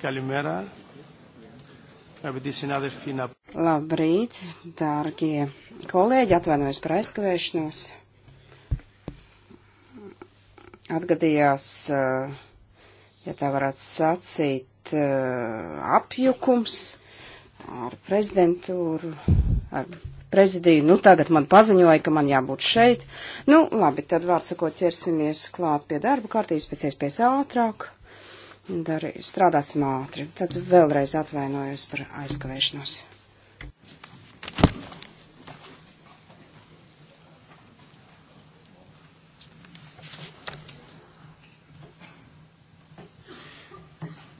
Καλημέρα. Αγαπητοί συνάδελφοι, να... Labrīt, dārgie kolēģi, atvainojos par aizkavēšanos. Atgadījās, eh, ja tā varētu sacīt, eh, apjukums ar prezidentūru, ar prezidiju, nu tagad man paziņoja, ka man jābūt šeit. Nu, labi, tad vārdsakot ķersimies klāt pie darba kārtības pēc iespējas ātrāk. Darī, strādāsim ātri. Tad vēlreiz atvainojos par aizkavēšanos.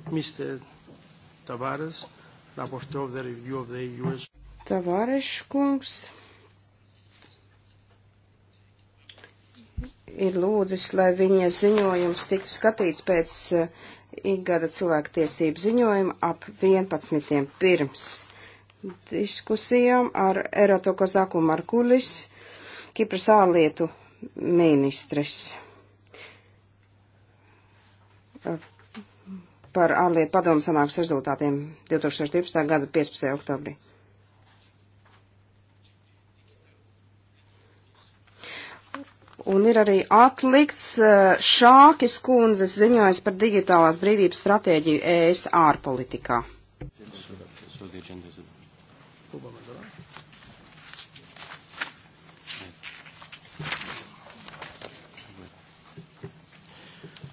Mr. Tavares, rapporteur of the review of the e U.S. Tavārešu kungs ir lūdzis, lai viņa ziņojums tiktu skatīts pēc eh, ikgada cilvēktiesību ziņojuma ap 11. pirms diskusijām ar Erato Kozaku Markulis, Kipras ārlietu ministres eh, par ārlietu padomu sanāks rezultātiem 2012. gada 15. oktobrī. Un ir arī atlikts eh, Šākis kundzes ziņojums par digitālās brīvības stratēģiju ES ārpolitikā.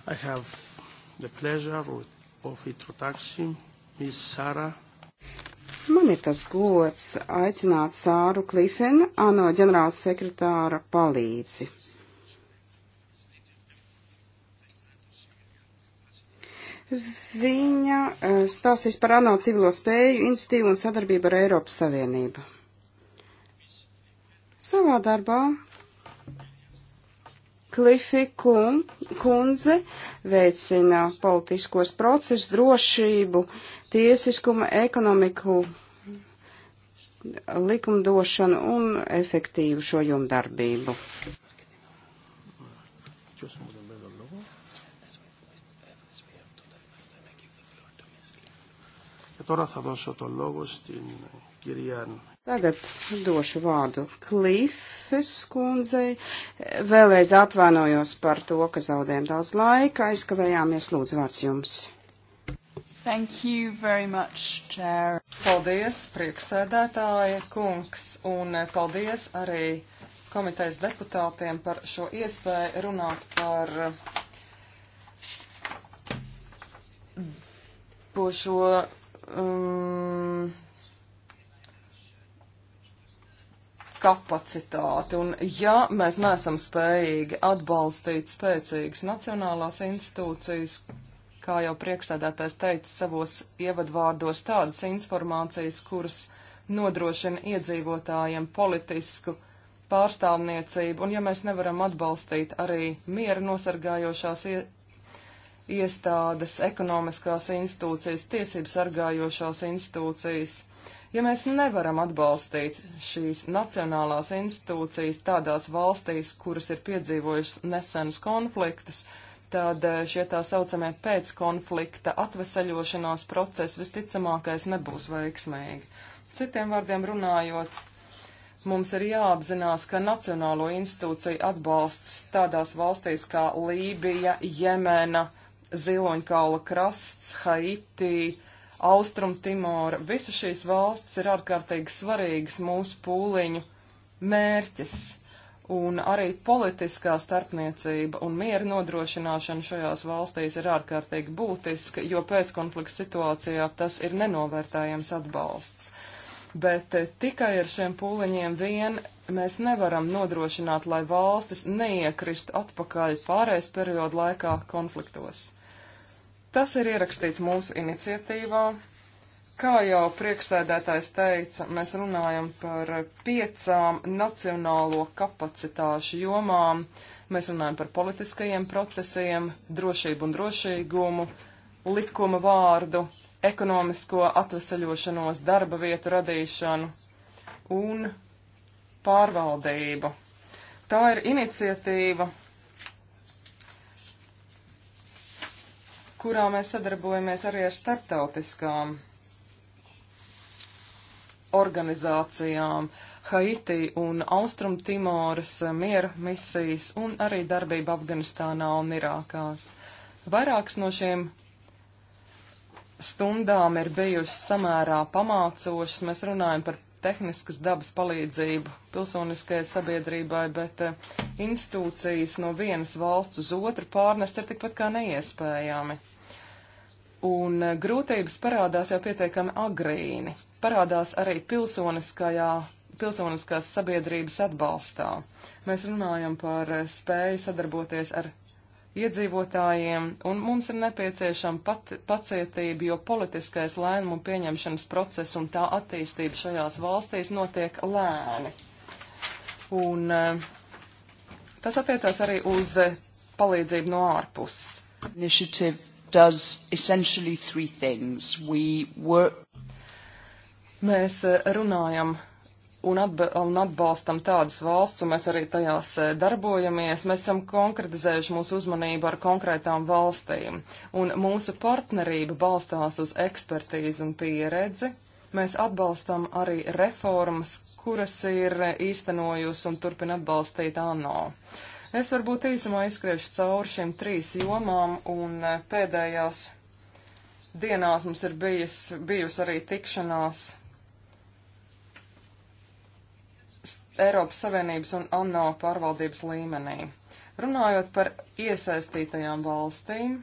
I have the pleasure of introducing Miss Sarah Man ir tas gods aicināt Sāru Klifenu, ANO ģenerāla sekretāra palīdzi. Viņa e, stāstīs par ANO civilo spēju, institīvu un sadarbību ar Eiropas Savienību. Savā darbā Klifi kundze veicina politiskos procesus, drošību, tiesiskumu, ekonomiku, likumdošanu un efektīvu šo jumdarbību. Čosmūs. τώρα θα δώσω το λόγο στην κυρία Tagad došu vārdu Klifes kundzei. Vēlreiz atvainojos par to, ka zaudējam daudz laika, aizkavējāmies lūdzu vārds jums. Thank you very much, Chair. Paldies, priekšsēdētāja kungs, un paldies arī komitejas deputātiem par šo iespēju runāt par po šo um, kapacitāti, un ja mēs neesam spējīgi atbalstīt spēcīgas nacionālās institūcijas, kā jau priekšsēdētājs teica savos ievadvārdos, tādas informācijas, kuras nodrošina iedzīvotājiem politisku pārstāvniecību, un ja mēs nevaram atbalstīt arī miera nosargājošās iestādes, ekonomiskās institūcijas, tiesību sargājošās institūcijas. Ja mēs nevaram atbalstīt šīs nacionālās institūcijas tādās valstīs, kuras ir piedzīvojušas nesenus konfliktus, tad eh, šie tā saucamie pēckonflikta atvesaļošanās procesi visticamākais nebūs veiksmīgi. Citiem vārdiem runājot, mums ir jāapzinās, ka Nacionālo institūciju atbalsts tādās valstīs kā Lībija, Jemena, uh, Ziloņkaula krasts, Haiti, Austrumtimora. Visas šīs valstis ir ārkārtīgi svarīgas mūsu pūliņu mērķis. Un arī politiskā starpniecība un miera nodrošināšana šajās valstīs ir ārkārtīgi būtiska, jo pēckonflikts situācijā tas ir nenovērtējams atbalsts bet eh, tikai ar šiem pūliņiem vien mēs nevaram nodrošināt, lai valstis neiekristu atpakaļ pārējais periodu laikā konfliktos. Tas ir ierakstīts mūsu iniciatīvā. Kā jau priekšsēdētājs teica, mēs runājam par piecām nacionālo kapacitāšu jomām. Mēs runājam par politiskajiem procesiem, drošību un drošīgumu, likuma vārdu, ekonomisko atvesaļošanos, darba vietu radīšanu un pārvaldību. Tā ir iniciatīva, kurā mēs sadarbojamies arī ar starptautiskām organizācijām Haiti un Austrumtimoras miera misijas un arī darbība Afganistānā un Irākās. Vairākas no šiem stundām ir bijušas samērā pamācošas. Mēs runājam par tehniskas dabas palīdzību pilsoniskajai sabiedrībai, bet uh, institūcijas no vienas valsts uz otru pārnest ir tikpat kā neiespējami. Un uh, grūtības parādās jau pietiekami agrīni. Parādās arī pilsoniskajā, pilsoniskās sabiedrības atbalstā. Mēs runājam par uh, spēju sadarboties ar iedzīvotājiem, un mums ir nepieciešama pat, pacietība, jo politiskais lēmumu pieņemšanas process un tā attīstība šajās valstīs notiek lēni. Un eh, tas attiecās arī uz eh, palīdzību no ārpuses. Initiative does essentially three things. We work... Mēs eh, runājam un, atba un atbalstam tādas valsts, un mēs arī tajās e, darbojamies. Mēs esam konkretizējuši mūsu uzmanību ar konkrētām valstīm, un mūsu partnerība balstās uz ekspertīzi un pieredzi. Mēs atbalstam arī reformas, kuras ir e, īstenojusi un turpina atbalstīt ANO. Es varbūt īsumā izskriešu cauri šīm trīs jomām un e, pēdējās dienās mums ir bijis, bijusi arī tikšanās Eiropas Savienības un ANO pārvaldības līmenī. Runājot par iesaistītajām valstīm,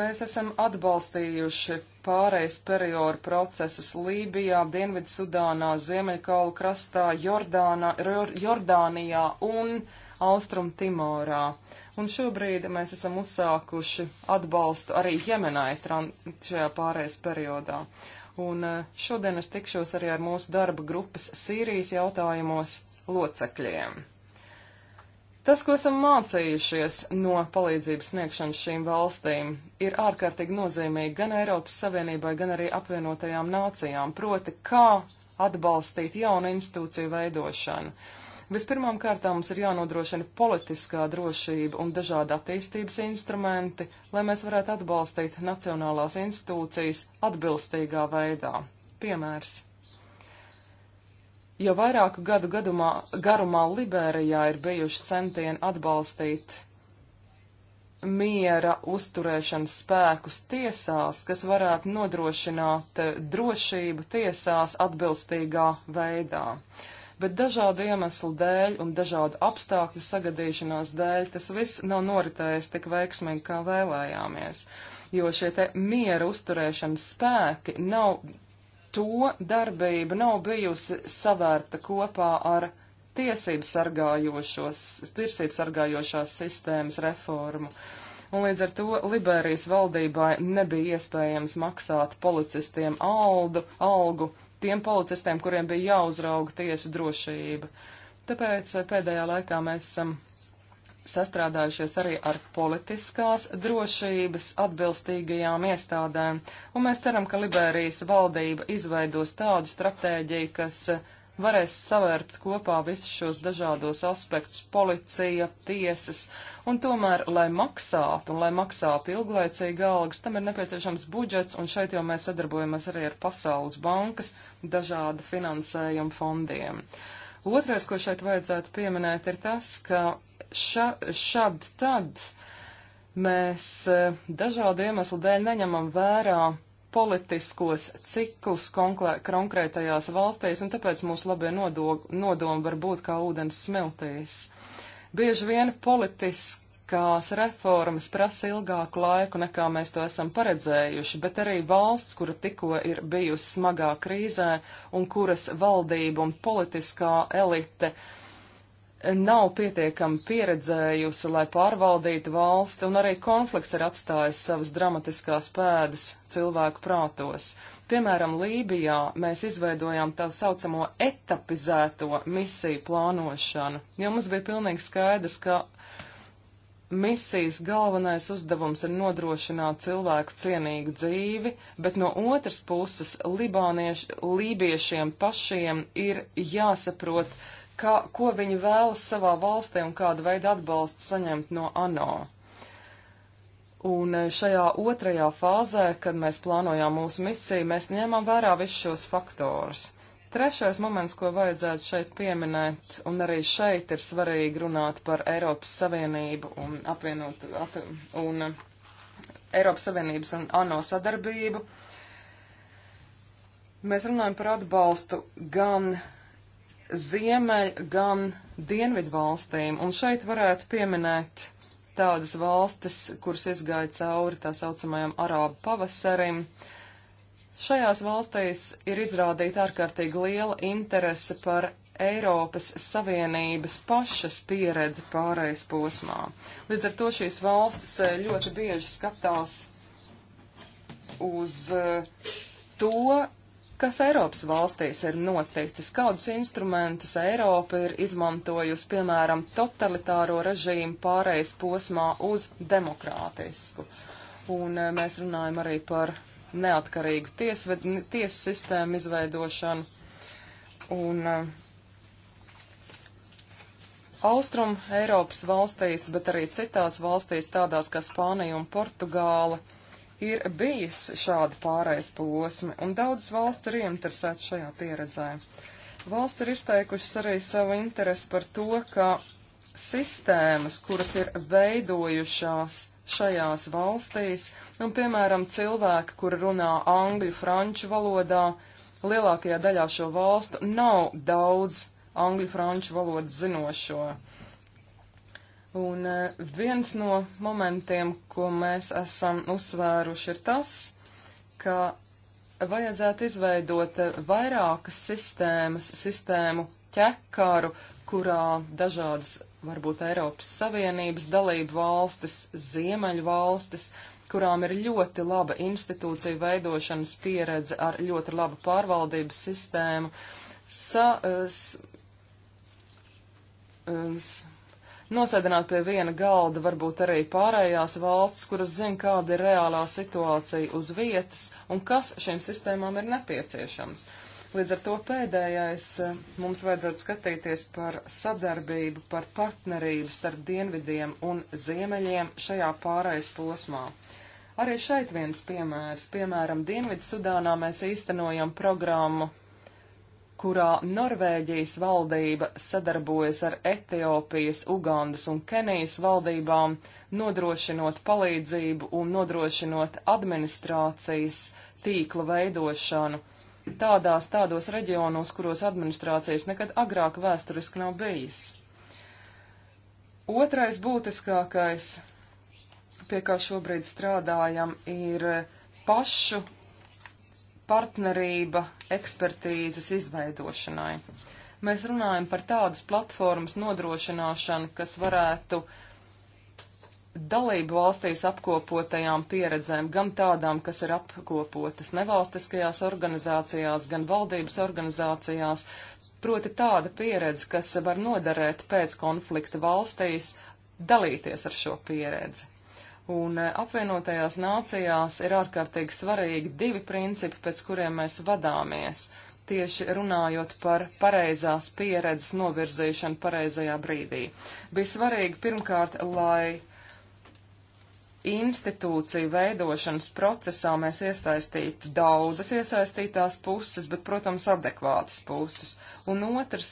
mēs esam atbalstījuši pārejas periodu procesus Lībijā, Dienvidsudānā, Ziemeļkalu krastā, Jordānā, Jordānijā un Austrum Timorā. Un šobrīd mēs esam uzsākuši atbalstu arī Jemenai šajā pārejas periodā. Uh, un eh, šodien es tikšos arī ar mūsu darba grupas Sīrijas jautājumos locekļiem. Tas, ko esam mācījušies no palīdzības sniegšanas šīm valstīm, ir ārkārtīgi nozīmīgi gan Eiropas Savienībai, gan arī apvienotajām nācijām, proti, kā atbalstīt jaunu institūciju veidošanu. Vispirmām kārtām mums ir jānodrošina politiskā drošība un dažādi attīstības instrumenti, lai mēs varētu atbalstīt nacionālās institūcijas atbilstīgā veidā. Piemērs. Jau vairāku gadu gadumā, garumā Liberijā ir bijuši centieni atbalstīt miera uzturēšanas spēkus tiesās, kas varētu nodrošināt eh, drošību tiesās atbilstīgā veidā bet dažādu iemeslu dēļ un dažādu apstākļu sagadīšanās dēļ tas viss nav noritējis tik veiksmīgi, kā vēlējāmies, jo šie te miera uzturēšanas spēki nav, to darbība nav bijusi savērta kopā ar tiesību sargājošos, tiesību sargājošās sistēmas reformu un līdz ar to Liberijas valdībai nebija iespējams maksāt policistiem aldu, algu, tiem policistiem, kuriem bija jāuzrauga tiesu drošība. Tāpēc eh, pēdējā laikā mēs esam um, sastrādājušies arī ar politiskās drošības atbilstīgajām iestādēm, un mēs ceram, ka Liberijas valdība izveidos tādu stratēģiju, kas eh, varēs savērpt kopā visus šos dažādos aspektus - policija, tiesas, un tomēr, lai maksātu un lai maksātu ilglaicīgi algas, tam ir nepieciešams budžets, un šeit jau mēs sadarbojamies arī ar Pasaules bankas dažādu finansējumu fondiem. Otrais, ko šeit vajadzētu pieminēt, ir tas, ka ša, šad tad mēs eh, dažādu iemeslu dēļ neņemam vērā politiskos ciklus konkrētajās valstīs, un tāpēc mūsu labie nodomi var būt kā ūdens smiltīs. Bieži vien politiski ekonomiskās reformas prasa ilgāku laiku, nekā mēs to esam paredzējuši, bet arī valsts, kura tikko ir bijusi smagā krīzē un kuras valdība un politiskā elite nav pietiekami pieredzējusi, lai pārvaldītu valsti, un arī konflikts ir atstājis savas dramatiskās pēdas cilvēku prātos. Piemēram, Lībijā mēs izveidojām tā saucamo etapizēto misiju plānošanu, jo mums bija pilnīgi skaidrs, ka misijas galvenais uzdevums ir nodrošināt cilvēku cienīgu dzīvi, bet no otras puses lībiešiem pašiem ir jāsaprot, kā, ko viņi vēlas savā valstī un kādu veidu atbalstu saņemt no ANO. Un eh, šajā otrajā fāzē, kad mēs plānojām mūsu misiju, mēs ņēmām vērā visus šos faktorus. Trešais moments, ko vajadzētu šeit pieminēt, un arī šeit ir svarīgi runāt par Eiropas Savienību un, apvienot, at, un uh, Eiropas Savienības un ANO sadarbību. Mēs runājam par atbalstu gan ziemeļ, gan dienvidu valstīm, un šeit varētu pieminēt tādas valstis, kuras izgāja cauri tā saucamajam arābu pavasarim. Uh, Šajās valstīs ir izrādīta ārkārtīgi liela interese par Eiropas Savienības pašas pieredzi pārējais posmā. Līdz ar to šīs valstis eh, ļoti bieži skatās uz eh, to, kas Eiropas valstīs ir noticis, kādus instrumentus Eiropa ir izmantojusi, piemēram, totalitāro režīmu pārējais posmā uz demokrātisku. Un eh, mēs runājam arī par neatkarīgu tiesved, tiesu sistēmu izveidošanu. Un uh, Austrum Eiropas valstīs, bet arī citās valstīs, tādās kā Spānija un Portugāla, ir bijis šādi pārējais posmi, un daudzas valsts ir ieinteresētas šajā pieredzē. Valsts ir izteikušas arī savu interesi par to, ka sistēmas, kuras ir veidojušās šajās valstīs, un, piemēram, cilvēki, kuri runā angļu, franču valodā, lielākajā daļā šo valstu nav daudz angļu, franču valodas zinošo. Un eh, viens no momentiem, ko mēs esam uzsvēruši, ir tas, ka vajadzētu izveidot eh, vairākas sistēmas, sistēmu ķekaru, kurā dažādas varbūt Eiropas Savienības dalību valstis, ziemeļu valstis, kurām ir ļoti laba institūcija veidošanas pieredze ar ļoti labu pārvaldības sistēmu, sa, s, s, nosēdināt pie viena galda varbūt arī pārējās valsts, kuras zina, kāda ir reālā situācija uz vietas un kas šīm sistēmām ir nepieciešams. Uh, Līdz ar to pēdējais eh, mums vajadzētu skatīties par sadarbību, par partnerību starp dienvidiem un ziemeļiem šajā pārējais posmā. Arī šeit viens piemērs. Piemēram, Dienvidu Sudānā mēs īstenojam programmu, kurā Norvēģijas valdība sadarbojas ar Etiopijas, Ugandas un Kenijas valdībām, nodrošinot palīdzību un nodrošinot administrācijas tīkla veidošanu tādās tādos reģionos, kuros administrācijas nekad agrāk vēsturiski nav bijis. Otrais būtiskākais, pie kā šobrīd strādājam, ir pašu partnerība ekspertīzes izveidošanai. Mēs runājam par tādas platformas nodrošināšanu, kas varētu uh, dalību valstīs apkopotajām pieredzēm, gan tādām, kas ir apkopotas nevalstiskajās organizācijās, gan valdības organizācijās, proti tāda pieredze, kas var noderēt pēc konflikta valstīs, dalīties ar šo pieredzi. Un e, apvienotajās nācijās ir ārkārtīgi svarīgi divi principi, pēc kuriem mēs vadāmies, tieši runājot par pareizās pieredzes novirzīšanu pareizajā brīdī. Bija svarīgi pirmkārt, lai institūciju veidošanas procesā mēs iesaistītu daudzas iesaistītās puses, bet, protams, adekvātas puses. Un otrs,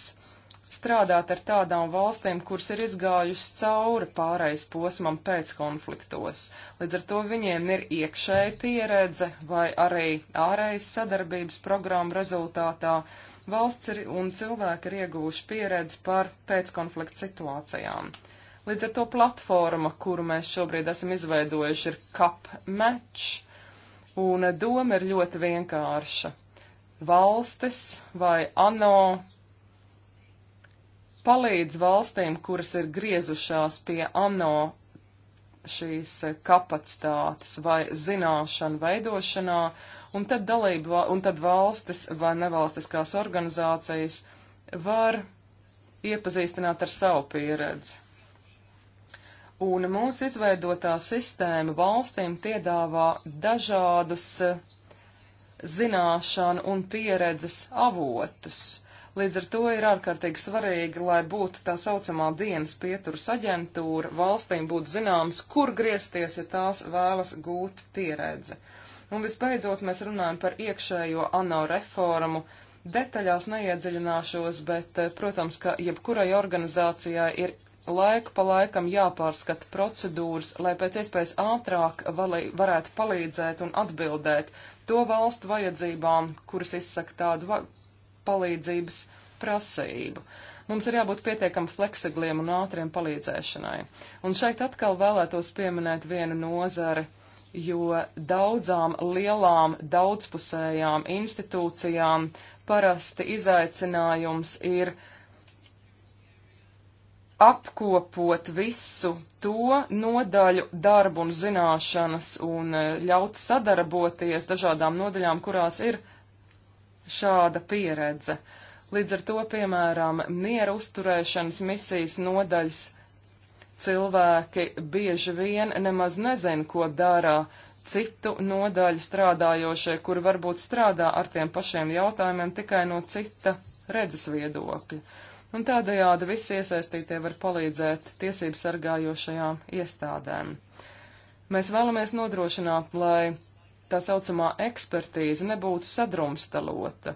strādāt ar tādām valstīm, kuras ir izgājušas cauri pārējais posmam pēc konfliktos. Līdz ar to viņiem ir iekšēja pieredze vai arī ārējas sadarbības programma rezultātā. Valsts ir, un cilvēki ir ieguvuši pieredzi par pēckonflikta situācijām. Līdz ar to platforma, kuru mēs šobrīd esam izveidojuši, ir CapMatch, un doma ir ļoti vienkārša. Valstis vai ANO palīdz valstīm, kuras ir griezušās pie ANO šīs kapacitātes vai zināšanu veidošanā, un tad, dalība, un tad valstis vai nevalstiskās organizācijas var iepazīstināt ar savu pieredzi. Un mūsu izveidotā sistēma valstīm piedāvā dažādus eh, zināšanu un pieredzes avotus. Līdz ar to ir ārkārtīgi svarīgi, lai būtu tā saucamā dienas pieturas aģentūra, valstīm būtu zināms, kur griezties, ja tās vēlas gūt pieredzi. Un visbeidzot, mēs runājam par iekšējo ANO reformu, detaļās neiedziļināšos, bet, eh, protams, ka jebkurai organizācijai ir laiku pa laikam jāpārskata procedūras, lai pēc iespējas ātrāk valī, varētu palīdzēt un atbildēt to valstu vajadzībām, kuras izsaka tādu palīdzības prasību. Mums ir jābūt pietiekami fleksibliem un ātriem palīdzēšanai. Un šeit atkal vēlētos pieminēt vienu nozari, jo daudzām lielām, daudzpusējām institūcijām parasti izaicinājums ir uh, apkopot visu to nodaļu darbu un zināšanas un eh, ļaut sadarboties dažādām nodaļām, kurās ir šāda pieredze. Līdz ar to, piemēram, miera uzturēšanas misijas nodaļas cilvēki bieži vien nemaz nezin, ko dara citu nodaļu strādājošie, kuri varbūt strādā ar tiem pašiem jautājumiem tikai no cita redzes viedokļa un tādējādi visi iesaistītie var palīdzēt tiesību sargājošajām iestādēm. Mēs vēlamies nodrošināt, lai tā saucamā ekspertīze nebūtu sadrumstalota.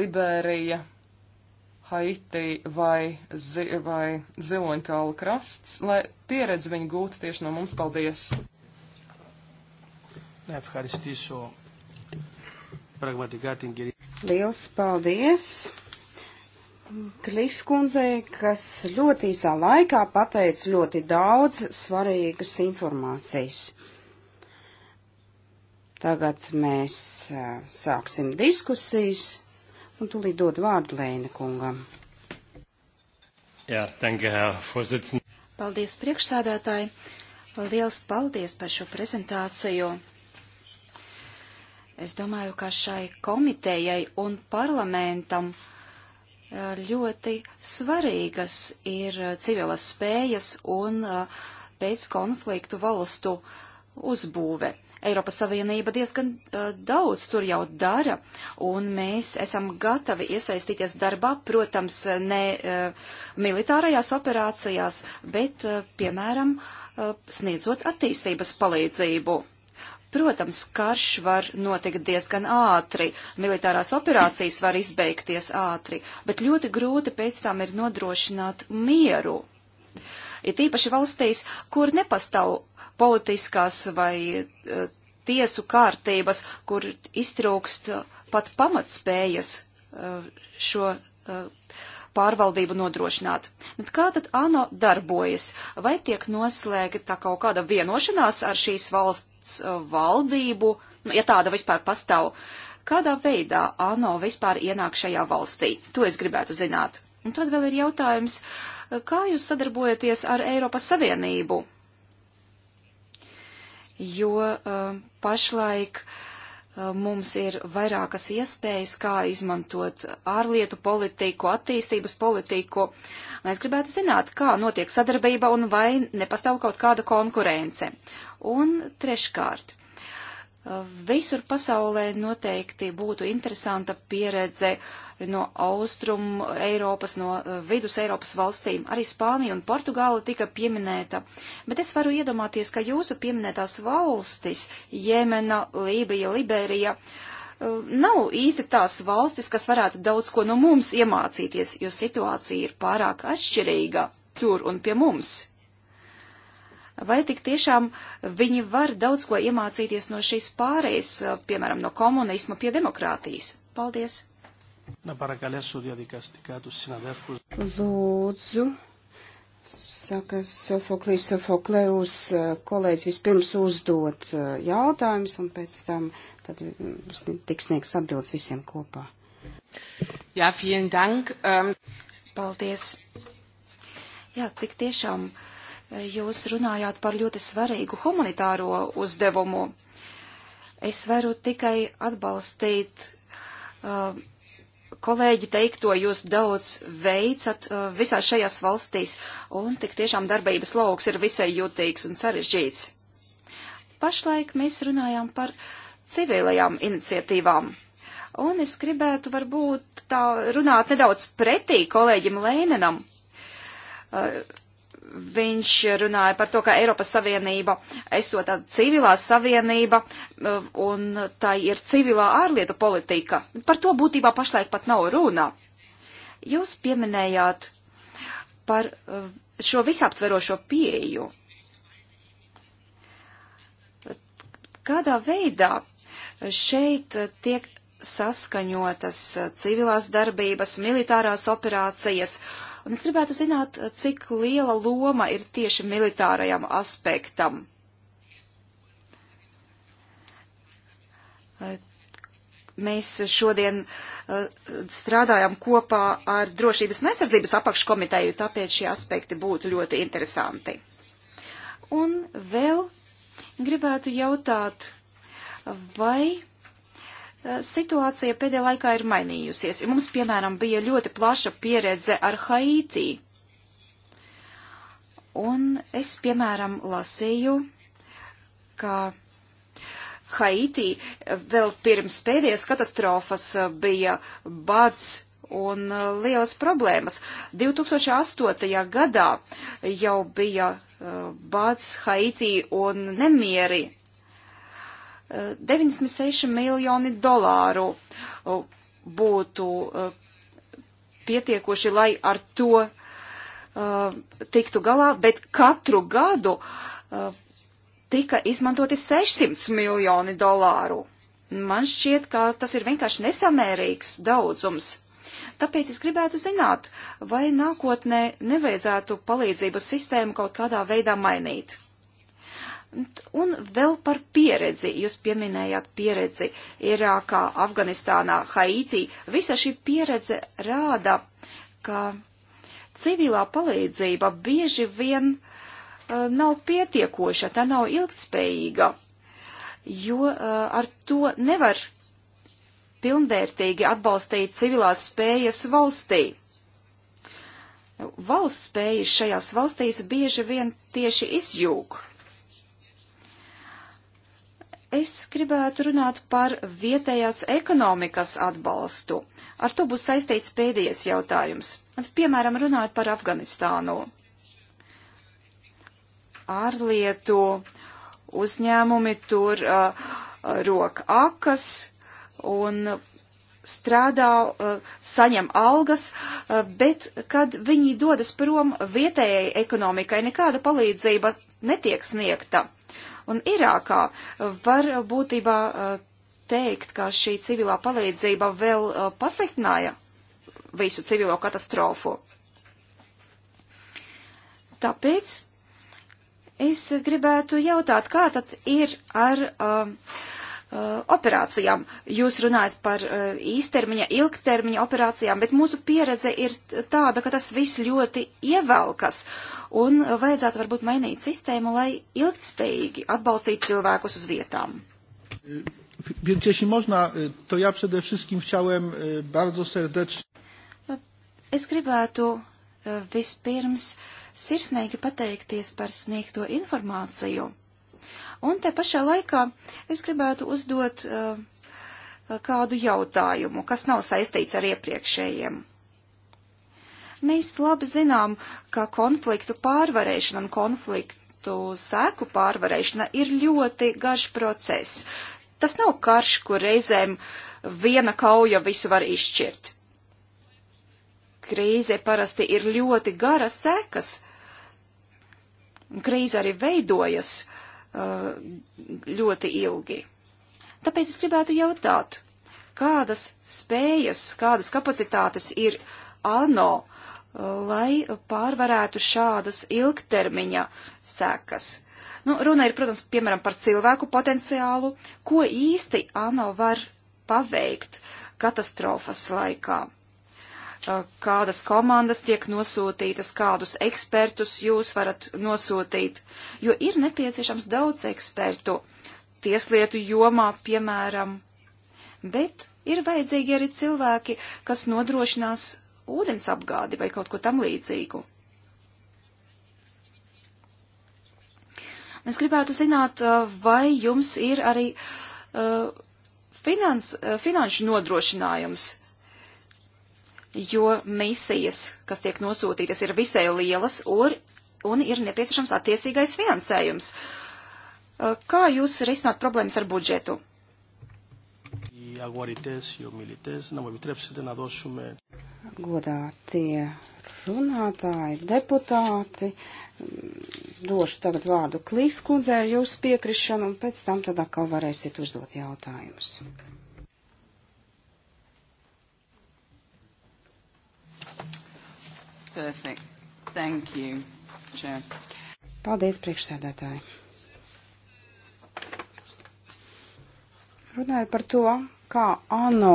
Liberija, Haiti vai, zi, vai Ziloņkāla krasts, lai pieredzi viņi gūtu tieši no mums. Paldies! Liels paldies! Klifkundzei, kas ļoti īsā laikā pateica ļoti daudz svarīgas informācijas. Tagad mēs sāksim diskusijas un tūlīt dod vārdu Lēna kungam. Jā, danke, Herr Vorsitzende. Paldies, priekšsādātāji. Liels paldies par šo prezentāciju. Es domāju, ka šai komitejai un parlamentam uh, ļoti svarīgas ir uh, civilas spējas un uh, pēc konfliktu valstu uzbūve. Eiropas Savienība diezgan uh, daudz tur jau dara, un mēs esam gatavi iesaistīties darbā, protams, ne militārajās operācijās, bet, piemēram, sniedzot attīstības palīdzību. Protams, karš var notikt diezgan ātri, militārās operācijas var izbeigties ātri, bet ļoti grūti pēc tam ir nodrošināt mieru. Ir tīpaši valstīs, kur nepastāv politiskās vai uh, tiesu kārtības, kur iztrūkst uh, pat pamatspējas uh, šo e, pārvaldību nodrošināt. Bet kā tad ANO darbojas? Vai tiek noslēgta kaut kāda vienošanās ar šīs valsts uh, valdību, nu, ja tāda vispār pastāv? Kādā veidā ANO vispār ienāk šajā valstī? To es gribētu zināt. Un tad vēl ir jautājums, uh, kā jūs sadarbojaties ar Eiropas Savienību? Jo uh, pašlaik uh, Uh, mums ir vairākas iespējas, kā izmantot ārlietu politiku, attīstības politiku. Mēs gribētu zināt, kā notiek sadarbība un vai nepastāv kaut kāda konkurence. Un treškārt, uh, visur pasaulē noteikti būtu interesanta pieredze no Austrum Eiropas, no eh, Vidus Eiropas valstīm. Arī Spānija un Portugāla tika pieminēta. Bet es varu iedomāties, ka jūsu pieminētās valstis - Jemena, Lībija, Liberija eh, - nav īsti tās valstis, kas varētu daudz ko no mums iemācīties, jo situācija ir pārāk atšķirīga tur un pie mums. Vai tik tiešām viņi var daudz ko iemācīties no šīs pārējas, eh, piemēram, no komunisma pie demokrātijas? Paldies! Lūdzu, saka Sofoklīs Sofoklējus, kolēģis vispirms uzdot uh, jautājumus un pēc tam tad mm, tiks sniegs atbildes visiem kopā. Jā, vielen dank. Um... Paldies. Jā, tik tiešām uh, jūs runājāt par ļoti svarīgu humanitāro uzdevumu. Es varu tikai atbalstīt uh, kolēģi teikto, jūs daudz veicat uh, visās šajās valstīs, un tik tiešām darbības lauks ir visai jūtīgs un sarežģīts. Pašlaik mēs runājām par civilajām iniciatīvām. Un es gribētu varbūt tā runāt nedaudz pretī kolēģim Lēnenam. Uh, viņš runāja par to, ka Eiropas Savienība esot tāda civilā savienība un tā ir civilā ārlietu politika. Par to būtībā pašlaik pat nav runa. Jūs pieminējāt par eh, šo visaptverošo pieeju. Kādā veidā šeit tiek saskaņotas civilās darbības, militārās operācijas, uh, Un es gribētu zināt, cik liela loma ir tieši militārajam aspektam. Mēs šodien eh, strādājam kopā ar Drošības un aizsardzības apakškomiteju, tāpēc šie aspekti būtu ļoti interesanti. Un vēl gribētu jautāt, vai Eh, situācija pēdējā laikā ir mainījusies. Mums, piemēram, bija ļoti plaša pieredze ar Haiti. Un es, piemēram, lasīju, ka Haiti eh, vēl pirms pēdējās katastrofas eh, bija bads un lielas problēmas. 2008. gadā jau bija bads Haiti un nemieri 96 miljoni dolāru būtu pietiekoši, lai ar to tiktu galā, bet katru gadu tika izmantoti 600 miljoni dolāru. Man šķiet, ka tas ir vienkārši nesamērīgs daudzums. Tāpēc es gribētu zināt, vai nākotnē nevajadzētu palīdzības sistēmu kaut kādā veidā mainīt. Un vēl par pieredzi. Jūs pieminējāt pieredzi Irākā, Afganistānā, Haitī. Visa šī pieredze rāda, ka civilā palīdzība bieži vien uh, nav pietiekoša, tā nav ilgtspējīga, jo uh, ar to nevar pilnvērtīgi atbalstīt civilās spējas valstī. Valsts spējas šajās valstīs bieži vien tieši izjūg. Es gribētu runāt par vietējās ekonomikas atbalstu. Ar to būs saistīts pēdējais jautājums. Piemēram, runājot par Afganistānu. Ārlietu uzņēmumi tur uh, roka akas un strādā, saņem algas, bet, kad viņi dodas prom vietējai ekonomikai, nekāda palīdzība netiek sniegta un Irākā, var būtībā eh, teikt, ka šī civilā palīdzība vēl eh, pasliktināja visu civilo katastrofu. Tāpēc es gribētu jautāt, kā tad ir ar uh, Uh, operācijām. Jūs runājat par uh, īstermiņa, ilgtermiņa operācijām, bet mūsu pieredze ir tāda, ka tas viss ļoti ievelkas un uh, vajadzētu varbūt mainīt sistēmu, lai ilgtspējīgi atbalstītu cilvēkus uz vietām. Więc jeśli można, to ja przede wszystkim chciałem bardzo serdecznie. Es gribētu vispirms sirsnīgi pateikties par sniegto informāciju Un te pašā laikā es gribētu uzdot uh, kādu jautājumu, kas nav saistīts ar iepriekšējiem. Mēs labi zinām, ka konfliktu pārvarēšana un konfliktu sēku pārvarēšana ir ļoti garš process. Tas nav karš, kur reizēm viena kauja visu var izšķirt. Krīze parasti ir ļoti garas sekas. Krīze arī veidojas Uh, ļoti ilgi. Tāpēc es gribētu jautāt, kādas spējas, kādas kapacitātes ir ANO, uh, lai pārvarētu šādas ilgtermiņa sekas. Nu, runa ir, protams, piemēram, par cilvēku potenciālu, ko īsti ANO var paveikt katastrofas laikā. Eh, kādas komandas tiek nosūtītas, kādus ekspertus jūs varat nosūtīt, jo ir nepieciešams daudz ekspertu tieslietu jomā, piemēram, bet ir vajadzīgi arī cilvēki, kas nodrošinās ūdens apgādi vai kaut ko tam līdzīgu. Es gribētu zināt, eh, vai jums ir arī uh, finans, finanšu nodrošinājums jo misijas, kas tiek nosūtītas, ir visai lielas un, un ir nepieciešams attiecīgais finansējums. Uh, kā jūs risināt problēmas ar budžetu? Godātie runātāji, deputāti, došu tagad vārdu Klifkundzei ar jūsu piekrišanu, un pēc tam tad atkal varēsiet uzdot jautājumus. perfect. Thank you, Chair. Paldies, priekšsēdētāji. Runāju par to, kā ANO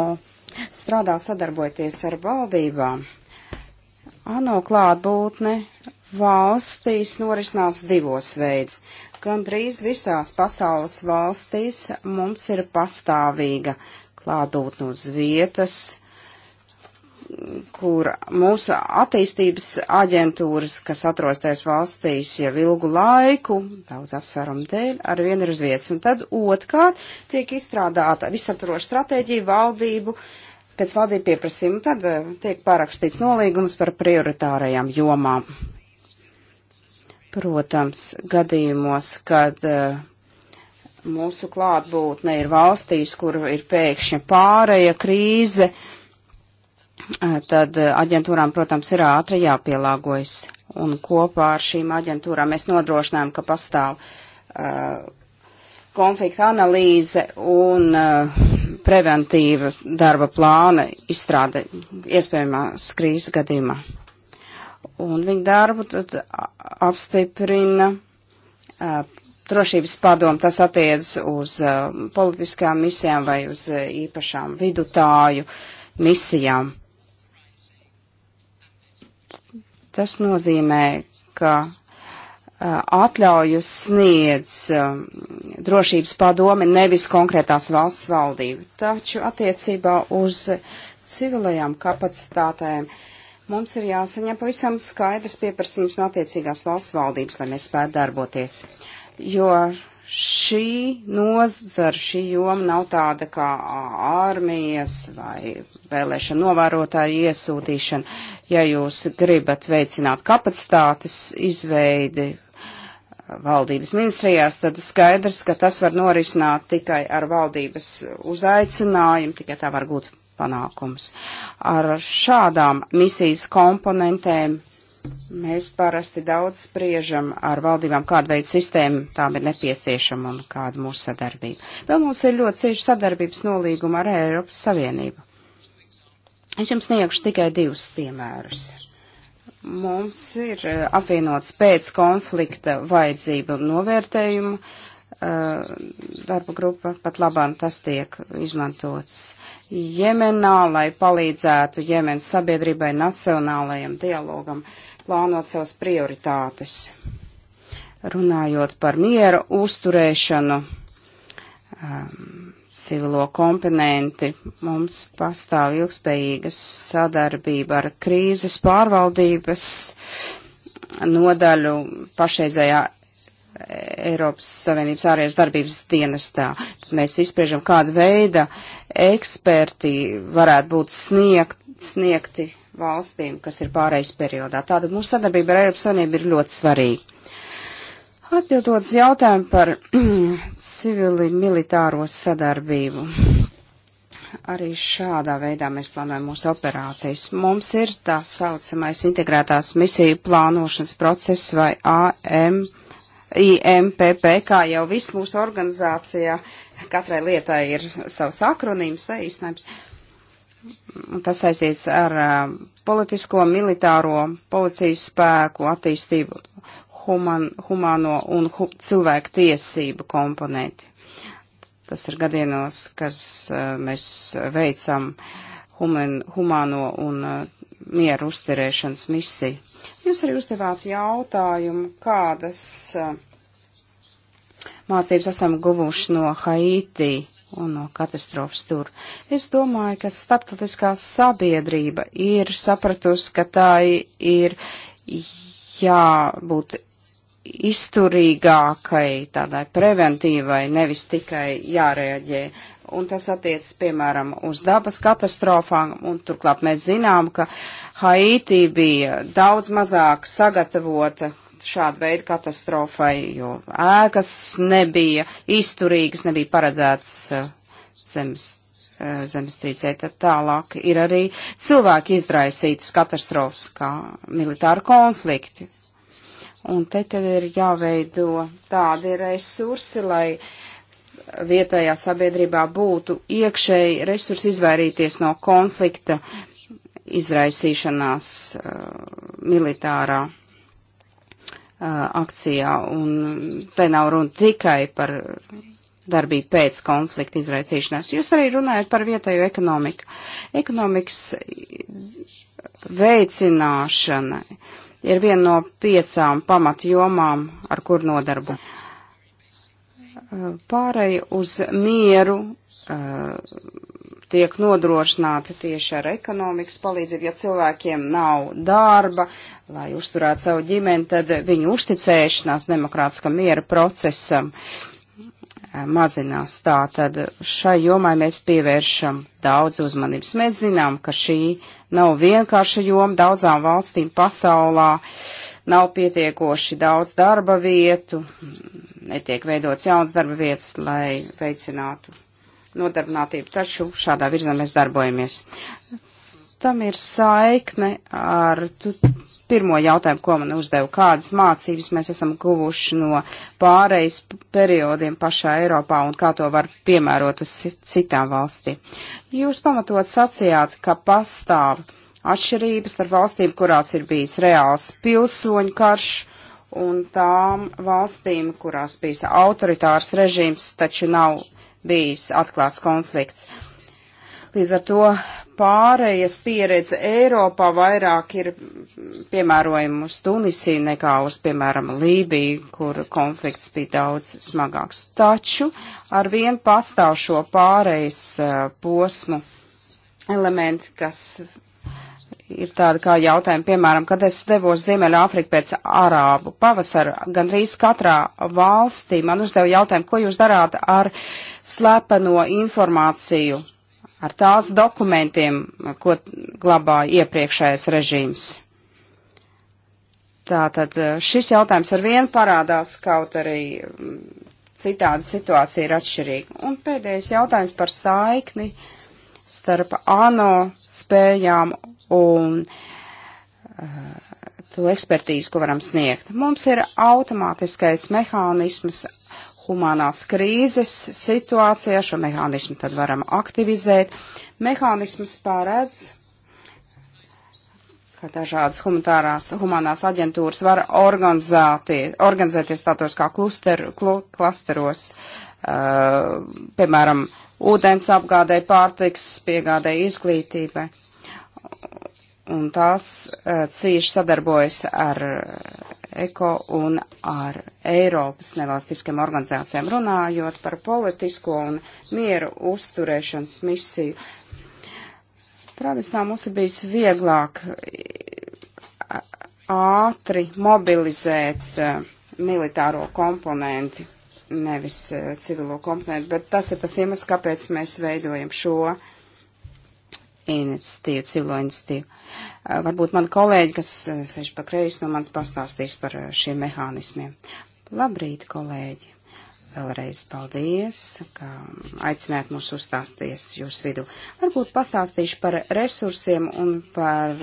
strādā sadarbojoties ar valdībām. ANO klātbūtne valstīs norisinās divos veids. Gan drīz visās pasaules valstīs mums ir pastāvīga klātbūtne uz vietas, kur mūsu attīstības aģentūras, kas atrosties valstīs jau ilgu laiku, daudz apsvērumu dēļ, ar vienu ir uz vietas. Un tad otrkārt tiek izstrādāta visaptvaroša stratēģija valdību pēc valdību pieprasījuma. Tad eh, tiek parakstīts nolīgums par prioritārajām jomām. Protams, gadījumos, kad uh, mūsu klātbūtne ir valstīs, kur ir pēkšņa pāreja krīze, uh, tad eh, aģentūrām, protams, ir ātri jāpielāgojas. Un kopā ar šīm aģentūrām mēs nodrošinām, ka pastāv uh, konflikta analīze un uh, preventīva darba plāna izstrāde iespējamās krīzes gadījumā. Un viņu darbu tad apstiprina uh, drošības padomu, tas attiec uz uh, politiskām misijām vai uz uh, īpašām vidutāju misijām. Tas nozīmē, ka atļauju sniedz drošības padomi nevis konkrētās valsts valdība, taču attiecībā uz civilajām kapacitātēm mums ir jāsaņem pavisam skaidrs pieprasījums no attiecīgās valsts valdības, lai mēs spētu darboties. Jo šī nozara, šī joma nav tāda kā ārmijas vai vēlēšana novērotāja iesūtīšana. Ja jūs gribat veicināt kapacitātes izveidi valdības ministrijās, tad skaidrs, ka tas var norisināt tikai ar valdības uzaicinājumu, tikai tā var būt panākums. Ar šādām misijas komponentēm Mēs parasti daudz spriežam ar valdībām, kāda veida sistēma tām ir nepieciešama un kāda mūsu sadarbība. Vēl mums ir ļoti cieši sadarbības nolīguma ar Eiropas Savienību. Es jums sniegšu tikai divus piemērus. Mums ir eh, apvienots pēc konflikta vajadzību novērtējumu eh, darba grupa, pat labāk tas tiek izmantots Jemenā, lai palīdzētu Jemenas sabiedrībai nacionālajam dialogam. Uh, plānot savas prioritātes. Runājot par miera uzturēšanu, um, civilo komponenti, mums pastāv ilgspējīgas sadarbība ar krīzes pārvaldības nodaļu pašreizējā Eiropas Savienības ārējas darbības dienestā. Tad mēs izspriežam, kāda veida eksperti varētu būt sniegt, sniegti valstīm, kas ir pārējais periodā. Tātad mūsu sadarbība ar Eiropas Savienību ir ļoti svarīga. Atbildot uz jautājumu par civili militāro sadarbību, arī šādā veidā mēs plānojam mūsu operācijas. Mums ir tā saucamais integrētās misiju plānošanas process vai AM, IMPP, kā jau viss mūsu organizācijā, katrai lietai ir savs akronīms, saīsinājums. Ja Tas saistīts ar uh, politisko, militāro, policijas spēku attīstību, human, humāno un hu, cilvēku tiesību komponenti. Tas ir gadienos, kas uh, mēs veicam human, humāno un uh, mieru uzturēšanas misiju. Jūs arī uzdevāt jautājumu, kādas mācības esam guvuši no Haiti un no katastrofas tur. Es domāju, ka starptautiskā sabiedrība ir sapratusi, ka tā ir jābūt izturīgākai, tādai preventīvai, nevis tikai jārēģē. Un tas attiecas, piemēram, uz dabas katastrofām, un turklāt mēs zinām, ka Haiti bija daudz mazāk sagatavota šādu veidu katastrofai, jo ēkas nebija izturīgas, nebija paredzētas eh, zemes, eh, zemestrīcē. Tad tālāk ir arī cilvēki izraisītas katastrofas, kā militāri konflikti. Un te tad ir jāveido tādi resursi, lai vietējā sabiedrībā būtu iekšēji resursi izvairīties no konflikta izraisīšanās uh, militārā akcijā, un te nav runa tikai par darbību pēc konflikta izraisīšanās. Jūs arī runājat par vietējo ekonomiku. Ekonomikas veicināšana ir viena no piecām pamatjomām, ar kur nodarbu. Pārēj uz mieru, tiek nodrošināti tieši ar ekonomikas palīdzību. Ja cilvēkiem nav darba, lai uzturētu savu ģimeni, tad viņu uzticēšanās demokrātiskam miera procesam eh, mazinās. Tā tad šai jomai mēs pievēršam daudz uzmanības. Mēs zinām, ka šī nav vienkārša joma daudzām valstīm pasaulā. Nav pietiekoši daudz darba vietu, netiek veidots jauns darba vietas, lai veicinātu nodarbinātību, taču šādā virzā mēs darbojamies. Tam ir saikne ar pirmo jautājumu, ko man uzdeva, kādas mācības mēs esam guvuši no pārejas periodiem pašā Eiropā un kā to var piemērot uz citām valstīm. Jūs pamatot sacījāt, ka pastāv atšķirības starp valstīm, kurās ir bijis reāls pilsoņu karš un tām valstīm, kurās bijis autoritārs režīms, taču nav bijis atklāts konflikts. Līdz ar to pārējas pieredze Eiropā vairāk ir piemērojama uz Tunisiju nekā uz, piemēram, Lībiju, kur konflikts bija daudz smagāks. Taču ar vien pastāv šo pārējas uh, posmu elementi, kas ir tādi kā jautājumi, piemēram, kad es devos Ziemeļāfriku pēc Arābu pavasara, gandrīz katrā valstī man uzdeva jautājumu, ko jūs darāt ar slepeno informāciju, ar tās dokumentiem, ko glabāja iepriekšējais režīms. Tātad eh, šis jautājums ar vienu parādās, kaut arī mm, citāda situācija ir atšķirīga. Un pēdējais jautājums par saikni starp ANO spējām un eh, to ekspertīzi, ko varam sniegt. Mums ir automātiskais mehānisms humanās krīzes situācijā, šo mehānismu tad varam aktivizēt. Mehānisms pārēdz, ka dažādas humanitārās, humanās aģentūras var organizēties tādos kā kluster, klu, klasteros, uh, piemēram, ūdens apgādē, pārtiks piegādē, izglītībai un tās uh, cieši sadarbojas ar ECO un ar Eiropas nevalstiskiem organizācijām runājot par politisko un mieru uzturēšanas misiju. Tradisnā mums ir bijis vieglāk e, ātri mobilizēt uh, militāro komponenti, nevis uh, civilo komponentu, bet tas ir tas iemesls, kāpēc mēs veidojam šo uh, iniciatīvu, civilo iniciatīvu. Varbūt mani kolēģi, kas sēž pa kreisi no manis, pastāstīs par šiem mehānismiem. Labrīt, kolēģi! Vēlreiz paldies, ka aicināt mūs uzstāsties jūsu vidu. Varbūt pastāstīšu par resursiem un par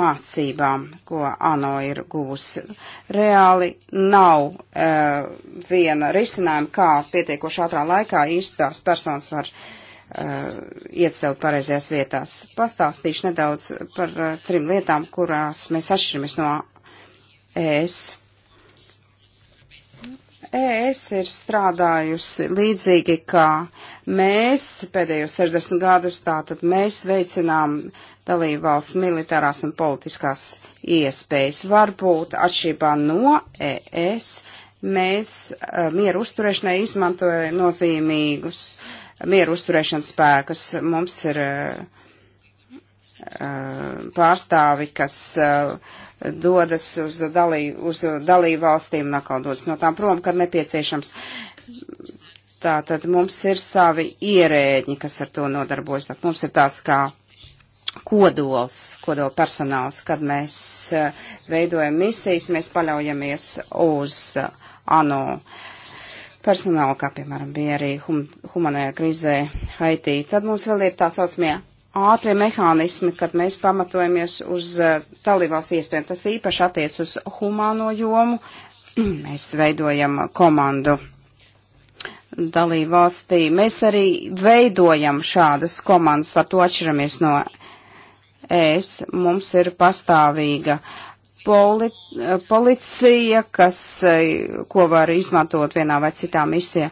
mācībām, ko ANO ir guvusi. Reāli nav uh, e, viena risinājuma, kā pietiekoši ātrā laikā īstās personas var uh, Uh, iecelt pareizajās vietās. Pastāstīšu nedaudz par uh, trim lietām, kurās mēs atšķiramies no ES. ES ir strādājusi līdzīgi kā mēs pēdējos 60 gadus, tātad mēs veicinām dalībvalsts militārās un politiskās iespējas. Varbūt atšķirībā no ES mēs uh, mieru uzturēšanai izmantojam nozīmīgus uh, mieru uzturēšanas spēkus. Mums ir eh, eh, pārstāvi, kas eh, dodas uz, dalī, uz dalību valstīm, nakal dodas no tām prom, kad nepieciešams. Tātad mums ir savi ierēģi, kas ar to nodarbojas. Tad mums ir tāds kā kodols, kodola personāls, kad mēs veidojam misijas, mēs paļaujamies uz ANO. Uh, personālu, kā piemēram bija arī hum humanajā krīzē Haitī. Tad mums vēl ir tā saucamie ātrie mehānismi, kad mēs pamatojamies uz uh, eh, dalībvalsts iespējām. Tas īpaši attiec uz humāno jomu. mēs veidojam komandu dalībvalstī. Mēs arī veidojam šādas komandas, ar to atšķiramies no es. Mums ir pastāvīga uh, poli, eh, policija, kas, eh, ko var izmantot vienā vai citā misijā.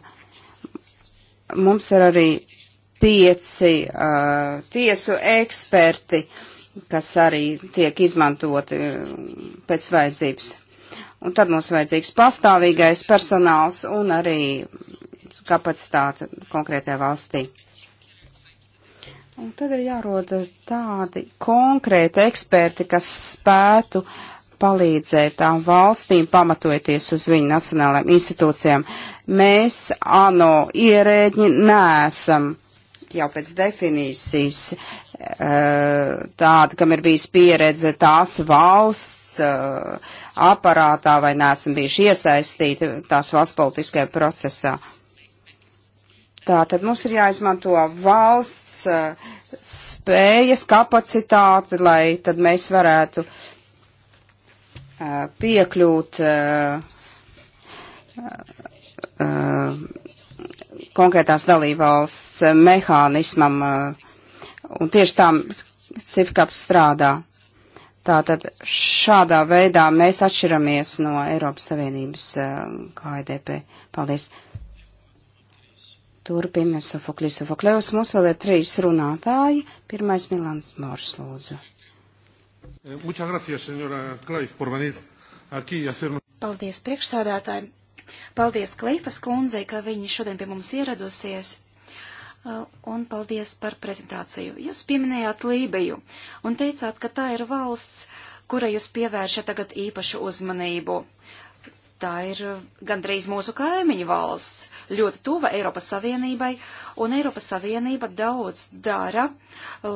Mums ir arī pieci uh, tiesu eksperti, kas arī tiek izmantoti pēc vajadzības. Un tad mums vajadzīgs pastāvīgais personāls un arī kapacitāte konkrētajā valstī. Un tad ir jāroda tādi konkrēti eksperti, kas spētu palīdzēt tām valstīm, pamatojoties uz viņu nacionālajām institūcijām. Mēs, ANO ierēģi, neesam jau pēc definīcijas eh, tāda, kam ir bijis pieredze tās valsts eh, aparātā vai neesam bijuši iesaistīti tās valsts politiskajā procesā. Tātad mums ir jāizmanto valsts eh, spējas kapacitāti, lai tad mēs varētu uh, piekļūt eh, eh, konkrētās dalībvalsts mehānismam, eh, un tieši tā CIFKAPS strādā. Tātad šādā veidā mēs atšķiramies no Eiropas Savienības KDP. Paldies. Turpina Sofoklis Sofoklevs. Mums vēl ir trīs runātāji. Pirmais Milans Mors lūdzu. Eh, muchas gracias, senora Klaiv, por venir aquí a hacer. Paldies priekšsādātāji. Paldies Kleifas kundzei, ka viņi šodien pie mums ieradusies. Eh, un paldies par prezentāciju. Jūs pieminējāt Lībiju un teicāt, ka tā ir valsts, kura jūs pievērša tagad īpašu uzmanību. Uh, Tā ir gandrīz mūsu kaimiņu valsts, ļoti tuva Eiropas Savienībai, un Eiropas Savienība daudz dara,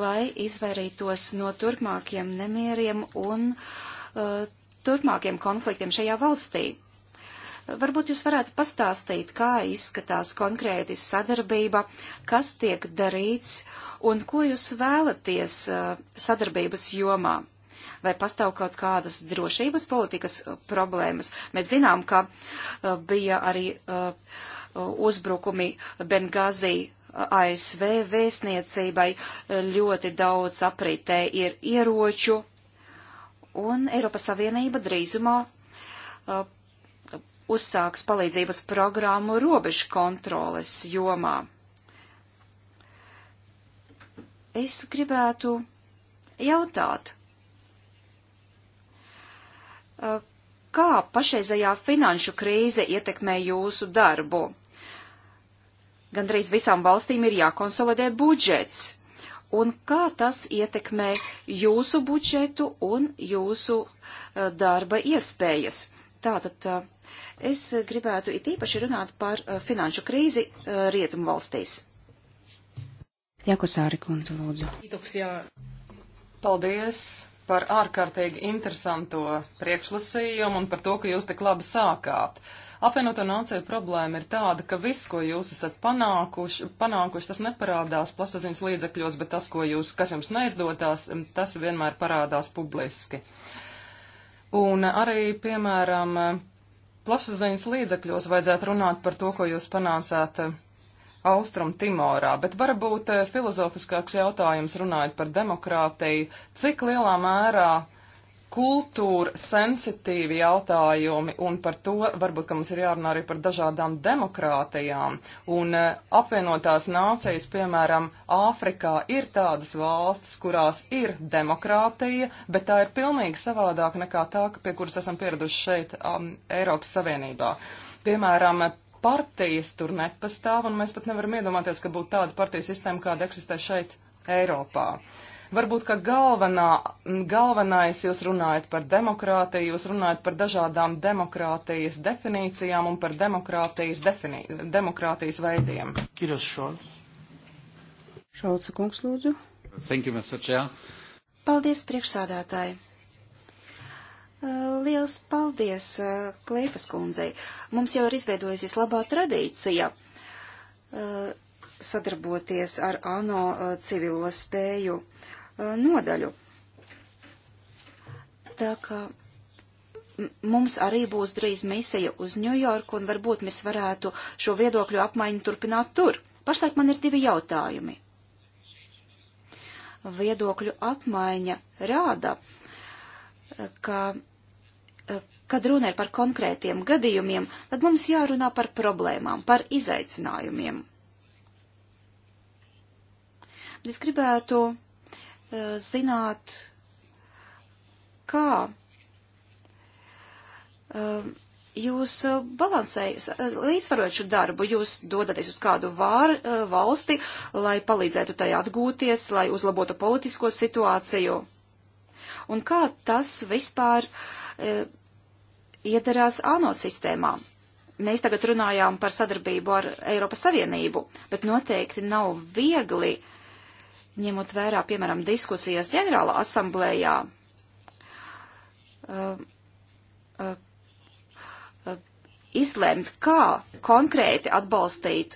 lai izvairītos no turpmākiem nemieriem un uh, turpmākiem konfliktiem šajā valstī. Varbūt jūs varētu pastāstīt, kā izskatās konkrēti sadarbība, kas tiek darīts un ko jūs vēlaties uh, sadarbības jomā vai pastāv kaut kādas drošības politikas uh, problēmas. Mēs zinām, ka uh, bija arī uh, uzbrukumi Bengāzī ASV vēstniecībai, ļoti daudz apritē ir ieroču, un Eiropas Savienība drīzumā uzsāks palīdzības programmu robežu kontroles jomā. Es gribētu jautāt, Kā pašreizējā finanšu krīze ietekmē jūsu darbu? Gandrīz visām valstīm ir jākonsolidē budžets. Un kā tas ietekmē jūsu budžetu un jūsu eh, darba iespējas? Tātad eh, es gribētu it īpaši runāt par eh, finanšu krīzi rietumu valstīs. Jākosāri kundze, lūdzu. Paldies! par ārkārtīgi interesanto priekšlasījumu un par to, ka jūs tik labi sākāt. Apvienoto nāciju problēma ir tāda, ka viss, ko jūs esat panākuši, panākuši tas neparādās plašsaziņas līdzekļos, bet tas, ko jūs, kas jums neizdotās, tas vienmēr parādās publiski. Un arī, piemēram, plašsaziņas līdzekļos vajadzētu runāt par to, ko jūs panācāt Austrum Timorā, bet varbūt eh, filozofiskāks jautājums runājot par demokrātiju, cik lielā mērā kultūra sensitīvi jautājumi, un par to varbūt, ka mums ir jārunā arī par dažādām demokrātijām. Un eh, apvienotās nācijas, piemēram, Āfrikā ir tādas valstis, kurās ir demokrātija, bet tā ir pilnīgi savādāk nekā tā, pie kuras esam pieraduši šeit, um, Eiropas Savienībā. Piemēram, partijas tur nepastāv, un mēs pat nevaram iedomāties, ka būtu tāda partiju sistēma, kāda eksistē šeit Eiropā. Varbūt, ka galvenā, galvenais jūs runājat par demokrātiju, jūs runājat par dažādām demokrātijas definīcijām un par demokrātijas, definī, demokrātijas veidiem. Kiras Šolts. Šolts kungs, lūdzu. Thank you, Mr. Chair. Paldies, priekšsādātāji. Eh, liels paldies eh, Klēpas kundzei. Mums jau ir izveidojusies labā tradīcija eh, sadarboties ar ANO civilo spēju nodaļu. Tā kā mums arī būs drīz misija uz Ņujorku, un varbūt mēs varētu šo viedokļu apmaiņu turpināt tur. Pašlaik man ir divi jautājumi. Viedokļu apmaiņa rāda, ka, kad runa ir par konkrētiem gadījumiem, tad mums jārunā par problēmām, par izaicinājumiem. Es gribētu eh, zināt, kā eh, jūs balansējat, līdzsvarot šo darbu, jūs dodaties uz kādu vār, eh, valsti, lai palīdzētu tai atgūties, lai uzlabotu politisko situāciju un kā tas vispār e, iederās ANO sistēmā. Mēs tagad runājām par sadarbību ar Eiropas Savienību, bet noteikti nav viegli, ņemot vērā, piemēram, diskusijas ģenerāla asamblējā, e, e, e izlemt, kā konkrēti atbalstīt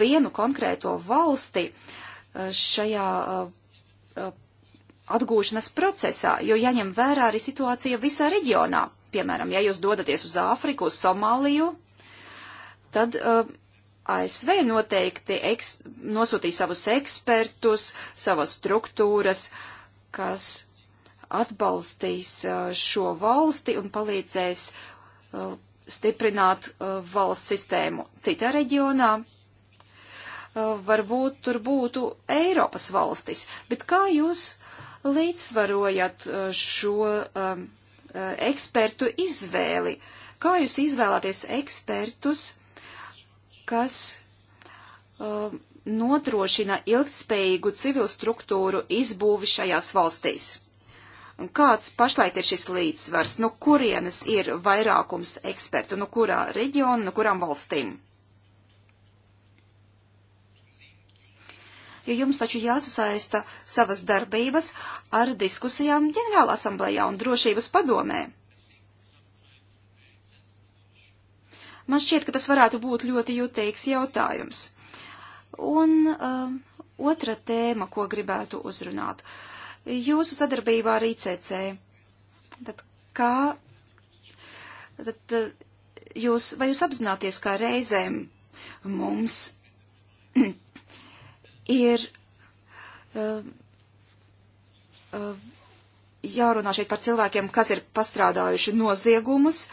vienu konkrēto valsti e, šajā e, atgūšanas procesā, jo jaņem vērā arī situācija visā reģionā. Piemēram, ja jūs dodaties uz Āfriku, uz Somāliju, tad uh, ASV noteikti eks, nosūtīja savus ekspertus, savas struktūras, kas atbalstīs uh, šo valsti un palīdzēs uh, stiprināt uh, valsts sistēmu citā reģionā. Uh, varbūt tur būtu Eiropas valstis, bet kā jūs līdzsvarojat uh, šo um, uh, ekspertu izvēli? Kā jūs izvēlāties ekspertus, kas um, nodrošina ilgtspējīgu civilu struktūru izbūvi šajās valstīs? Un kāds pašlaik ir šis līdzsvars? No kurienes ir vairākums ekspertu? No kurā reģiona, no kurām valstīm? jo jums taču jāsasaista savas darbības ar diskusijām ģenerāla asamblējā un drošības padomē. Man šķiet, ka tas varētu būt ļoti jūtīgs jautājums. Un uh, otra tēma, ko gribētu uzrunāt. Jūsu sadarbībā ar ICC. Tad kā, tad uh, jūs, vai jūs apzināties, kā reizēm mums ir uh, uh, jārunā šeit par cilvēkiem, kas ir pastrādājuši noziegumus, uh,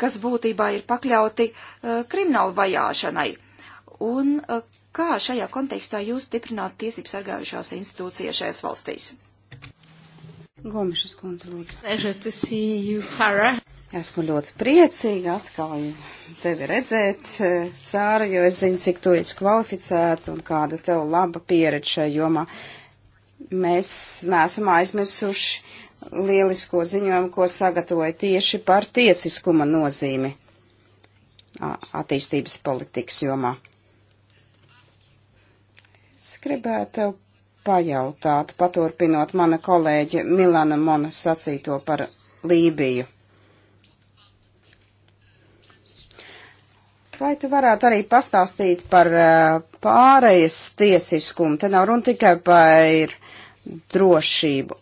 kas būtībā ir pakļauti uh, kriminālu vajāšanai. Un uh, kā šajā kontekstā jūs stiprināt tiesības sargājušās institūcijas šajās valstīs? Gomešas kundze, lūdzu. Esmu ļoti priecīga atkal tevi redzēt, Sāra, jo es zinu, cik tu esi kvalificēta un kāda tev laba pieredze šajā jomā. Mēs neesam aizmirsuši lielisko ziņojumu, ko sagatavoja tieši par tiesiskuma nozīmi attīstības politikas jomā. Es gribētu tev pajautāt, paturpinot mana kolēģa Milana Mona sacīto par Lībiju Vai tu varētu arī pastāstīt par eh, pārējas tiesiskumu? Te nav runa tikai par drošību.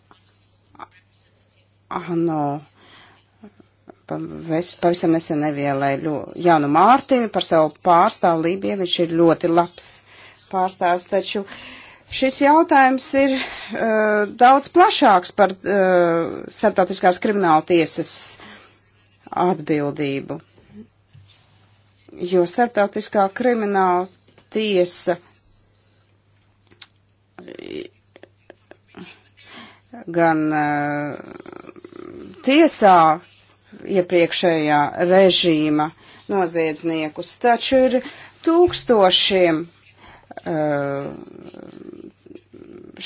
Ano, ah, nu. es pavisam nesen nevielēju Jānu Mārtiņu par savu pārstāvu Lībiju, viņš ir ļoti labs pārstāvs, taču šis jautājums ir uh, daudz plašāks par uh, starptautiskās krimināla tiesas atbildību jo starptautiskā krimināla tiesa gan uh, tiesā iepriekšējā režīma noziedzniekus, taču ir tūkstošiem uh,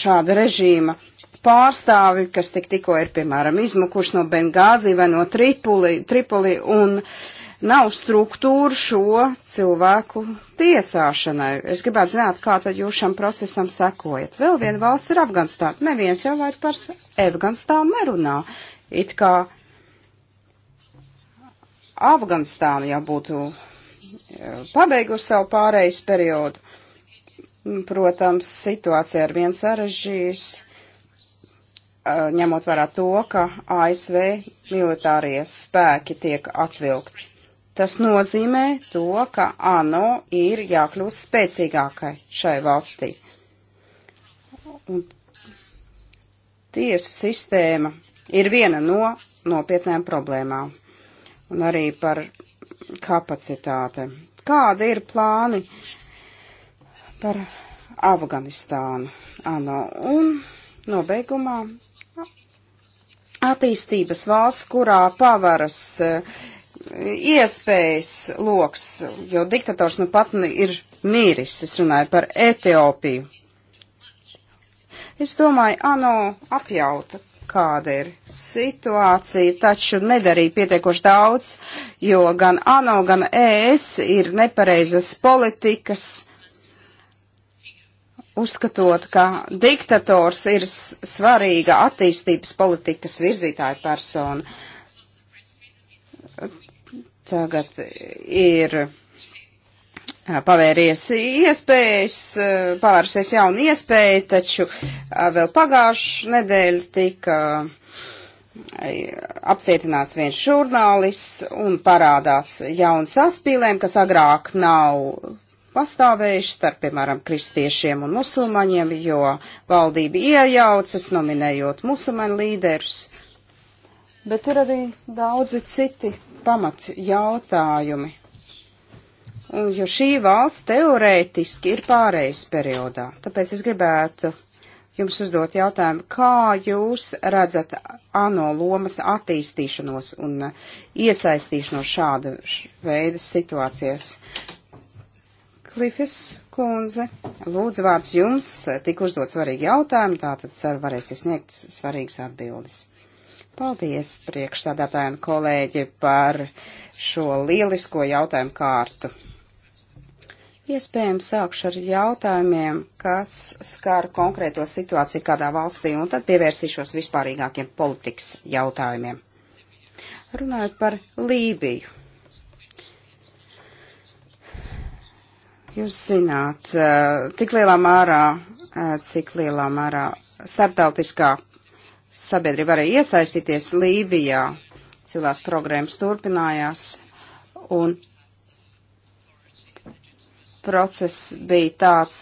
šāda režīma pārstāvi, kas tik tikko ir, piemēram, izmukuši no Bengāzi vai no Tripoli, Tripoli un uh, nav struktūru šo cilvēku tiesāšanai. Es gribētu zināt, kā tad jūs šam procesam sekojat. Vēl viena valsts ir Afganistāna. Neviens jau vairs par Afganistānu nerunā. It kā Afganistāna jau būtu e, pabeigusi savu pārejas periodu. Mm, protams, situācija ar vien sarežģīs, e, ņemot vērā to, ka ASV militārie spēki tiek atvilkti Tas nozīmē to, ka ANO ir jākļūst spēcīgākai šai valstī. Un tiesu sistēma ir viena no nopietnēm problēmām. Un arī par kapacitāte. Kādi ir plāni par Afganistānu? Ano. Un nobeigumā attīstības valsts, kurā pavaras uh, iespējas loks, jo diktators nu pat nu ir mīris, es runāju par Etiopiju. Es domāju, ANO apjauta, kāda ir situācija, taču nedarīja pietiekoši daudz, jo gan ANO, gan ES ir nepareizas politikas, uzskatot, ka diktators ir svarīga attīstības politikas virzītāja persona tagad ir pavēries iespējas, pārsies jauna iespēja, taču vēl pagājušā nedēļa tika apcietināts viens žurnālists un parādās jauns atspīlēm, kas agrāk nav pastāvējuši starp, piemēram, kristiešiem un musulmaņiem, jo valdība iejaucas, nominējot musulmaņu līderus. Bet ir arī daudzi citi pamat jautājumi. Un, jo šī valsts teorētiski ir pārējais periodā. Tāpēc es gribētu jums uzdot jautājumu, kā jūs redzat ANO lomas attīstīšanos un iesaistīšanos šāda veida situācijas. Klifis kundze, lūdzu vārds jums, tik uzdot svarīgi jautājumi, tātad ceru varēsiet sniegt svarīgas atbildes. Paldies priekšsādātājiem kolēģi par šo lielisko jautājumu kārtu. Iespējams, sākšu ar jautājumiem, kas skar konkrēto situāciju kādā valstī, un tad pievērsīšos vispārīgākiem politikas jautājumiem. Runājot par Lībiju. Jūs zināt, eh, tik lielā mērā, eh, cik lielā mērā starptautiskā sabiedrība varēja iesaistīties Lībijā. Cilvēks programmas turpinājās un process bija tāds,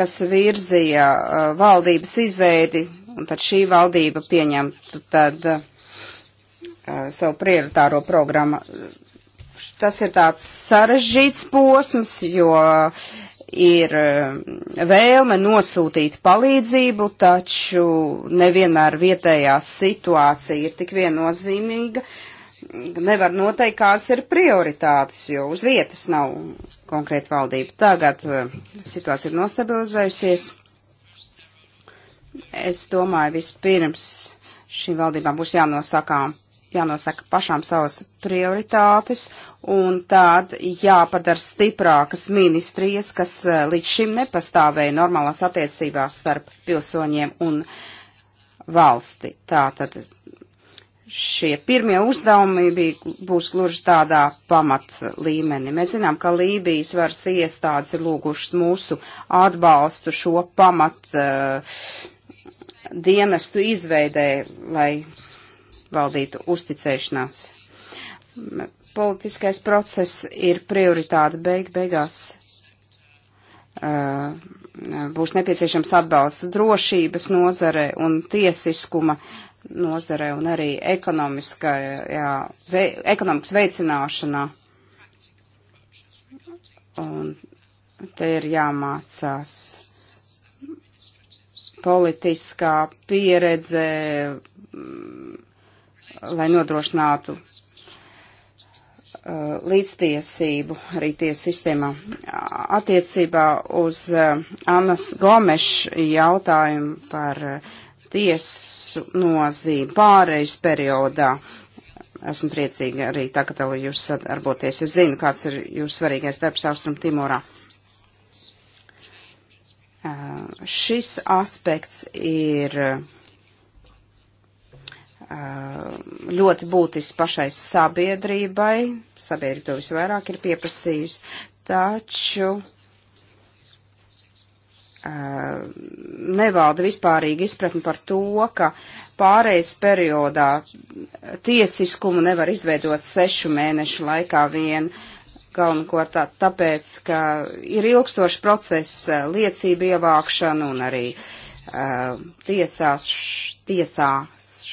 kas virzīja valdības izveidi, un tad šī valdība pieņemtu tad savu prioritāro programmu. Tas ir tāds sarežģīts posms, jo ir eh, vēlme nosūtīt palīdzību, taču nevienmēr vietējā situācija ir tik viennozīmīga. Nevar noteikt, kādas ir prioritātes, jo uz vietas nav konkrēta valdība. Tagad eh, situācija ir nostabilizējusies. Es domāju, vispirms šīm valdībām būs jānosakām jānosaka pašām savas prioritātes un tād jāpadara stiprākas ministrijas, kas eh, līdz šim nepastāvēja normālās attiecībās starp pilsoņiem un valsti. Tātad šie pirmie uzdevumi bija, būs gluži tādā pamat līmenī. Mēs zinām, ka Lībijas varas iestādes ir lūgušas mūsu atbalstu šo pamat uh, dienestu izveidē, lai valdītu uzticēšanās. Politiskais process ir prioritāte beig beigās. Uh, būs nepieciešams atbalsts drošības nozare un tiesiskuma nozare un arī ekonomiskajā, vei, ekonomikas veicināšanā. Un te ir jāmācās politiskā pieredze, lai nodrošinātu uh, līdztiesību arī tiesu sistēmā. Attiecībā uz uh, Annas Gomeša jautājumu par uh, tiesu nozīmi pārejas periodā. Esmu priecīga arī tagad, lai jūs sadarboties. Es zinu, kāds ir jūsu svarīgais darbs Austrum Timorā. Šis aspekts ir ļoti būtisks pašai sabiedrībai. Sabiedrība to visvairāk ir pieprasījusi. Taču nevalda vispārīgi izpratni par to, ka pārejas periodā tiesiskumu nevar izveidot sešu mēnešu laikā vien. Galvenokārt tāpēc, ka ir ilgstošs process liecību ievākšana un arī uh, tiesā, tiesā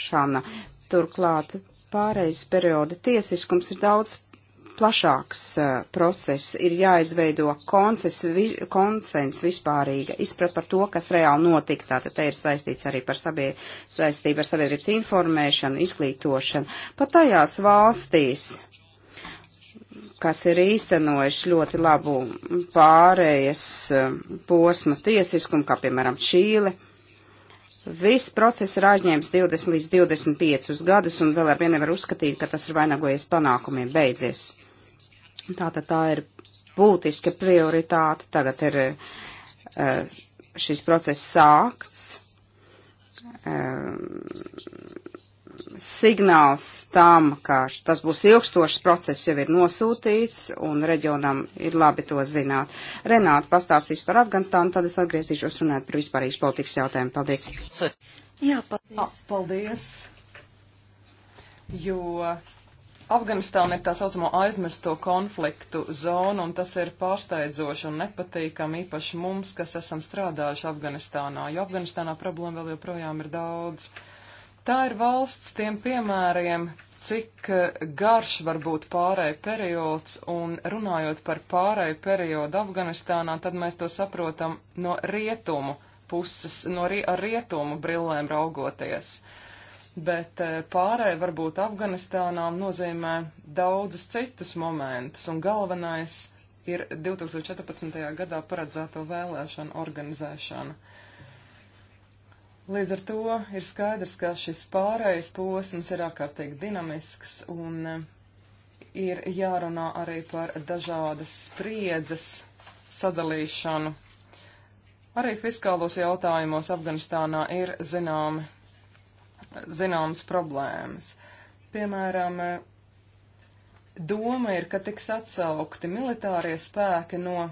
ieviešana. Turklāt pārejas perioda tiesiskums ir daudz plašāks uh, process, ir jāizveido konses, vi, konsens vispārīga izprat par to, kas reāli notika. Tātad te ir saistīts arī par sabie, saistību ar sabiedrības informēšanu, izglītošanu. Pat tajās valstīs, kas ir īstenojuši ļoti labu pārējas uh, eh, posmu tiesiskumu, kā piemēram Čīle, Viss process ir aizņēmis 20 līdz 25 gadus, un vēl ar vienu nevar uzskatīt, ka tas ir vainagojies panākumiem beidzies. Tātad tā ir būtiska prioritāte. Tagad ir eh, šis process sākts. Eh, signāls tam, ka tas būs ilgstošs process, jau ir nosūtīts, un reģionam ir labi to zināt. Renāta pastāstīs par Afganistānu, tad es atgriezīšos runāt par vispārīgas politikas jautājumu. Paldies! Jā, paldies! Paldies! Jo Afganistāna ir tā saucamo aizmirsto konfliktu zona, un tas ir pārsteidzoši un nepatīkami īpaši mums, kas esam strādājuši Afganistānā, jo Afganistānā problēma vēl joprojām ir daudz. Tā ir valsts tiem piemēriem, cik eh, garš var būt pārēj periods, un runājot par pārēj periodu Afganistānā, tad mēs to saprotam no rietumu puses, no ri ar rietumu brillēm raugoties bet eh, pārēj varbūt Afganistānā nozīmē daudzus citus momentus, un galvenais ir 2014. gadā paredzēto vēlēšanu organizēšana. Līdz ar to ir skaidrs, ka šis pārējais posms ir ārkārtīgi dinamisks un eh, ir jārunā arī par dažādas spriedzes sadalīšanu. Arī fiskālos jautājumos Afganistānā ir zināmi, zināmas problēmas. Piemēram, doma ir, ka tiks atsaukti militārie spēki no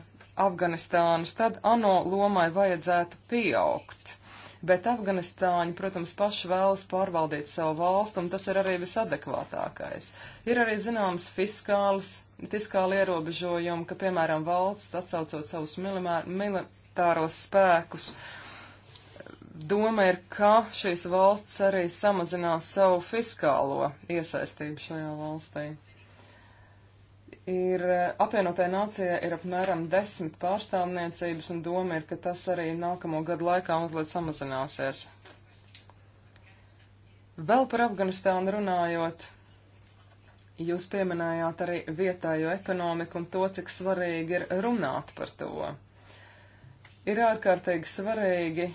Afganistānas, tad ANO lomai vajadzētu pieaugt bet Afganistāņi, protams, paši vēlas pārvaldīt savu valstu, un tas ir arī visadekvātākais. Ir arī zināms fiskāls, fiskāli ierobežojumi, ka, piemēram, valsts atsaucot savus militāros spēkus, doma ir, ka šīs valsts arī samazinās savu fiskālo iesaistību šajā valstī ir e, apvienotajā nācijā ir apmēram desmit pārstāvniecības, un doma ir, ka tas arī nākamo gadu laikā mazliet samazināsies. Vēl par Afganistānu runājot, jūs pieminējāt arī vietējo ekonomiku un to, cik svarīgi ir runāt par to. Ir ārkārtīgi svarīgi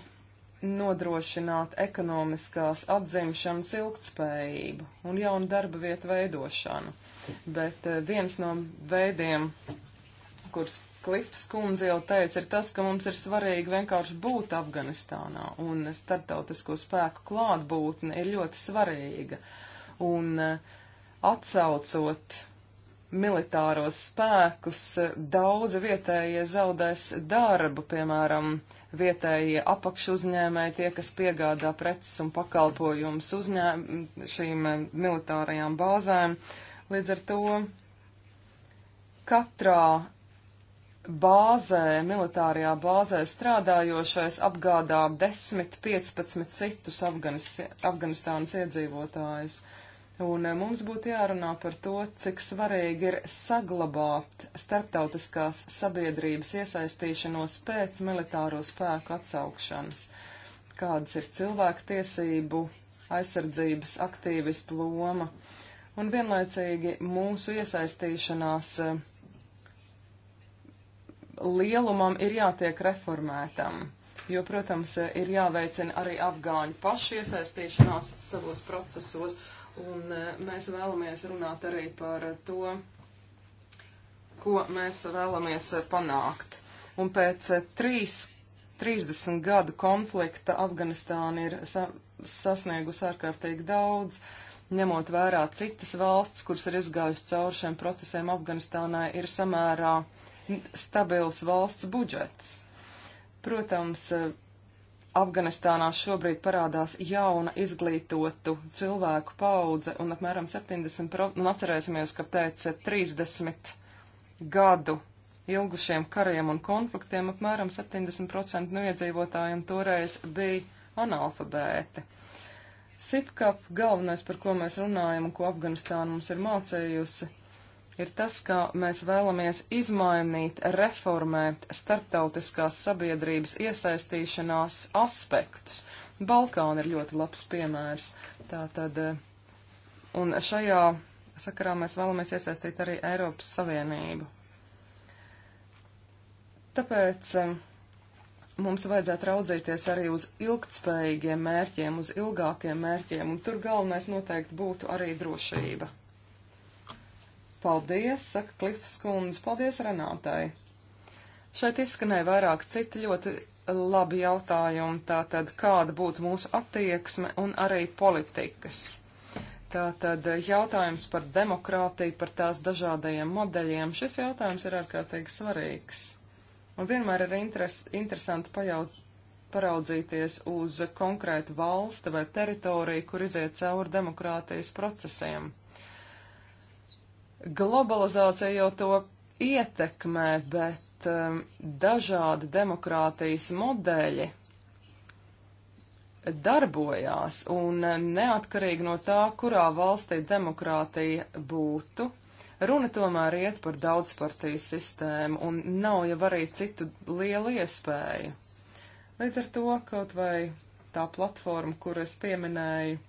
nodrošināt ekonomiskās atzimšanas ilgtspējību un jaunu darba vietu veidošanu bet eh, viens no veidiem, kurus Klifts kundze jau teica, ir tas, ka mums ir svarīgi vienkārši būt Afganistānā, un starptautisko spēku klātbūtne ir ļoti svarīga. Un eh, atsaucot militāros spēkus, daudzi vietējie zaudēs darbu, piemēram, vietējie apakšuzņēmēji, tie, kas piegādā preces un pakalpojumus uzņēm šīm eh, militārajām bāzēm. Uh, Līdz ar to katrā bāzē, militārajā bāzē strādājošais apgādā 10-15 citus Afganist Afganistānas iedzīvotājus. Un eh, mums būtu jārunā par to, cik svarīgi ir saglabāt starptautiskās sabiedrības iesaistīšanos pēc militāro spēku atsaukšanas, kādas ir cilvēktiesību aizsardzības aktīvistu loma. Uh, un vienlaicīgi mūsu iesaistīšanās eh, lielumam ir jātiek reformētam, jo, protams, eh, ir jāveicina arī afgāņu pašu iesaistīšanās savos procesos, un eh, mēs vēlamies runāt arī par to, ko mēs vēlamies panākt. Un pēc trīs, 30 gadu konflikta Afganistāna ir sa sasniegusi ārkārtīgi daudz. Uh, ņemot vērā citas valsts, kuras ir izgājusi cauri šiem procesiem Afganistānā, ir samērā stabils valsts budžets. Protams, Afganistānā šobrīd parādās jauna izglītotu cilvēku paudze un apmēram 70, pro... un atcerēsimies, ka pēc 30 gadu ilgušiem kariem un konfliktiem apmēram 70% no iedzīvotājiem toreiz bija analfabēti. SIPKAP galvenais, par ko mēs runājam un ko Afganistāna mums ir mācējusi, ir tas, ka mēs vēlamies izmainīt, reformēt starptautiskās sabiedrības iesaistīšanās aspektus. Balkāna ir ļoti labs piemērs. Tātad, eh, un šajā sakarā mēs vēlamies iesaistīt arī Eiropas Savienību. Tāpēc eh, mums vajadzētu raudzīties arī uz ilgtspējīgiem mērķiem, uz ilgākiem mērķiem, un tur galvenais noteikti būtu arī drošība. Paldies, saka Klifs kundze, paldies Renātai. Šeit izskanēja vairāk citi ļoti labi jautājumi, tātad kāda būtu mūsu attieksme un arī politikas. Tātad jautājums par demokrātiju, par tās dažādajiem modeļiem, šis jautājums ir ārkārtīgi svarīgs. Un vienmēr ir interes, interesanti pajaut, paraudzīties uz konkrētu valsti vai teritoriju, kur iziet cauri demokrātijas procesiem. Globalizācija jau to ietekmē, bet um, dažādi demokrātijas modeļi darbojās, un neatkarīgi no tā, kurā valstī demokrātija būtu, Runa tomēr iet par daudzpartiju sistēmu un nav jau arī citu lielu iespēju. Līdz ar to kaut vai tā platforma, kur es pieminēju,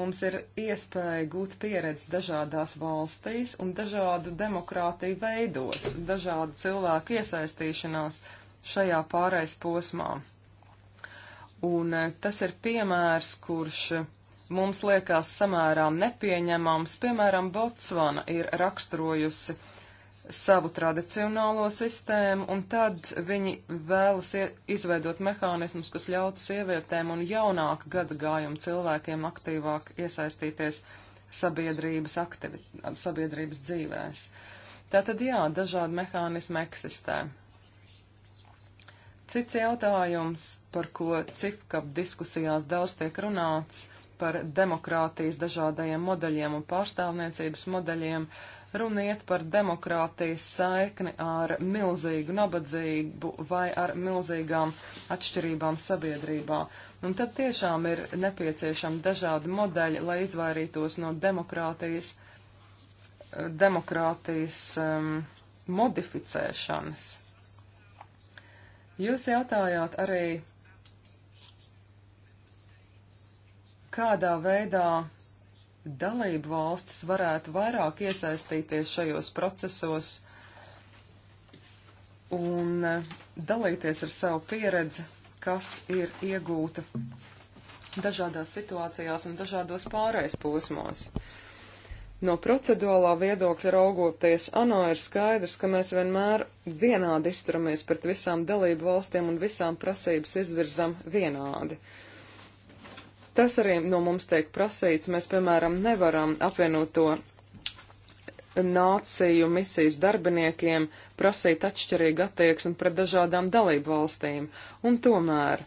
mums ir iespēja gūt pieredzi dažādās valstīs un dažādu demokrātiju veidos, dažādu cilvēku iesaistīšanās šajā pārējais posmā. Un eh, tas ir piemērs, kurš mums liekas samērā nepieņemams. Piemēram, Botsvana ir raksturojusi savu tradicionālo sistēmu, un tad viņi vēlas izveidot mehānismus, kas ļautu sievietēm un jaunāku gada gājumu cilvēkiem aktīvāk iesaistīties sabiedrības, aktivi, sabiedrības dzīvēs. Tātad jā, dažādi mehānismi eksistē. Cits jautājums, par ko cik ap diskusijās daudz tiek runāts, par demokrātijas dažādajiem modeļiem un pārstāvniecības modeļiem. Runa iet par demokrātijas saikni ar milzīgu nabadzību vai ar milzīgām atšķirībām sabiedrībā. Un tad tiešām ir nepieciešami dažādi modeļi, lai izvairītos no demokrātijas, demokrātijas um, modificēšanas. Jūs jautājāt arī kādā veidā dalību valstis varētu vairāk iesaistīties šajos procesos un dalīties ar savu pieredzi, kas ir iegūta dažādās situācijās un dažādos pārējais posmos. No procedūrālā viedokļa raugoties, ANO ir skaidrs, ka mēs vienmēr vienādi izturamies pret visām dalību valstīm un visām prasības izvirzam vienādi. Uh, Tas arī no mums tiek prasīts. Mēs, piemēram, nevaram apvienot to nāciju misijas darbiniekiem prasīt atšķirīgu attieksmi pret dažādām dalību valstīm. Un tomēr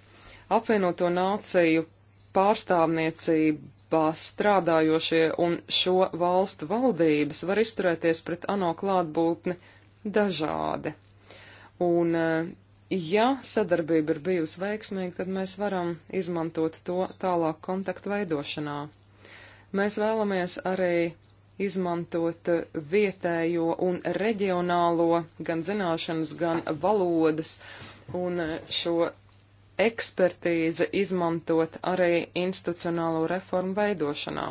apvienoto nāciju pārstāvniecībā strādājošie un šo valstu valdības var izturēties pret ANO klātbūtni dažādi. Un eh, ja sadarbība ir bijusi veiksmīga, tad mēs varam izmantot to tālāk kontaktu veidošanā. Mēs vēlamies arī izmantot vietējo un reģionālo gan zināšanas, gan valodas un šo ekspertīzi izmantot arī institucionālo reformu veidošanā.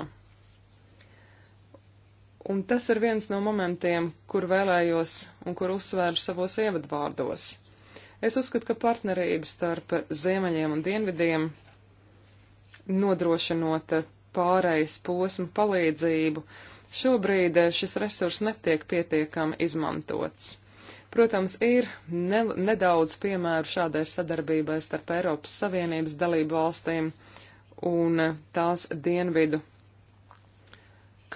Un tas ir viens no momentiem, kur vēlējos un kur uzsvēru savos ievadvārdos. Es uzskatu, ka partnerība starp ziemeļiem un dienvidiem nodrošinot pārejas posmu palīdzību, šobrīd šis resurs netiek pietiekami izmantots. Protams, ir ne, nedaudz piemēru šādai sadarbībai starp Eiropas Savienības dalību valstīm un tās dienvidu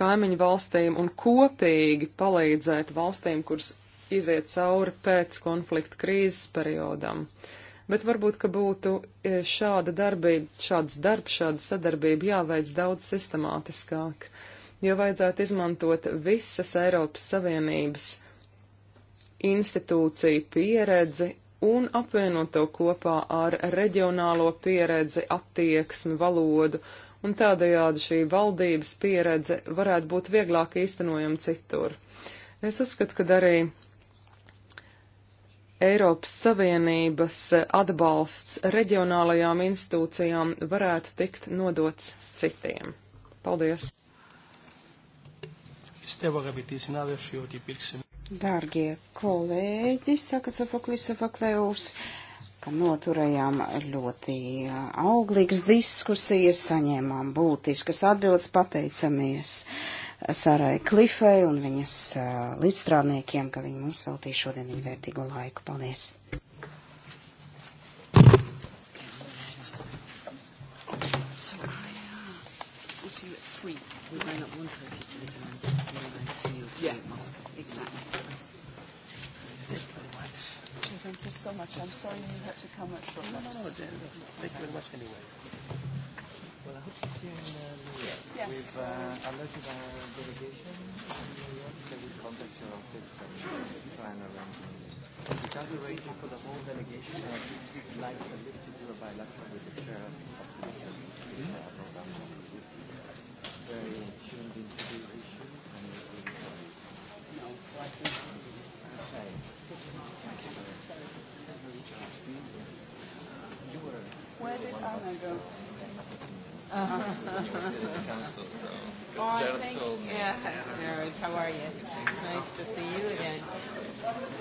kaimiņu valstīm un kopīgi palīdzēt valstīm, kuras iziet cauri pēc konflikta krīzes periodam. Bet varbūt, ka būtu e, šāda darbība, šāds darbs, šāda sadarbība jāveic daudz sistemātiskāk, jo vajadzētu izmantot visas Eiropas Savienības institūciju pieredzi un apvienot to kopā ar reģionālo pieredzi, attieksmi, valodu, un tādējādi šī valdības pieredze varētu būt vieglāk īstenojama citur. Es uzskatu, ka arī Eiropas Savienības atbalsts reģionālajām institūcijām varētu tikt nodots citiem. Paldies! Dārgie kolēģi, saka Sofoklis Sofoklējus, ka noturējām ļoti auglīgas diskusijas, saņēmām būtiskas atbildes, pateicamies. Sārai Klifai un viņas uh, līdzstrādniekiem, ka viņi mums veltīja šodien viņu vērtīgo laiku. Paldies! We ran at 1.30 to the demand. Yeah, exactly. This Thank you so much. I'm sorry you had to come at short notice. No, no, no. Thank you very much anyway think she's here in uh, New York. Yes. We've uh, alerted our delegation in New York, so we'll contact your office and try and arrange a meeting. It's under arranging for the whole delegation, and I'd like at least to do a bilateral with the chair of the mission, mm-hmm. uh, November. Very tuned into these issues, and it will be great. No, so I think... Okay. Thank you. Where did Anna go? council, so. Oh, Jared think, told me. Yeah, Jared, how are you? Nice to see you again.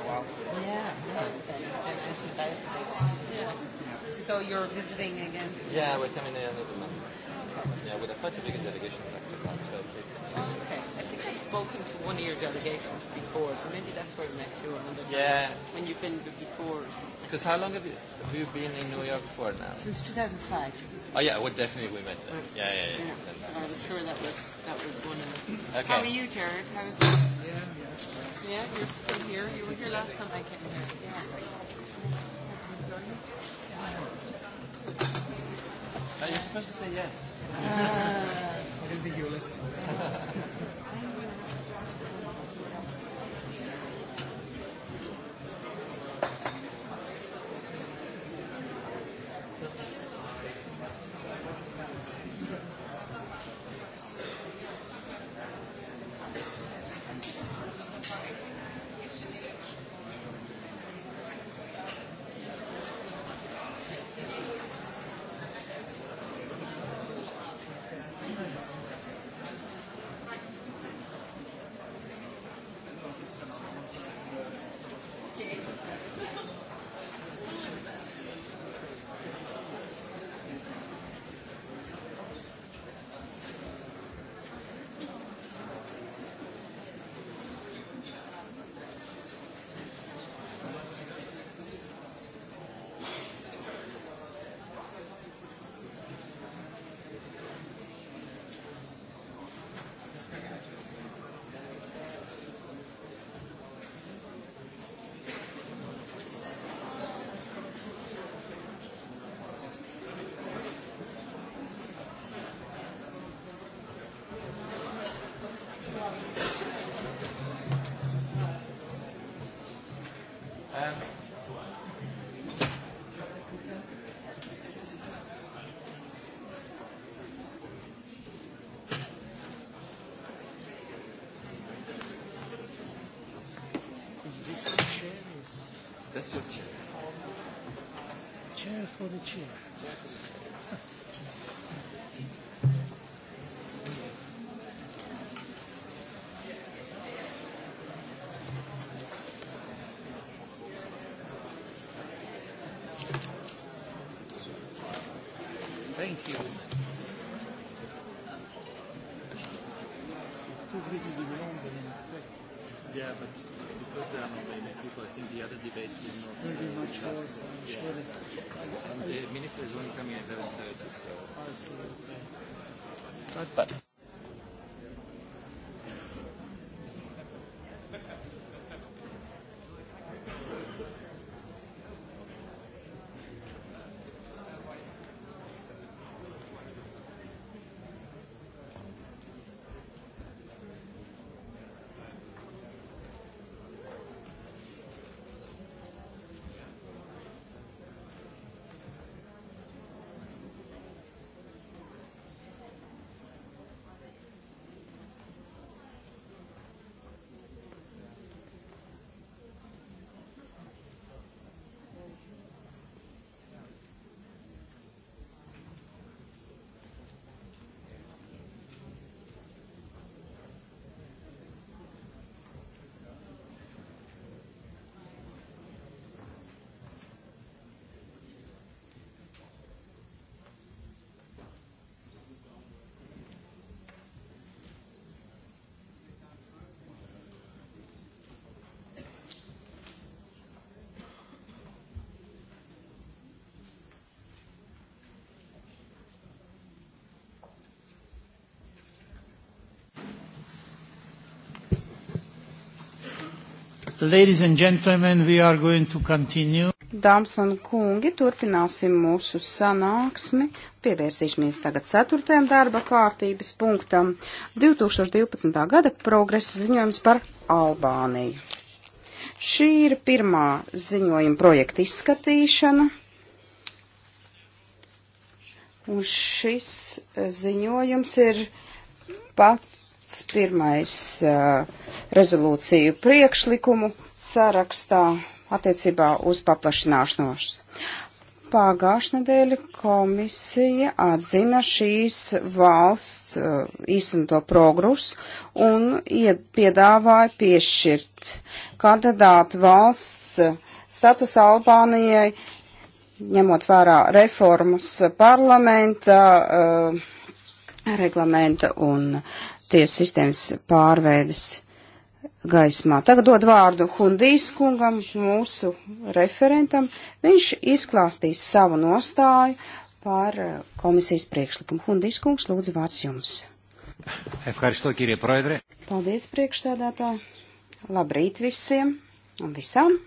Yeah, nice. And yeah. So you're visiting again? Yeah, we're coming in another month. Yeah, with a quite a big delegation back to March, actually. Okay. I think I've spoken to one of your delegations before, so maybe that's where I met you. Another yeah. Time, when you've been before or something. Because how long have you, have you been in New York for now? Since 2005. Oh yeah, well definitely we met that. Yeah, yeah, yeah. yeah. I'm sure that was that was one of. The... Okay. How are you, Jared? How's? Yeah, yeah. Yeah, you're still here. You were here last time I came here. Yeah. Oh, you're supposed to say yes. Uh, I didn't think you were listening. po' vicino. Thank you. Two greetings in London and Spain. Yeah, but because there are not many people, I think the other debates will not. Maybe uh, much more. Yeah. Surely this is only coming at 11.30, so... But Ladies and gentlemen, we are going to continue. Dāmas un kungi, turpināsim mūsu sanāksmi. Pievērsīsimies tagad ceturtajam darba kārtības punktam - 2012. gada progresa ziņojums par Albāniju. Šī ir pirmā ziņojuma projekta izskatīšana. Un šis ziņojums ir pat punkts, pirmais rezolūciju priekšlikumu sarakstā attiecībā uz paplašināšanos. Pagājušā nedēļa komisija atzina šīs valsts īstenoto progresu un piedāvāja piešķirt kandidātu valsts status Albānijai, ņemot vērā reformas parlamenta, reglamenta un tiesu sistēmas pārveides gaismā. Tagad dod vārdu Hundijas kungam, mūsu referentam. Viņš izklāstīs savu nostāju par eh, komisijas priekšlikumu. Hundijas kungs, lūdzu, vārds jums. Paldies, priekšsēdētā. Labrīt visiem un visām.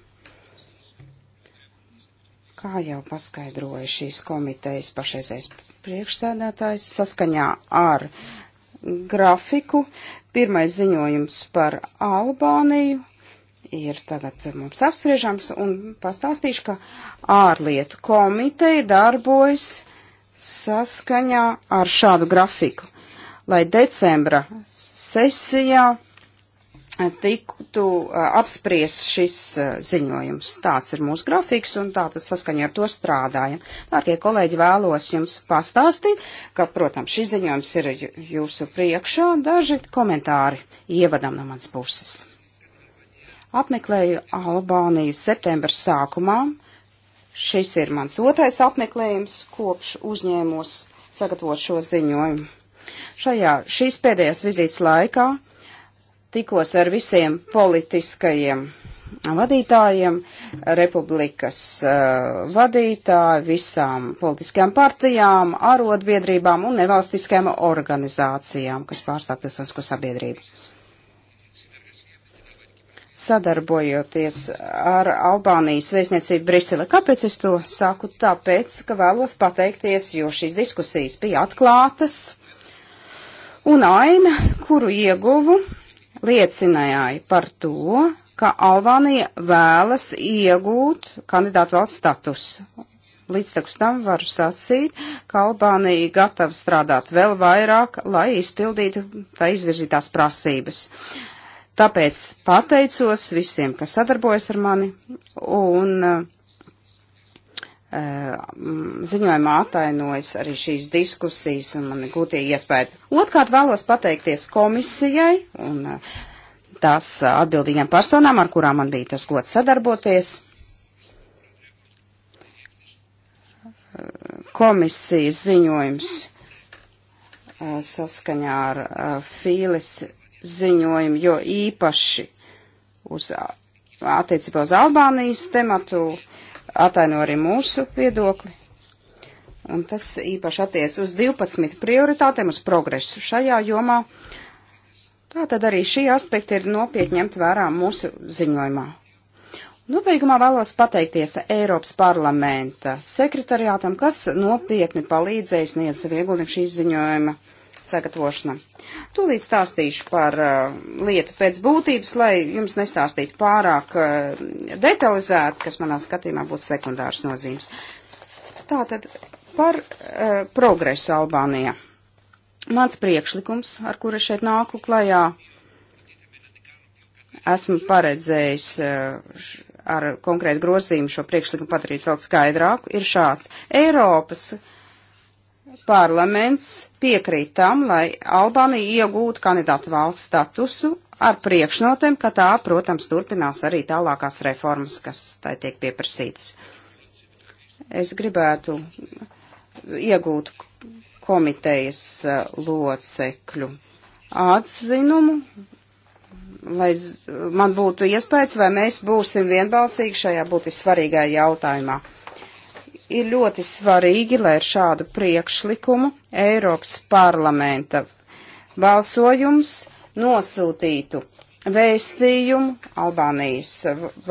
Kā jau paskaidroja šīs komitejas pašreizējais priekšsēdētājs, saskaņā ar uh, grafiku. Pirmais ziņojums par Albāniju ir tagad mums apspriežams un pastāstīšu, ka ārlietu komiteja darbojas saskaņā ar šādu grafiku, lai decembra sesijā tiktu apspries šis ziņojums. Tāds ir mūsu grafiks un tātad saskaņā ar to strādājam. Dārgie kolēģi, vēlos jums pastāstīt, ka, protams, šis ziņojums ir jūsu priekšā un daži komentāri ievadam no manas puses. Apmeklēju Albāniju septembra sākumā. Šis ir mans otrais apmeklējums, kopš uzņēmos sagatavot šo ziņojumu. Šajā šīs pēdējās vizītes laikā tikos ar visiem politiskajiem vadītājiem, republikas uh, eh, vadītāju, visām politiskajām partijām, arotbiedrībām un nevalstiskajām organizācijām, kas pārstāv pilsonisko sabiedrību. Sadarbojoties ar Albānijas vēstniecību Brisele. Kāpēc es to saku? Tāpēc, ka vēlos pateikties, jo šīs diskusijas bija atklātas. Un aina, kuru ieguvu liecināja par to, ka Albānija vēlas iegūt kandidātu valsts statusu. Līdz tam varu sacīt, ka Albānija gatava strādāt vēl vairāk, lai izpildītu tā izvirzītās prasības. Tāpēc pateicos visiem, kas sadarbojas ar mani, un Eh, mm, ziņojumā atainojas arī šīs diskusijas un man ir gūtie iespēja. Otkārt vēlos pateikties komisijai un eh, tās eh, atbildīgiem personām, ar kurām man bija tas gods sadarboties. Komisijas ziņojums saskaņā ar Fīles ziņojumu, jo īpaši uz, attiecībā uz Albānijas tematu uh, ataino arī mūsu viedokli. Un tas īpaši attiec uz 12 prioritātēm, uz progresu šajā jomā. Tātad arī šī aspekta ir nopietni ņemt vērā mūsu ziņojumā. Nobeigumā vēlos pateikties Eiropas parlamenta sekretariātam, kas nopietni palīdzēja sniedz savu ieguldījumu šīs ziņojuma sagatavošana. Tūlīt stāstīšu par uh, lietu pēc būtības, lai jums nestāstītu pārāk uh, detalizēti, kas manā skatījumā būtu sekundārs nozīmes. Tātad par uh, progresu Albānijā. Mans priekšlikums, ar kura šeit nāku klajā, esmu paredzējis uh, ar konkrētu grozījumu šo priekšlikumu padarīt vēl skaidrāku, ir šāds. Eiropas uh, parlaments piekrīt tam, lai Albānija iegūtu kandidātu valsts statusu ar priekšnotēm, ka tā, protams, turpinās arī tālākās reformas, kas tai tiek pieprasītas. Es gribētu iegūt komitejas eh, locekļu atzinumu, lai man būtu iespējas, vai mēs būsim vienbalsīgi šajā būtiski svarīgajā jautājumā ir ļoti svarīgi, lai ar šādu priekšlikumu Eiropas parlamenta balsojums nosūtītu vēstījumu Albānijas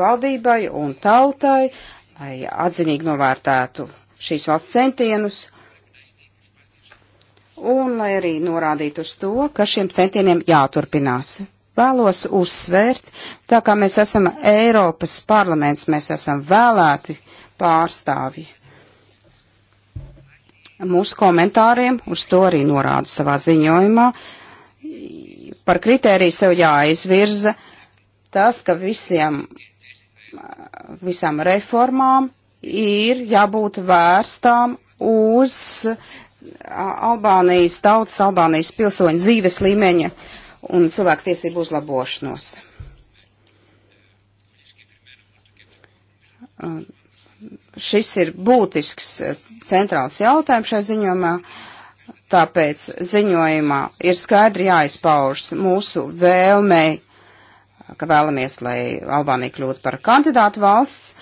valdībai un tautai, lai atzinīgi novērtētu šīs valsts centienus un lai arī norādītu uz to, ka šiem centieniem jāturpinās vēlos uzsvērt, tā kā mēs esam Eiropas parlaments, mēs esam vēlēti pārstāvji mūsu komentāriem, uz to arī norādu savā ziņojumā. Par kritēriju sev jāizvirza tas, ka visiem, visām reformām ir jābūt vērstām uz Albānijas tautas, Albānijas pilsoņu dzīves līmeņa un cilvēktiesību uzlabošanos šis ir būtisks eh, centrāls jautājums šai ziņojumā, tāpēc ziņojumā ir skaidri jāizpaužas mūsu vēlmei, ka vēlamies, lai Albānija kļūtu par kandidātu valsts,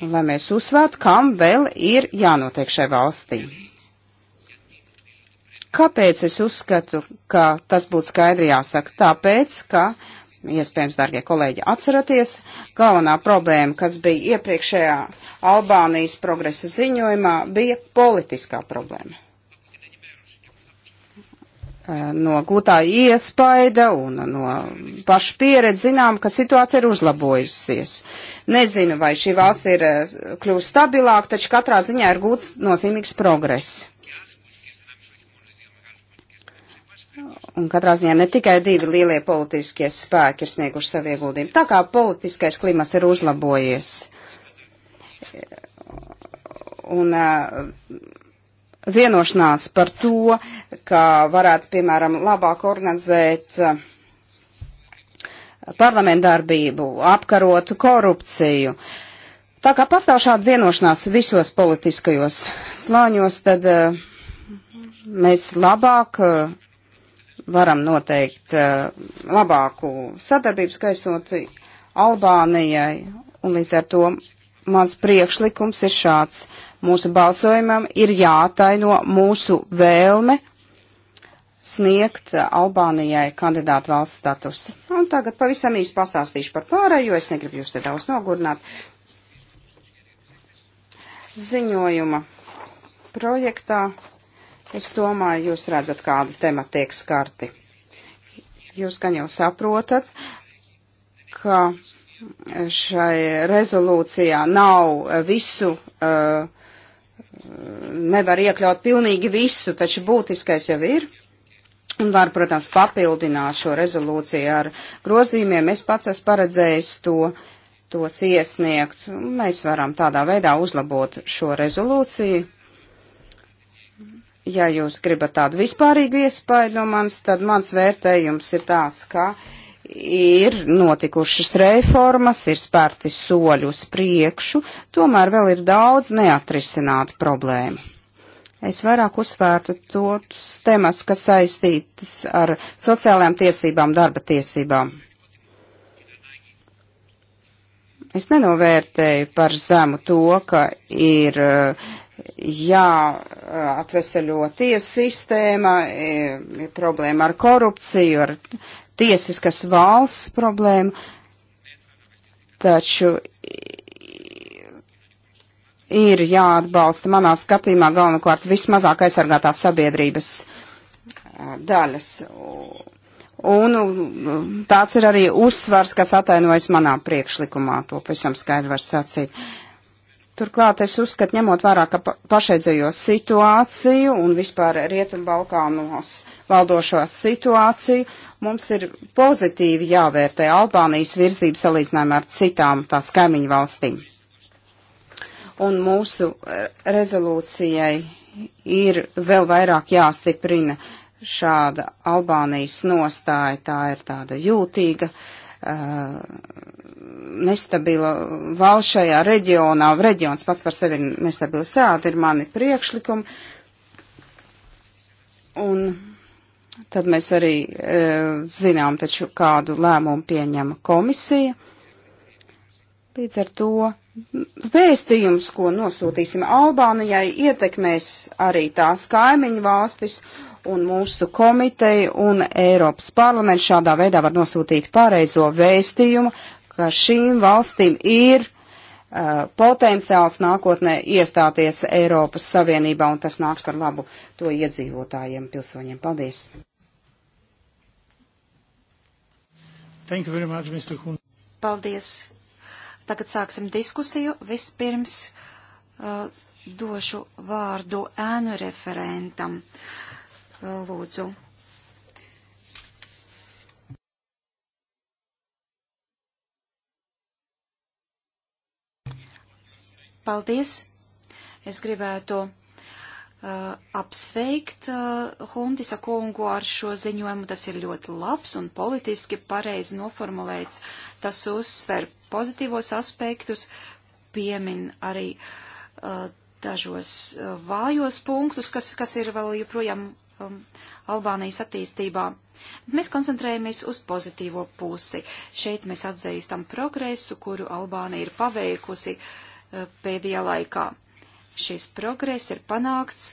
lai mēs uzsvērtu, kam vēl ir jānotiek šai valstī. Kāpēc es uzskatu, ka tas būtu skaidri jāsaka? Tāpēc, ka uh, Iespējams, dārgie kolēģi, atceraties, galvenā problēma, kas bija iepriekšējā Albānijas progresa ziņojumā, bija politiskā problēma. Eh, no gūtā iespaida un no paša pieredze zinām, ka situācija ir uzlabojusies. Nezinu, vai šī valsts ir eh, kļūst stabilāk, taču katrā ziņā ir gūts nozīmīgs progress. Un katrā ziņā ne tikai divi lielie politiskie spēki ir snieguši savu ieguldījumu. Tā kā politiskais klimats ir uzlabojies. Un eh, vienošanās par to, ka varētu, piemēram, labāk organizēt eh, parlamentdarbību, apkarot korupciju. Tā kā pastāv šāda vienošanās visos politiskajos slāņos, tad eh, mēs labāk varam noteikt eh, labāku sadarbības gaisot Albānijai, un līdz ar to mans priekšlikums ir šāds. Mūsu balsojumam ir jātaino mūsu vēlme sniegt Albānijai kandidātu valsts statusu. Un tagad pavisam īsti pastāstīšu par pārējo, es negribu jūs te daudz nogurnāt. Ziņojuma projektā Es domāju, jūs redzat, kāda temata tiek skarti. Jūs gan jau saprotat, ka šai rezolūcijā nav visu, eh, nevar iekļaut pilnīgi visu, taču būtiskais jau ir. Un var, protams, papildināt šo rezolūciju ar grozījumiem. Es pats esmu paredzējis to, tos iesniegt. Mēs varam tādā veidā uzlabot šo rezolūciju ja jūs gribat tādu vispārīgu iespēju no manis, tad mans vērtējums ir tāds, ka ir notikušas reformas, ir spērti soļi uz priekšu, tomēr vēl ir daudz neatrisinātu problēmu. Es vairāk uzsvērtu tos temas, kas saistītas ar sociālajām tiesībām, darba tiesībām. Es nenovērtēju par zemu to, ka ir uh, jā, atveseļo tiesu sistēma, e, ir problēma ar korupciju, ar tiesiskas valsts problēmu, taču ir jāatbalsta manā skatījumā galvenokārt vismazāk aizsargātās sabiedrības e, daļas. Un tāds ir arī uzsvars, kas atainojas manā priekšlikumā, to pavisam skaidri var sacīt. Uh, Turklāt es uzskatu, ņemot vērā, ka pašreizējo situāciju un vispār Rietumu Balkānos valdošo situāciju, mums ir pozitīvi jāvērtē Albānijas virzība salīdzinājumā ar citām tās kaimiņu valstīm. Un mūsu rezolūcijai ir vēl vairāk jāstiprina šāda Albānijas nostāja, tā ir tāda jūtīga. Uh, nestabila valsts šajā reģionā, reģions pats par sevi ir nestabils. Tādi ir mani priekšlikumi. Un tad mēs arī e, zinām, taču kādu lēmumu pieņem komisija. Līdz ar to vēstījums, ko nosūtīsim Albānijai, ietekmēs arī tās kaimiņu valstis un mūsu komiteju un Eiropas parlamentu šādā veidā var nosūtīt pareizo vēstījumu, ka šīm valstīm ir uh, potenciāls nākotnē iestāties Eiropas Savienībā, un tas nāks par labu to iedzīvotājiem, pilsoņiem. Paldies! Much, Paldies! Tagad sāksim diskusiju. Vispirms uh, došu vārdu ēnu referentam. Uh, lūdzu. Paldies! Es gribētu uh, apsveikt uh, Huntisa kungu ar šo ziņojumu. Tas ir ļoti labs un politiski pareizi noformulēts. Tas uzsver pozitīvos aspektus, piemin arī uh, dažos uh, vājos punktus, kas, kas ir vēl joprojām um, Albānijas attīstībā. Mēs koncentrējamies uz pozitīvo pusi. Šeit mēs atzīstam progresu, kuru Albāna ir paveikusi. Uh, Eh, pēdējā laikā. Šis progress ir panākts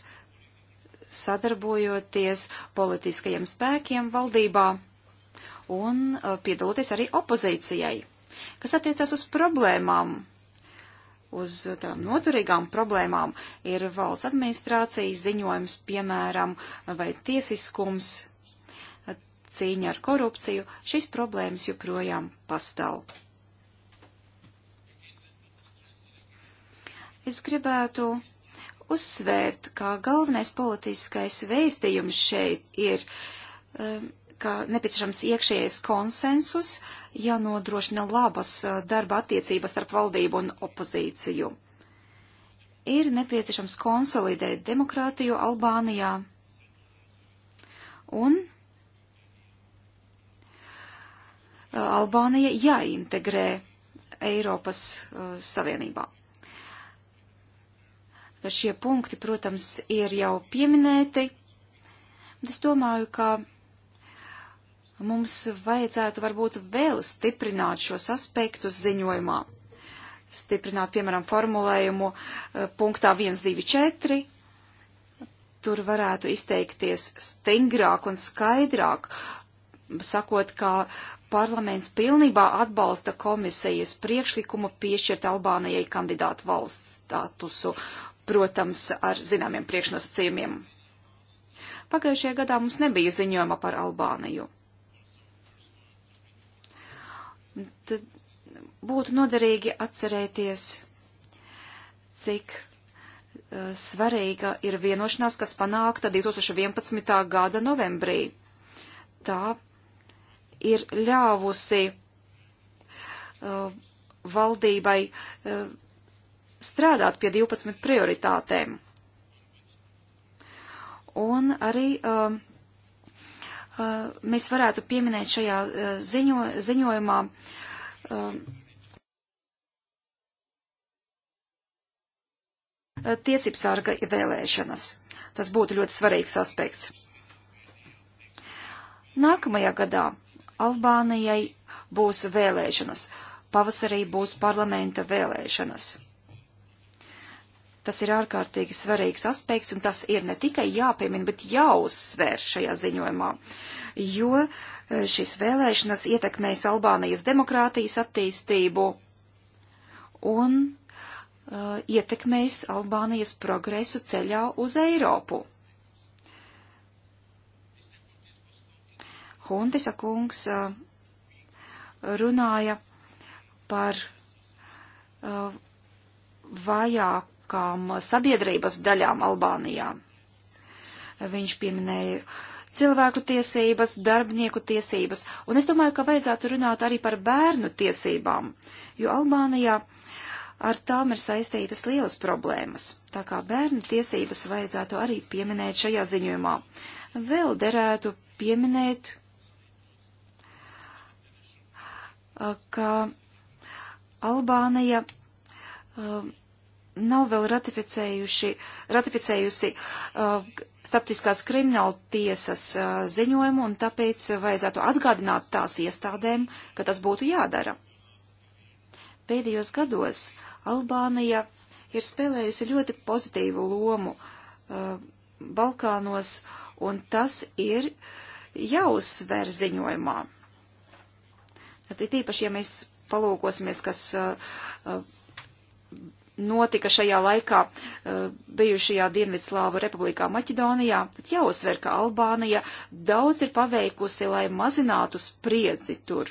sadarbojoties politiskajiem spēkiem valdībā un eh, piedaloties arī opozīcijai, kas attiecas uz problēmām, uz tām noturīgām problēmām, ir valsts administrācijas ziņojums, piemēram, vai tiesiskums, cīņa ar korupciju, šīs problēmas joprojām pastāv. Es gribētu uzsvērt, ka galvenais politiskais vēstījums šeit ir, um, ka nepieciešams iekšējais konsensus, ja nodrošina labas uh, darba attiecības starp valdību un opozīciju. Ir nepieciešams konsolidēt demokrātiju Albānijā un uh, Albānija jāintegrē Eiropas uh, Savienībā ka šie punkti, protams, ir jau pieminēti, bet es domāju, ka mums vajadzētu varbūt vēl stiprināt šos aspektus ziņojumā. Stiprināt, piemēram, formulējumu eh, punktā 1, 2, 4. Tur varētu izteikties stingrāk un skaidrāk, sakot, ka parlaments pilnībā atbalsta komisijas priekšlikumu piešķirt Albānijai kandidātu valsts statusu protams, ar zināmiem priekšnosacījumiem. Pagājušajā gadā mums nebija ziņojuma par Albāniju. Tad būtu noderīgi atcerēties, cik uh, svarīga ir vienošanās, kas panākta 2011. gada novembrī. Tā ir ļāvusi uh, valdībai uh, strādāt pie 12 prioritātēm. Un arī uh, uh, mēs varētu pieminēt šajā uh, ziņo, ziņojumā uh, tiesībsārga vēlēšanas. Tas būtu ļoti svarīgs aspekts. Nākamajā gadā Albānijai būs vēlēšanas. Pavasarī būs parlamenta vēlēšanas. Tas ir ārkārtīgi svarīgs aspekts, un tas ir ne tikai jāpiemina, bet jāuzsver šajā ziņojumā, jo e, šis vēlēšanas ietekmēs Albānijas demokrātijas attīstību un uh, ietekmēs Albānijas progresu ceļā uz Eiropu. Huntisa kungs uh, runāja par uh, vajāk vairākām uh, sabiedrības daļām Albānijā. Viņš pieminēja cilvēku tiesības, darbinieku tiesības, un es domāju, ka vajadzētu runāt arī par bērnu tiesībām, jo Albānijā ar tām ir saistītas lielas problēmas, tā kā bērnu tiesības vajadzētu arī pieminēt šajā ziņojumā. Vēl derētu pieminēt, uh, ka Albānija um, nav vēl ratificējusi uh, starptiskās krimināla tiesas uh, ziņojumu, un tāpēc vajadzētu atgādināt tās iestādēm, ka tas būtu jādara. Pēdējos gados Albānija ir spēlējusi ļoti pozitīvu lomu uh, Balkānos, un tas ir jāuzsver ziņojumā. Tad ir tīpaši, ja mēs palūkosimies, kas uh, uh notika šajā laikā eh, bijušajā Dienvidslāvu republikā Maķedonijā, tad jāuzsver, ka Albānija daudz ir paveikusi, lai mazinātu spriedzi tur.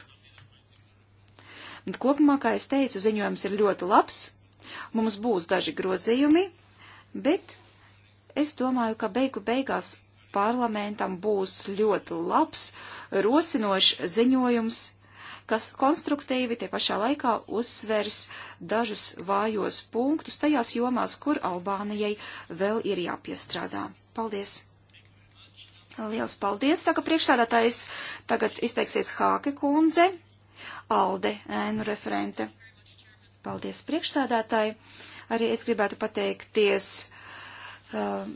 Bet kopumā, kā es teicu, ziņojums ir ļoti labs, mums būs daži grozījumi, bet es domāju, ka beigu beigās parlamentam būs ļoti labs, rosinošs ziņojums kas konstruktīvi tie pašā laikā uzsvers dažus vājos punktus tajās jomās, kur Albānijai vēl ir jāpiestrādā. Paldies! Liels paldies, saka priekšsādātājs. Tagad izteiksies Hāke kundze, Alde, ēnu referente. Paldies priekšsādātāji. Arī es gribētu pateikties. Uh,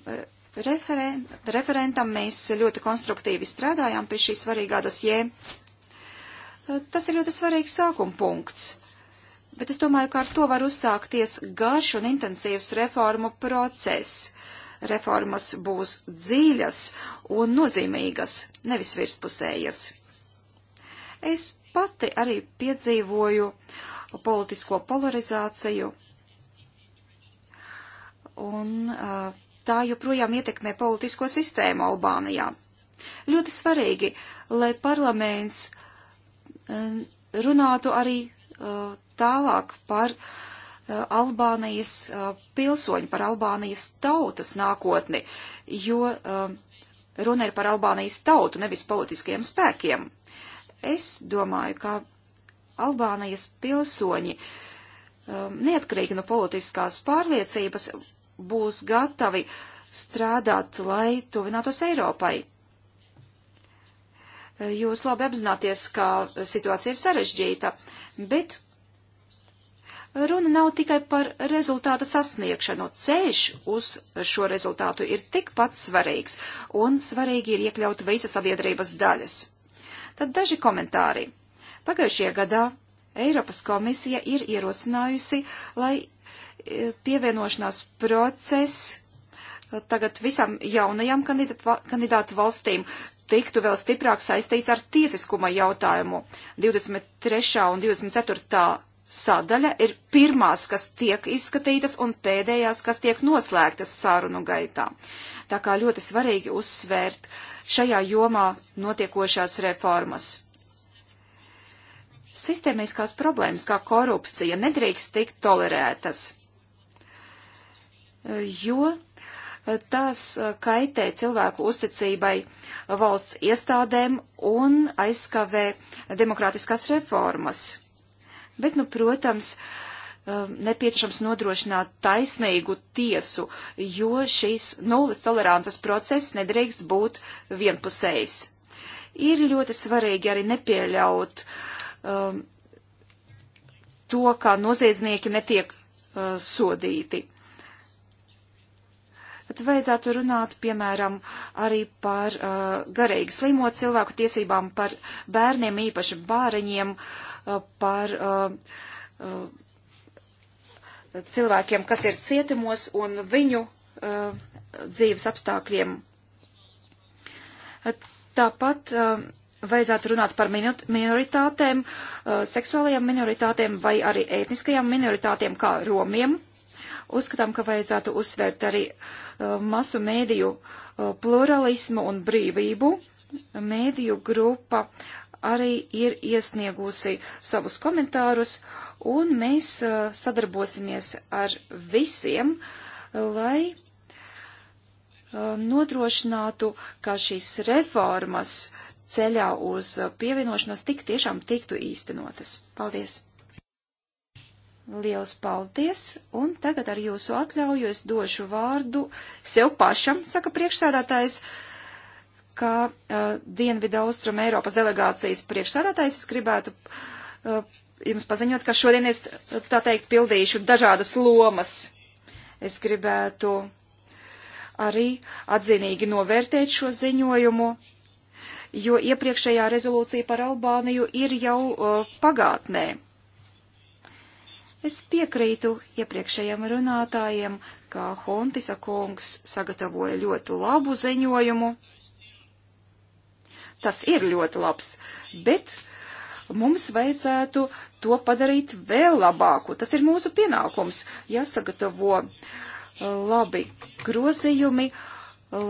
referen, referentam mēs ļoti konstruktīvi strādājām pie šī svarīgā dosjē. Tas ir ļoti svarīgs sākuma punkts, bet es domāju, ka ar to var uzsākties garš un intensīvs reformu process. Reformas būs dziļas un nozīmīgas, nevis virspusējas. Es pati arī piedzīvoju politisko polarizāciju, un tā joprojām ietekmē politisko sistēmu Albānijā. Ļoti svarīgi, lai parlaments uh, runātu arī uh, tālāk par uh, Albānijas uh, pilsoņu, par Albānijas tautas nākotni, jo um, runa ir par Albānijas tautu, nevis politiskiem spēkiem. Es domāju, ka Albānijas pilsoņi, um, neatkarīgi no politiskās pārliecības, būs gatavi strādāt, lai tuvinātos Eiropai. Jūs labi apzināties, ka situācija ir sarežģīta, bet runa nav tikai par rezultāta sasniegšanu. Ceļš uz šo rezultātu ir tikpat svarīgs, un svarīgi ir iekļaut visas sabiedrības daļas. Tad daži komentāri. Pagājušajā gadā Eiropas komisija ir ierosinājusi, lai e, pievienošanās process tagad visam jaunajām kandidātu valstīm tiktu vēl stiprāk saistīts ar tiesiskuma jautājumu. 23. un 24. sadaļa ir pirmās, kas tiek izskatītas un pēdējās, kas tiek noslēgtas sārunu gaitā. Tā kā ļoti svarīgi uzsvērt šajā jomā notiekošās reformas. Sistēmiskās problēmas kā korupcija nedrīkst tikt tolerētas, jo tās uh, kaitē cilvēku uzticībai valsts iestādēm un aizskavē demokrātiskās reformas. Bet, nu, protams, uh, nepieciešams nodrošināt taisnīgu tiesu, jo šīs nulles tolerances process nedrīkst būt vienpusējs. Ir ļoti svarīgi arī nepieļaut um, to, ka noziedznieki netiek uh, sodīti. Bet vajadzētu runāt, piemēram, arī par uh, garīgi slimo cilvēku tiesībām, par bērniem, īpaši bāriņiem, uh, par uh, uh, cilvēkiem, kas ir cietumos un viņu uh, dzīves apstākļiem. Tāpat uh, vajadzētu runāt par minoritātēm, uh, seksuālajām minoritātēm vai arī ētniskajām minoritātēm, kā romiem. Uzskatām, ka vajadzētu uzsvērt arī uh, masu mēdīju uh, pluralismu un brīvību. Mēdīju grupa arī ir iesniegusi savus komentārus, un mēs uh, sadarbosimies ar visiem, lai nodrošinātu, ka šīs reformas ceļā uz pievienošanos tik tiešām tiktu īstenotas. Paldies! Liels paldies, un tagad ar jūsu atļauju es došu vārdu sev pašam, saka priekšsēdātājs, kā uh, Dienvidu Austrum Eiropas delegācijas priekšsēdātājs. Es gribētu uh, jums paziņot, ka šodien es, tā teikt, pildīšu dažādas lomas. Es gribētu arī atzinīgi novērtēt šo ziņojumu jo iepriekšējā rezolūcija par Albāniju ir jau uh, pagātnē. Es piekrītu iepriekšējiem runātājiem, ka Hontisa kungs sagatavoja ļoti labu ziņojumu. Tas ir ļoti labs, bet mums vajadzētu to padarīt vēl labāku. Tas ir mūsu pienākums jāsagatavo uh, labi grozījumi,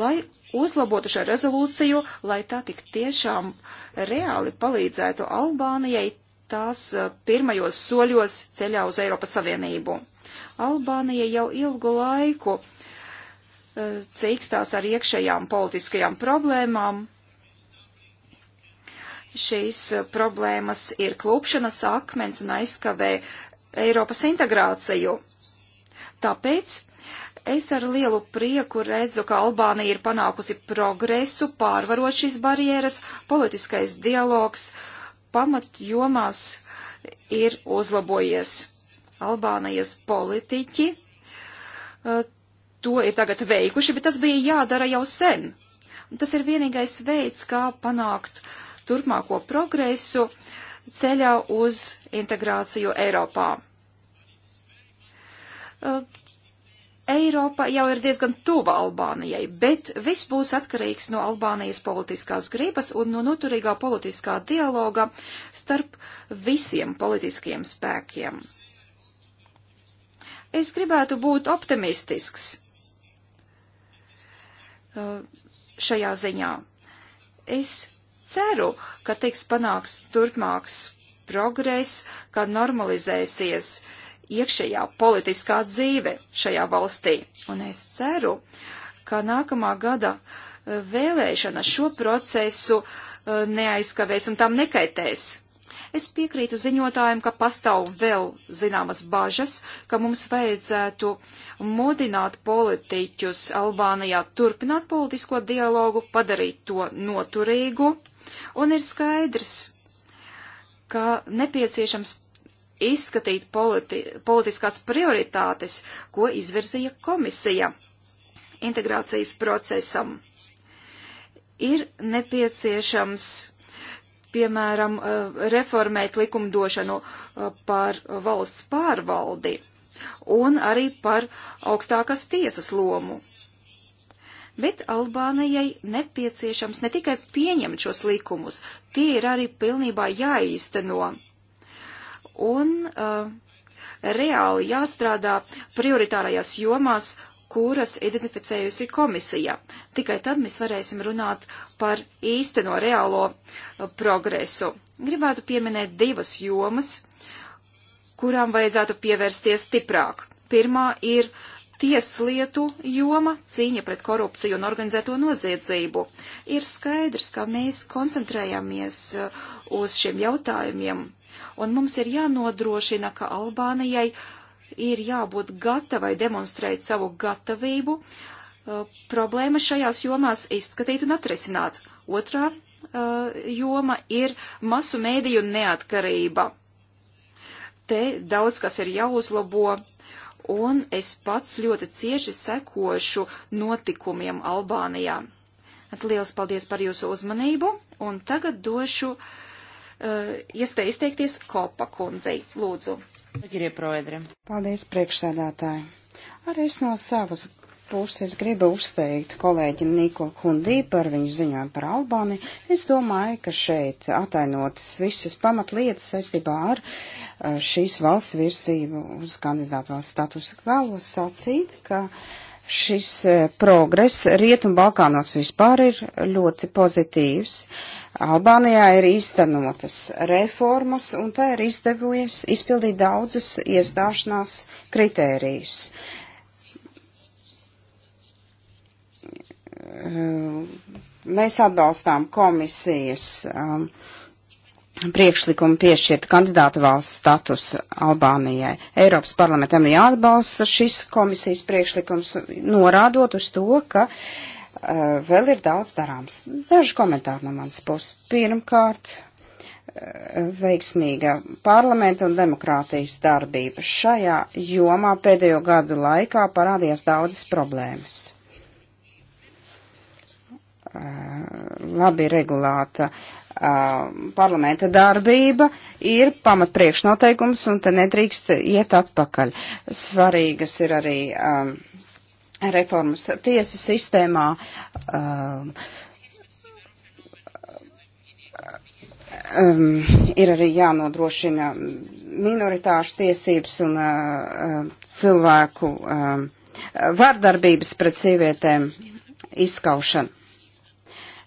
lai uzlabotu šo rezolūciju, lai tā tik tiešām reāli palīdzētu Albānijai tās eh, pirmajos soļos ceļā uz Eiropas Savienību. Albānija jau ilgu laiku eh, cīkstās ar iekšējām politiskajām problēmām. Šīs eh, problēmas ir klūpšanas akmens un aizskavē Eiropas integrāciju. Tāpēc es ar lielu prieku redzu, ka Albānija ir panākusi progresu, pārvarot šīs barjeras, politiskais dialogs uh, pamatjomās ir uzlabojies. Albānijas politiķi eh, to ir tagad veikuši, bet tas bija jādara jau sen. Un tas ir vienīgais veids, kā panākt turpmāko progresu ceļā uz integrāciju Eiropā. Eh, Eiropa jau ir diezgan tuva Albānijai, bet viss būs atkarīgs no Albānijas politiskās gribas un no noturīgā politiskā dialoga starp visiem politiskiem spēkiem. Es gribētu būt optimistisks uh, šajā ziņā. Es ceru, ka tiks panāks turpmāks progress, ka normalizēsies uh, iekšējā politiskā dzīve šajā valstī. Un es ceru, ka nākamā gada e, vēlēšana šo procesu e, neaizskavēs un tam nekaitēs. Es piekrītu ziņotājiem, ka pastāv vēl zināmas bažas, ka mums vajadzētu modināt politiķus Albānijā turpināt politisko dialogu, padarīt to noturīgu, un ir skaidrs, ka nepieciešams izskatīt politi politiskās prioritātes, ko izvirzīja komisija integrācijas procesam. Ir nepieciešams, piemēram, eh, reformēt likumdošanu eh, par valsts pārvaldi un arī par augstākās tiesas lomu. Bet Albānijai nepieciešams ne tikai pieņemt šos likumus, tie ir arī pilnībā jāīsteno un uh, reāli jāstrādā prioritārajās jomās, kuras identificējusi komisija. Tikai tad mēs varēsim runāt par īsteno reālo uh, progresu. Gribētu pieminēt divas jomas, kurām vajadzētu pievērsties stiprāk. Pirmā ir tieslietu joma, cīņa pret korupciju un organizēto noziedzību. Ir skaidrs, ka mēs koncentrējamies uh, uz šiem jautājumiem un mums ir jānodrošina, ka Albānijai ir jābūt gatavai demonstrēt savu gatavību uh, problēmas šajās jomās izskatīt un atrisināt. Otrā uh, joma ir masu mēdīju neatkarība. Te daudz kas ir jāuzlabo, un es pats ļoti cieši sekošu notikumiem Albānijā. Liels paldies par jūsu uzmanību, un tagad došu uh, Eh, iespēju izteikties Kopa kundzei. Lūdzu. Paldies, priekšsēdētāji. Arī es no savas puses gribu uzteikt kolēģi Niko Hundī par viņu ziņojumu par Albāni. Es domāju, ka šeit atainotas visas pamatlietas saistībā ar eh, šīs valsts virzību uz kandidātu valsts statusu. Vēlos sacīt, ka. Uh, šis e, progress Rietumbalkānos vispār ir ļoti pozitīvs. Albānijā ir iztenotas reformas, un tā ir izdevies izpildīt daudzus iestāšanās kritērijus. E, mēs atbalstām komisijas um, priekšlikumu piešķirt kandidātu valsts status Albānijai. Eiropas parlamentam jāatbalsta šis komisijas priekšlikums, norādot uz to, ka uh, vēl ir daudz darāms. Daži komentāri no manas puses. Pirmkārt, uh, veiksmīga parlamenta un demokrātijas darbība. Šajā jomā pēdējo gadu laikā parādījās daudzas problēmas. Uh, labi regulāta uh, Um, parlamenta darbība ir pamatpriekšnoteikums un te nedrīkst iet atpakaļ. Svarīgas ir arī um, reformas tiesu sistēmā. Um, um, ir arī jānodrošina minoritāšu tiesības un uh, cilvēku um, vardarbības pret sievietēm izskaušana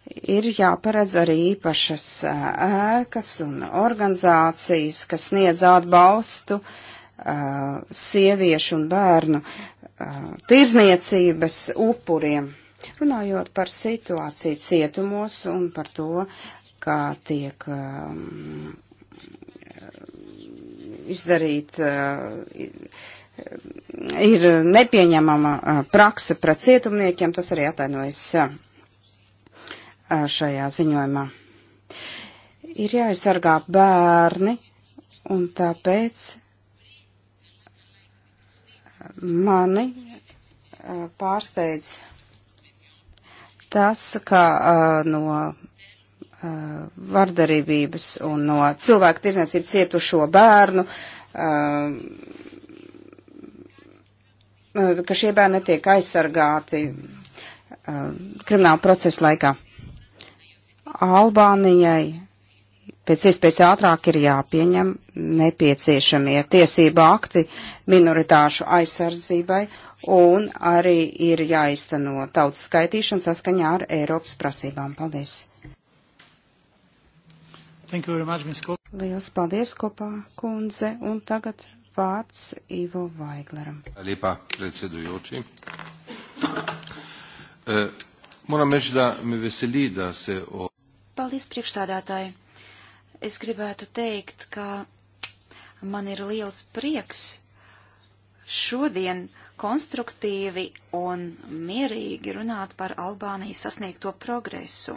ir jāparedz arī īpašas ēkas un organizācijas, kas sniedz atbalstu uh, sieviešu un bērnu uh, tirzniecības upuriem. Runājot par situāciju cietumos un par to, kā tiek um, izdarīt, uh, ir nepieņemama praksa pret cietumniekiem, tas arī atainojas šajā ziņojumā. Ir jāaizsargā bērni, un tāpēc mani pārsteidz tas, ka no vardarībības un no cilvēku tirzniecību cietušo bērnu, ka šie bērni netiek aizsargāti krimināla procesa laikā. Albānijai pēc iespējas ātrāk ir jāpieņem nepieciešamie tiesība akti minoritāšu aizsardzībai un arī ir jāizteno tautas skaitīšana saskaņā ar Eiropas prasībām. Paldies! Much, Liels paldies kopā, kundze, un tagad vārds Ivo Vaigleram. Liepā, predsedujoči. Uh, moram reći da me veseli da se o Paldies priekšsādātāji. Es gribētu teikt, ka man ir liels prieks šodien konstruktīvi un mierīgi runāt par Albānijas sasniegto progresu.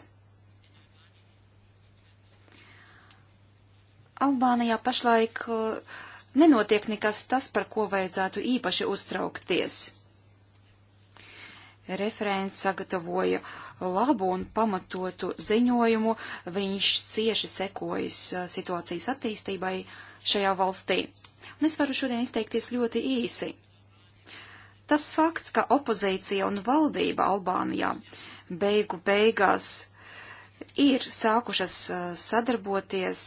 Albānijā pašlaik uh, nenotiek nekas tas, par ko vajadzētu īpaši uztraukties. Referents sagatavoja uh, labu un pamatotu ziņojumu. Viņš cieši sekojas situācijas attīstībai šajā valstī. Un es varu šodien izteikties ļoti īsi. Tas fakts, ka opozīcija un valdība Albānijā beigu beigās ir sākušas sadarboties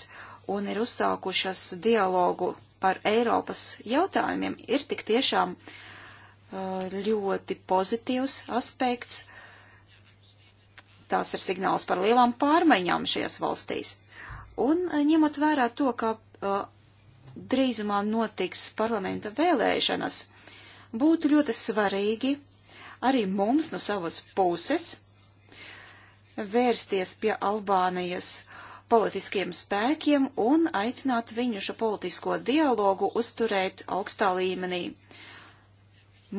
un ir uzsākušas dialogu par Eiropas jautājumiem, ir tik tiešām ļoti pozitīvs aspekts, Tās ir signāls par lielām pārmaiņām šajās valstīs. Un eh, ņemot vērā to, ka uh, drīzumā notiks parlamenta vēlēšanas, būtu ļoti svarīgi arī mums no savas puses vērsties pie Albānijas politiskiem spēkiem un aicināt viņu šo politisko dialogu uzturēt augstā līmenī.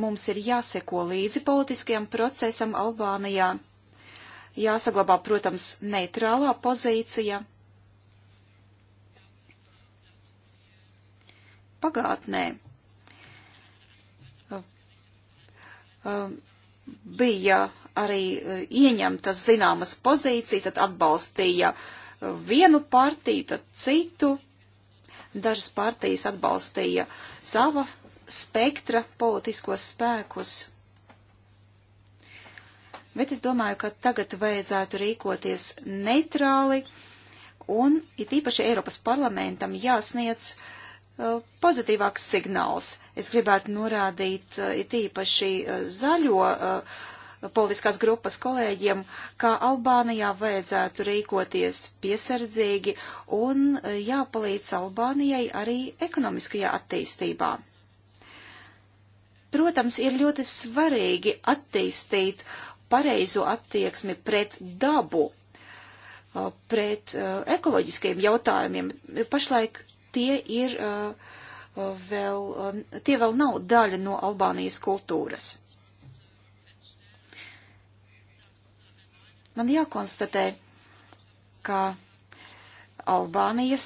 Mums ir jāseko līdzi politiskajam procesam Albānijā jāsaglabā, protams, neitrālā pozīcija. Pagātnē uh, uh, bija arī uh, ieņemtas zināmas pozīcijas, tad atbalstīja vienu partiju, tad citu. Dažas partijas atbalstīja sava spektra politiskos spēkus bet es domāju, ka tagad vajadzētu rīkoties neitrāli un it īpaši Eiropas parlamentam jāsniedz uh, pozitīvāks signāls. Es gribētu norādīt uh, it īpaši uh, zaļo uh, politiskās grupas kolēģiem, kā Albānijā vajadzētu rīkoties piesardzīgi un uh, jāpalīdz Albānijai arī ekonomiskajā attīstībā. Protams, ir ļoti svarīgi attīstīt uh, pareizu attieksmi pret dabu, uh, pret uh, ekoloģiskajiem jautājumiem. Pašlaik tie ir uh, vēl, um, tie vēl nav daļa no Albānijas kultūras. Man jākonstatē, ka Albānijas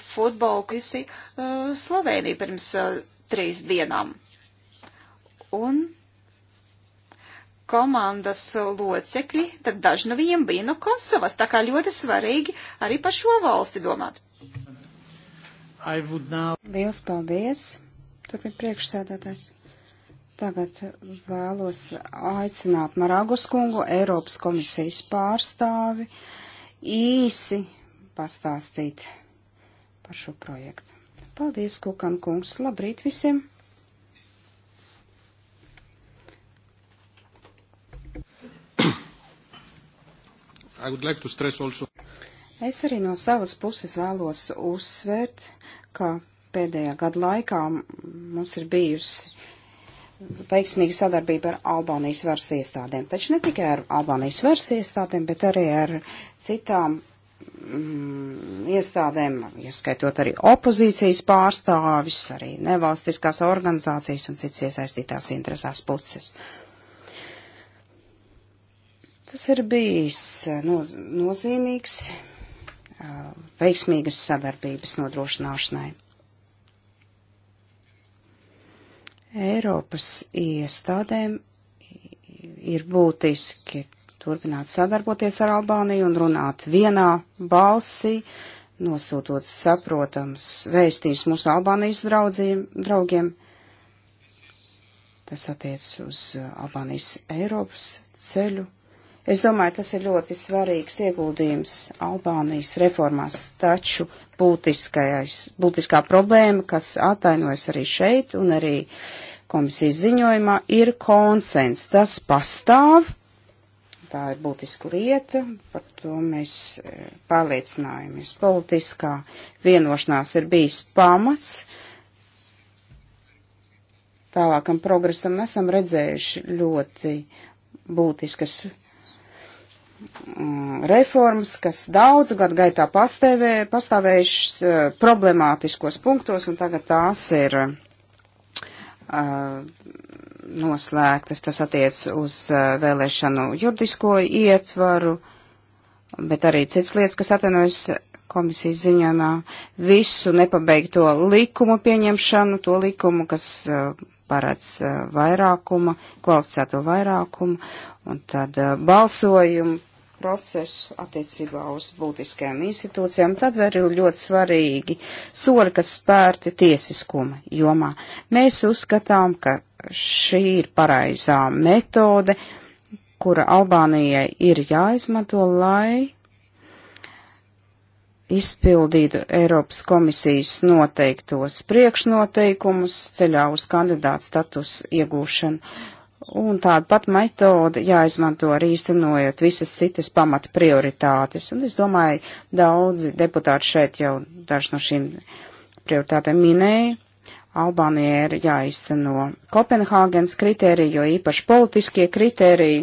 futbola klusi Slovēnija pirms trīs dienām. Un komandas locekļi, tad daži no viņiem bija no Kosovas, tā kā ļoti svarīgi arī par šo valsti domāt. Now... Liels paldies! Turpin priekšsēdētājs. Tagad vēlos aicināt Maragus kungu, Eiropas komisijas pārstāvi, īsi pastāstīt par šo projektu. Paldies, Kukan kungs! Labrīt visiem! like also... Es arī no savas puses vēlos uzsvērt, ka pēdējā gada laikā mums ir bijusi veiksmīga sadarbība ar Albānijas varas iestādēm. Taču ne tikai ar Albānijas varas iestādēm, bet arī ar citām mm, iestādēm, ieskaitot arī opozīcijas pārstāvis, arī nevalstiskās organizācijas un cits iesaistītās interesās puses. Uh, Tas ir bijis eh, no, nozīmīgs eh, veiksmīgas sadarbības nodrošināšanai. Eiropas iestādēm ir būtiski turpināt sadarboties ar Albāniju un runāt vienā balsī, nosūtot saprotams vēstījums mūsu Albānijas draudziem, draugiem. Tas attiec uz Albānijas Eiropas ceļu Es domāju, tas ir ļoti svarīgs ieguldījums Albānijas reformās, taču būtiskā problēma, kas atainojas arī šeit un arī komisijas ziņojumā, ir konsens. Tas pastāv, tā ir būtiska lieta, par to mēs e, pārliecinājamies. Politiskā vienošanās ir bijis pamats. Tālākam progresam esam redzējuši ļoti būtiskas Mm, reformas, kas daudzu gadu gaitā pastāvē, pastāvējušas uh, problemātiskos punktos, un tagad tās ir uh, noslēgtas. Tas attiec uz uh, vēlēšanu juridisko ietvaru, bet arī cits lietas, kas atenojas komisijas ziņojumā, visu nepabeigto likumu pieņemšanu, to likumu, kas paredz vairākuma, kvalificēto vairākumu, un tad balsojumu procesu attiecībā uz būtiskajām institūcijām, tad vēl ir ļoti svarīgi soli, kas spērti tiesiskuma jomā. Mēs uzskatām, ka šī ir pareizā metode, kura Albānijai ir jāizmanto, lai izpildītu Eiropas komisijas noteiktos priekšnoteikumus ceļā uz kandidātu status iegūšanu. Un tāda pat metode jāizmanto arī īstenojot visas citas pamata prioritātes. Un es domāju, daudzi deputāti šeit jau dažs no šīm prioritātēm minēja. Albānijai ir jāizseno Kopenhāgens kritērija, jo īpaši politiskie kritēriji,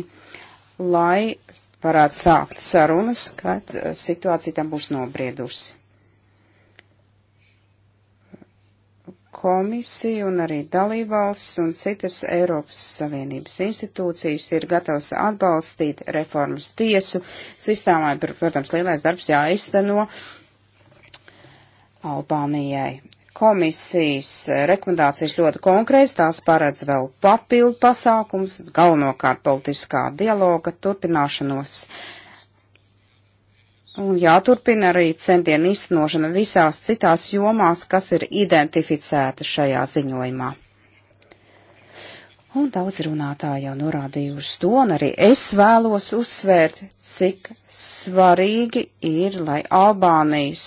lai varētu sākt sarunas, kad eh, situācija tam būs nobriedusi. komisija un arī dalībvalsts un citas Eiropas Savienības institūcijas ir gatavas atbalstīt reformas tiesu sistēmai, protams, lielais darbs jāizteno Albānijai. Komisijas rekomendācijas ļoti konkrēts, tās paredz vēl papildu pasākums, galvenokārt politiskā dialoga turpināšanos. Uh, Un jāturpina arī centienu īstenošana visās citās jomās, kas ir identificēta šajā ziņojumā. Un daudz runātāji jau norādījuši to, un arī es vēlos uzsvērt, cik svarīgi ir, lai Albānijas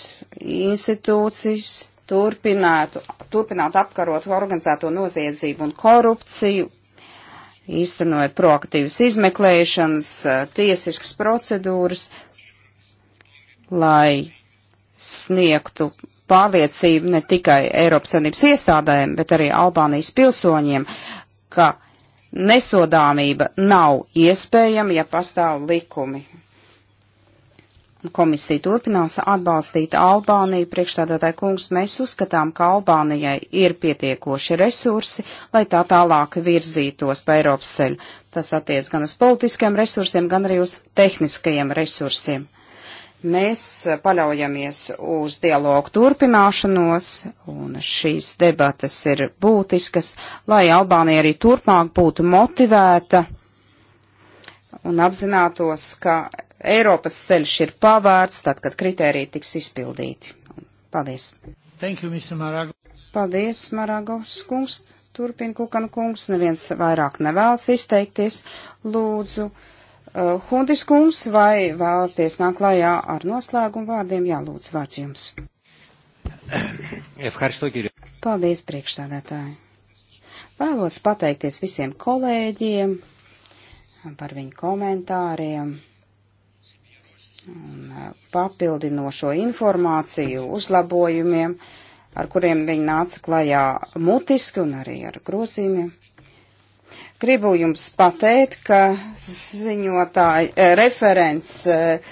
institūcijas turpinātu, turpinātu apkarot organizēto noziedzību un korupciju, īstenojot proaktīvas izmeklēšanas, tiesiskas procedūras, lai sniegtu pārliecību ne tikai Eiropas Savienības iestādēm, bet arī Albānijas pilsoņiem, ka nesodāmība nav iespējama, ja pastāv likumi. Komisija turpinās atbalstīt Albāniju. Priekšstādātāja kungs, mēs uzskatām, ka Albānijai ir pietiekoši resursi, lai tā tālāk virzītos pa Eiropas ceļu. Tas attiec gan uz politiskiem resursiem, gan arī uz tehniskajiem resursiem. Mēs paļaujamies uz dialogu turpināšanos, un šīs debatas ir būtiskas, lai Albānija arī turpmāk būtu motivēta un apzinātos, ka Eiropas ceļš ir pavērts, tad, kad kritēriji tiks izpildīti. Paldies! Thank you, Mr. Marago. Paldies, Maragos kungs! Turpin Kukana kungs, neviens vairāk nevēlas izteikties. Lūdzu! Eh, Hundis kungs, vai vēlaties nāk klājā ar noslēgumu vārdiem? Jā, lūdzu, vārds jums. Paldies, priekšsādātāji. Vēlos pateikties visiem kolēģiem par viņu komentāriem un eh, papildinošo informāciju, uzlabojumiem, ar kuriem viņi nāca klajā mutiski un arī ar grozījumiem. Gribu jums pateikt, ka ziņotāji eh, referents eh,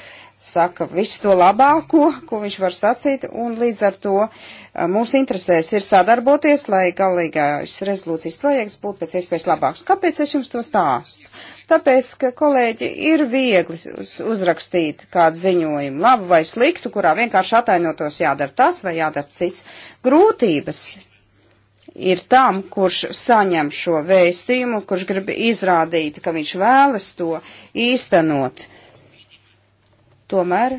saka visu to labāko, ko viņš var sacīt, un līdz ar to eh, mūsu interesēs ir sadarboties, lai galīgais rezolūcijas projekts būtu pēc iespējas labāks. Kāpēc es jums to stāstu? Tāpēc, ka, kolēģi, ir viegli uz, uzrakstīt kādu ziņojumu, labu vai sliktu, kurā vienkārši atainotos jādara tas vai jādara cits. Grūtības ir tam, kurš saņem šo vēstījumu, kurš grib izrādīt, ka viņš vēlas to īstenot. Tomēr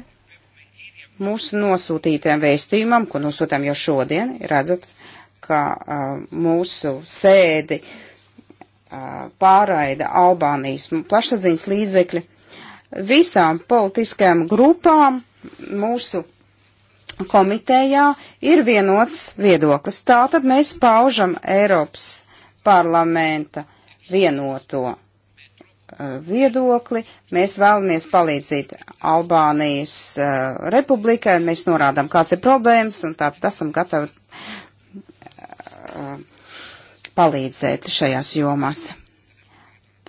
mūsu nosūtītajam vēstījumam, ko nosūtām jau šodien, redzat, ka uh, mūsu sēdi uh, pārraida Albānijas plašsaziņas līdzekļi. Visām politiskajām grupām mūsu komitejā ir vienots viedoklis. Tātad mēs paužam Eiropas parlamenta vienoto eh, viedokli. Mēs vēlamies palīdzīt Albānijas uh, republikai, mēs norādām, kāds ir problēmas, un tātad esam gatavi uh, palīdzēt šajās jomās.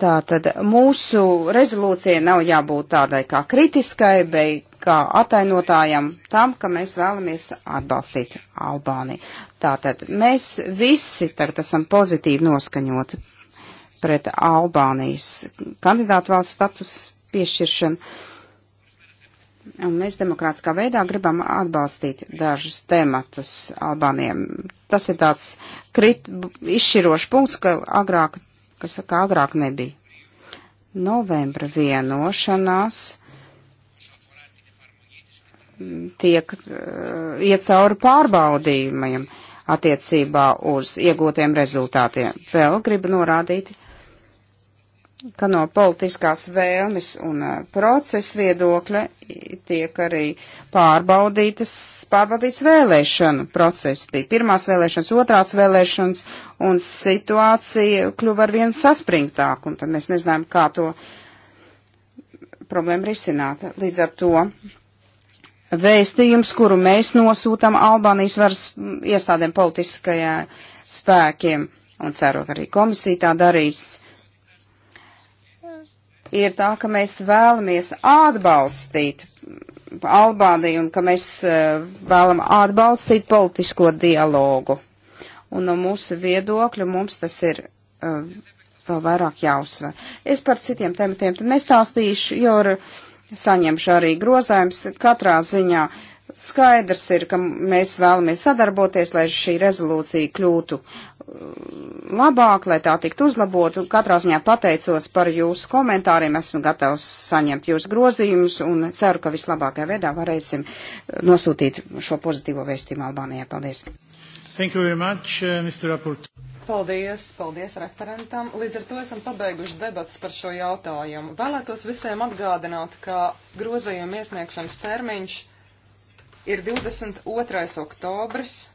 Tātad mūsu rezolūcija nav jābūt tādai kā kritiskai, bet kā atainotājam tam, ka mēs vēlamies atbalstīt Albāniju. Tātad mēs visi tagad esam pozitīvi noskaņoti pret Albānijas kandidātu valsts status piešķiršanu. Un mēs demokrātiskā veidā gribam atbalstīt dažus tematus Albāniem. Tas ir tāds krit, izšķirošs punkts, ka agrāk kas kā agrāk nebija. Novembra vienošanās tiek uh, iet cauri pārbaudījumiem attiecībā uz iegūtiem rezultātiem. Vēl gribu norādīt, ka no politiskās vēlmes un eh, procesa viedokļa tiek arī pārbaudītas, pārbaudīts vēlēšanu process. Bija pirmās vēlēšanas, otrās vēlēšanas, un situācija kļuva ar vien saspringtāk, un tad mēs nezinām, kā to problēmu risināt. Līdz ar to vēstījums, kuru mēs nosūtam Albānijas varas mm, iestādēm politiskajā spēkiem, un cerot arī komisija tā darīs, ir tā, ka mēs vēlamies atbalstīt Albāniju un ka mēs eh, vēlam atbalstīt politisko dialogu. Un no mūsu viedokļa mums tas ir uh, vēl vairāk jāuzsver. Es par citiem tematiem nestāstīšu, jo saņemšu arī grozājums katrā ziņā. Uh, Skaidrs ir, ka mēs vēlamies sadarboties, lai šī rezolūcija kļūtu uh, labāk, lai tā tiktu uzlabotu. Katrā ziņā pateicos par jūsu komentāriem, esmu gatavs saņemt jūsu grozījumus un ceru, ka vislabākajā veidā varēsim nosūtīt šo pozitīvo vēstījumu Albānijai. Paldies! Thank you very much, uh, Mr. Rapport. Paldies, paldies referentam. Līdz ar to esam pabeiguši debats par šo jautājumu. Vēlētos visiem atgādināt, ka grozījuma iesniegšanas termiņš ir 22. oktobris,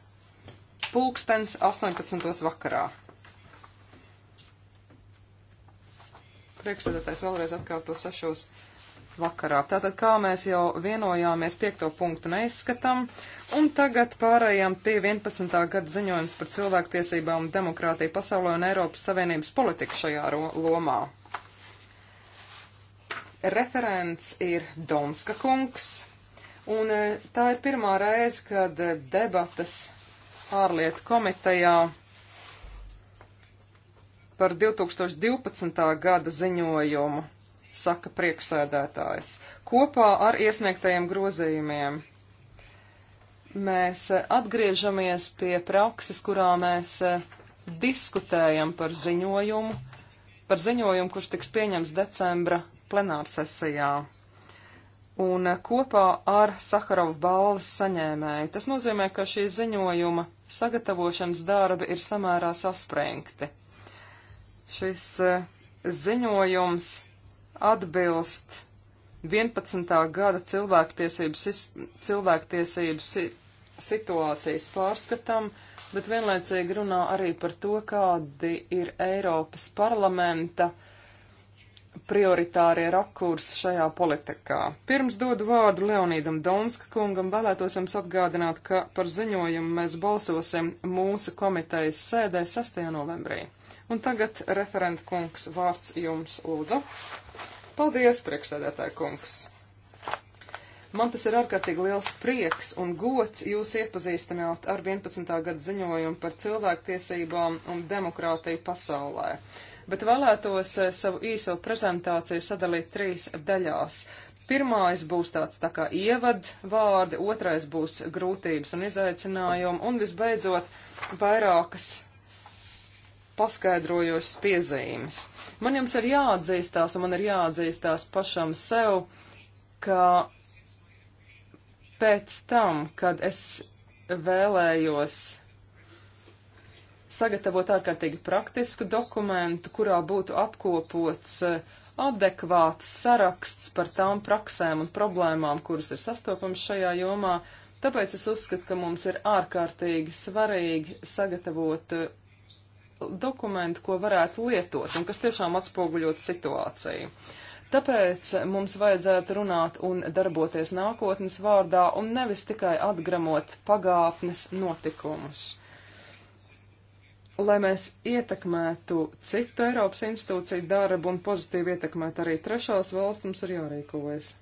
pulkstens 18. vakarā. Priekšsēdētājs vēlreiz atkārto sešos vakarā. Tātad, kā mēs jau vienojāmies, piekto punktu neizskatām, un tagad pārējām pie 11. gada ziņojums par cilvēktiesībām un demokrātiju pasaulē un Eiropas Savienības politiku šajā lomā. Referents ir Donska kungs. Un e, tā ir pirmā reize, kad e, debatas ārlietu komitejā par 2012. gada ziņojumu, saka priekšsēdētājs, kopā ar iesniegtajiem grozījumiem. Mēs e, atgriežamies pie prakses, kurā mēs diskutējam par ziņojumu, par ziņojumu, kurš tiks pieņems decembra plenārsesijā un kopā ar Sakarovu balvas saņēmēju. Tas nozīmē, ka šī ziņojuma sagatavošanas darbi ir samērā saspringti. Šis eh, ziņojums atbilst 11. gada cilvēktiesību, cilvēktiesību si situācijas pārskatam, bet vienlaicīgi runā arī par to, kādi ir Eiropas parlamenta uh, prioritārie rakurs šajā politikā. Pirms dodu vārdu Leonīdam Donska kungam, vēlētos jums atgādināt, ka par ziņojumu mēs balsosim mūsu komitejas sēdē 6. novembrī. Un tagad referenta kungs vārds jums lūdzu. Paldies, priekšsēdētāja kungs! Man tas ir ārkārtīgi liels prieks un gods jūs iepazīstināt ar 11. gadu ziņojumu par cilvēktiesībām un demokrātiju pasaulē bet vēlētos eh, savu īso prezentāciju sadalīt trīs daļās. Pirmais būs tāds tā kā ievadvārdi, otrais būs grūtības un izaicinājumi, un visbeidzot vairākas paskaidrojošas piezīmes. Man jums ir jāatzīstās, un man ir jāatzīstās pašam sev, ka pēc tam, kad es vēlējos sagatavot ārkārtīgi praktisku dokumentu, kurā būtu apkopots eh, adekvāts saraksts par tām praksēm un problēmām, kuras ir sastopams šajā jomā. Tāpēc es uzskatu, ka mums ir ārkārtīgi svarīgi sagatavot eh, dokumentu, ko varētu lietot un kas tiešām atspoguļot situāciju. Tāpēc mums vajadzētu runāt un darboties nākotnes vārdā un nevis tikai atgramot pagātnes notikumus lai mēs ietekmētu citu Eiropas institūciju darbu un pozitīvi ietekmētu arī trešās valsts, mums ir jārīkojas.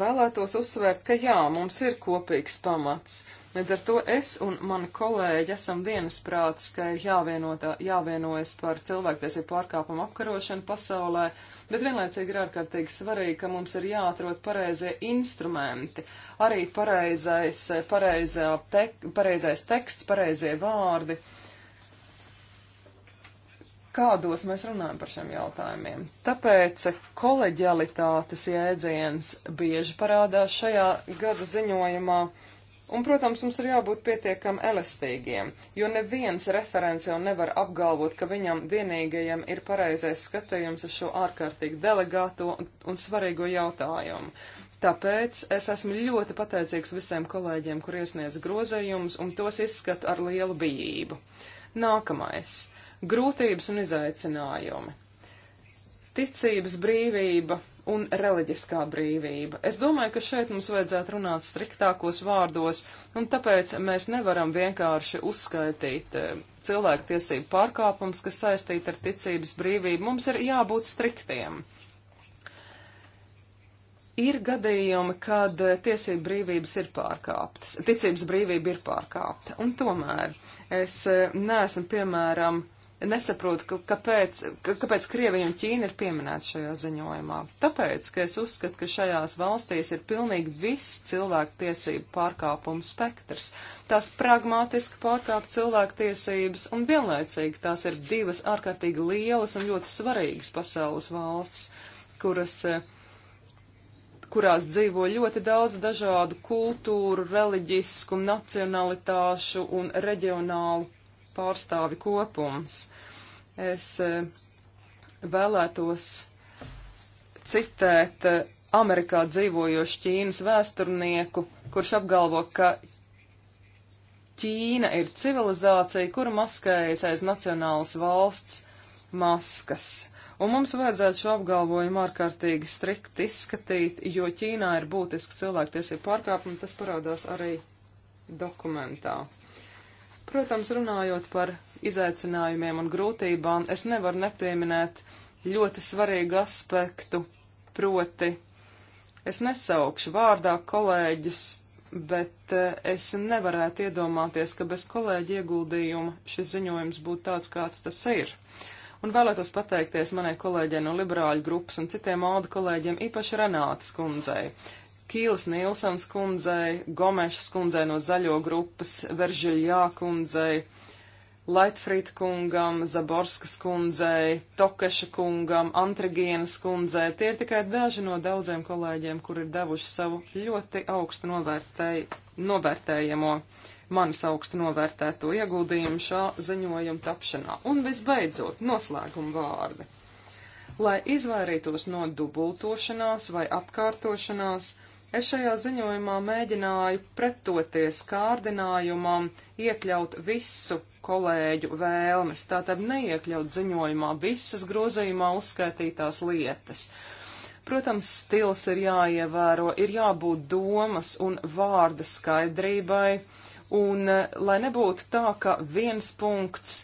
Vēlētos uzsvērt, ka jā, mums ir kopīgs pamats. Līdz ar to es un mani kolēģi esam vienasprāts, ka ir jāvienojas par cilvēktiesību pārkāpumu apkarošanu pasaulē, bet vienlaicīgi ir ārkārtīgi svarīgi, ka mums ir jāatrod pareizie instrumenti, arī pareizais, pareizā tek, pareizais teksts, pareizie vārdi. Uh, kādos mēs runājam par šiem jautājumiem. Tāpēc koleģialitātes jēdziens bieži parādās šajā gada ziņojumā. Un, protams, mums ir jābūt pietiekami elastīgiem, jo neviens referents jau nevar apgalvot, ka viņam vienīgajam ir pareizais skatījums uz šo ārkārtīgi delegāto un svarīgo jautājumu. Tāpēc es esmu ļoti pateicīgs visiem kolēģiem, kur iesniedz grozējumus, un tos izskatu ar lielu bijību. Nākamais grūtības un izaicinājumi. Ticības brīvība un reliģiskā brīvība. Es domāju, ka šeit mums vajadzētu runāt striktākos vārdos, un tāpēc mēs nevaram vienkārši uzskaitīt eh, cilvēktiesību pārkāpums, kas saistīti ar ticības brīvību. Mums ir jābūt striktiem. Ir gadījumi, kad tiesība brīvības ir pārkāptas, ticības brīvība ir pārkāpta, un tomēr es eh, neesmu, piemēram, nesaprotu, ka, kāpēc, ka, kāpēc Krievija un Ķīna ir pieminēta šajā ziņojumā. Tāpēc, ka es uzskatu, ka šajās valstīs ir pilnīgi viss cilvēku tiesību pārkāpumu spektrs. Tās pragmatiski pārkāp cilvēku tiesības un vienlaicīgi tās ir divas ārkārtīgi lielas un ļoti svarīgas pasaules valsts, kuras eh, kurās dzīvo ļoti daudz dažādu kultūru, reliģisku, nacionalitāšu un reģionālu pārstāvi kopums. Es e, vēlētos citēt e, Amerikā dzīvojošu Ķīnas vēsturnieku, kurš apgalvo, ka Ķīna ir civilizācija, kura maskējas aiz nacionālas valsts maskas. Un mums vajadzētu šo apgalvojumu ārkārtīgi strikt izskatīt, jo Ķīnā ir būtiski cilvēktiesību pārkāpumi, tas parādās arī dokumentā. Protams, runājot par izaicinājumiem un grūtībām, es nevaru nepieminēt ļoti svarīgu aspektu, proti es nesaukšu vārdā kolēģus, bet eh, es nevarētu iedomāties, ka bez kolēģi ieguldījuma šis ziņojums būtu tāds, kāds tas ir. Un vēlētos pateikties manai kolēģei no liberāļu grupas un citiem alda kolēģiem, īpaši Renātas kundzei, Kīls Nilsons kundzei, Gomešas kundzei no zaļo grupas, Veržiļjā kundzei, Laitfrīd kungam, Zaborskas kundzei, Tokeša kungam, Antrigienas kundzei. Tie ir tikai daži no daudziem kolēģiem, kur ir devuši savu ļoti augstu novērtēj, novērtējamo, manis augstu novērtēto ieguldījumu šā ziņojuma tapšanā. Un visbeidzot, noslēguma vārdi. Lai izvairītos no dubultošanās vai atkārtošanās, Es šajā ziņojumā mēģināju pretoties kārdinājumam, iekļaut visu kolēģu vēlmes, tātad neiekļaut ziņojumā visas grozījumā uzskaitītās lietas. Protams, stils ir jāievēro, ir jābūt domas un vārda skaidrībai, un eh, lai nebūtu tā, ka viens punkts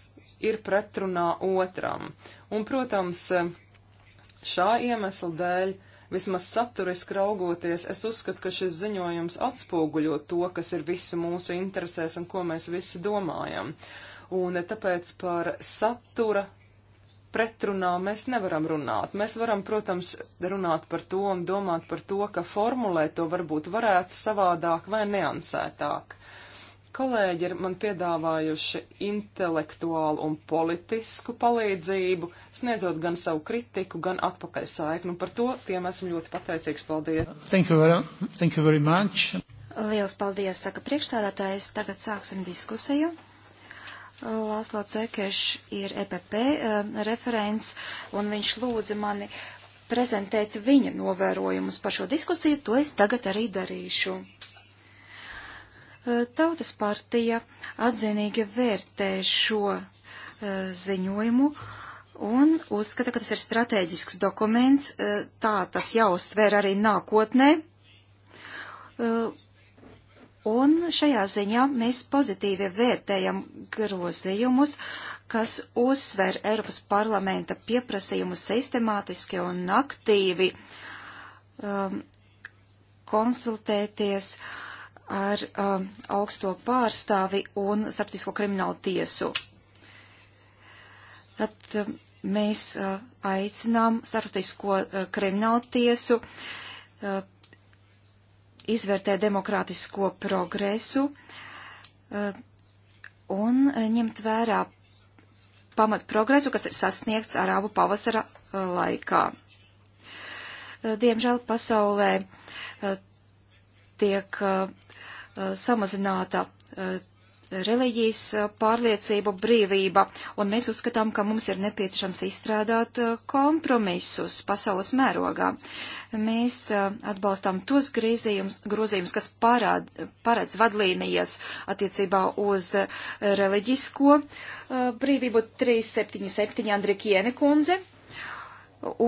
ir pretrunā otram. Un, protams, eh, šā iemesla dēļ Vismaz saturiski raugoties, es uzskatu, ka šis ziņojums atspoguļo to, kas ir visu mūsu interesēs un ko mēs visi domājam. Un tāpēc par satura pretrunā mēs nevaram runāt. Mēs varam, protams, runāt par to un domāt par to, ka formulēt to varbūt varētu savādāk vai neansētāk. Kolēģi ir man piedāvājuši intelektuālu un politisku palīdzību, sniedzot gan savu kritiku, gan atpakaļ saiknu. Par to tiem esmu ļoti pateicīgs. Paldies! Thank you very, thank you very much! Liels paldies, saka priekšstādātājs. Tagad sāksim diskusiju. Lāslo Tekeš ir EPP uh, eh, referents, un viņš lūdza mani prezentēt viņa novērojumus par šo diskusiju. To es tagad arī darīšu. Tautas partija atzinīgi vērtē šo e, ziņojumu un uzskata, ka tas ir strateģisks dokuments, e, tā tas jāuztver arī nākotnē. E, un šajā ziņā mēs pozitīvi vērtējam grozījumus, kas uzsver Eiropas parlamenta pieprasījumu sistemātiski un aktīvi um, konsultēties uh, ar um, augsto pārstāvi un starptisko kriminālu tiesu. Tad um, mēs uh, aicinām starptisko uh, kriminālu tiesu uh, izvērtēt demokrātisko progresu uh, un uh, ņemt vērā pamat progresu, kas ir sasniegts Arābu pavasara uh, laikā. Uh, diemžēl pasaulē uh, tiek uh, Uh, samazināta uh, reliģijas uh, pārliecību brīvība, un mēs uzskatām, ka mums ir nepieciešams izstrādāt kompromisus pasaules mērogā. Mēs atbalstām tos grīzījums, grozījumus, kas parād, paredz vadlīnijas attiecībā uz reliģisko brīvību 377 Andrikiene kundze,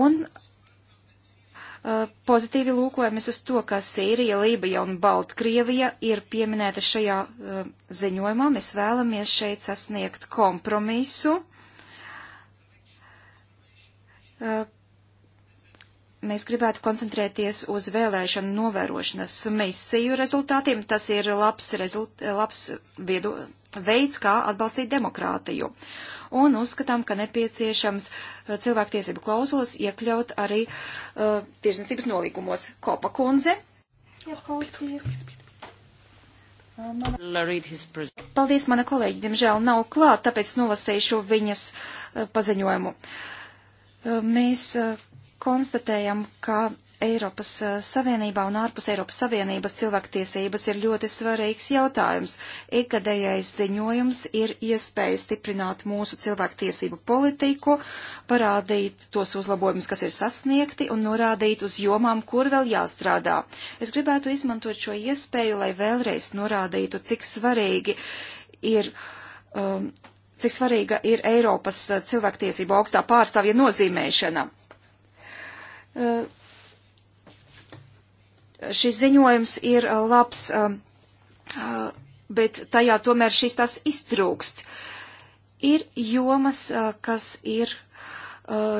un Eh, pozitīvi lūkojamies uz to, ka Sīrija, Lībija un Baltkrievija ir pieminēta šajā uh, ziņojumā. Mēs vēlamies šeit sasniegt kompromisu. Uh, mēs gribētu koncentrēties uz vēlēšanu novērošanas misiju rezultātiem. Tas ir labs, rezult, labs viedu, veids, kā atbalstīt demokrātiju. Uh, un uzskatām, ka nepieciešams eh, cilvēktiesību klauzulas iekļaut arī uh, eh, tirsniecības nolīgumos. Kopa kundze. Jā, paldies. Mana... Paldies, mana kolēģi, diemžēl nav klāt, tāpēc nolasīšu viņas uh, paziņojumu. Uh, mēs uh, konstatējam, ka Eiropas eh, Savienībā un ārpus Eiropas Savienības cilvēktiesības ir ļoti svarīgs jautājums. Ikgadējais ziņojums ir iespēja stiprināt mūsu cilvēktiesību politiku, parādīt tos uzlabojumus, kas ir sasniegti un norādīt uz jomām, kur vēl jāstrādā. Es gribētu izmantot šo iespēju, lai vēlreiz norādītu, cik svarīgi ir. Um, cik svarīga ir Eiropas eh, cilvēktiesību augstā pārstāvja nozīmēšana. Uh, šis ziņojums ir uh, labs, uh, uh, bet tajā tomēr šis tas iztrūkst. Ir jomas, kas ir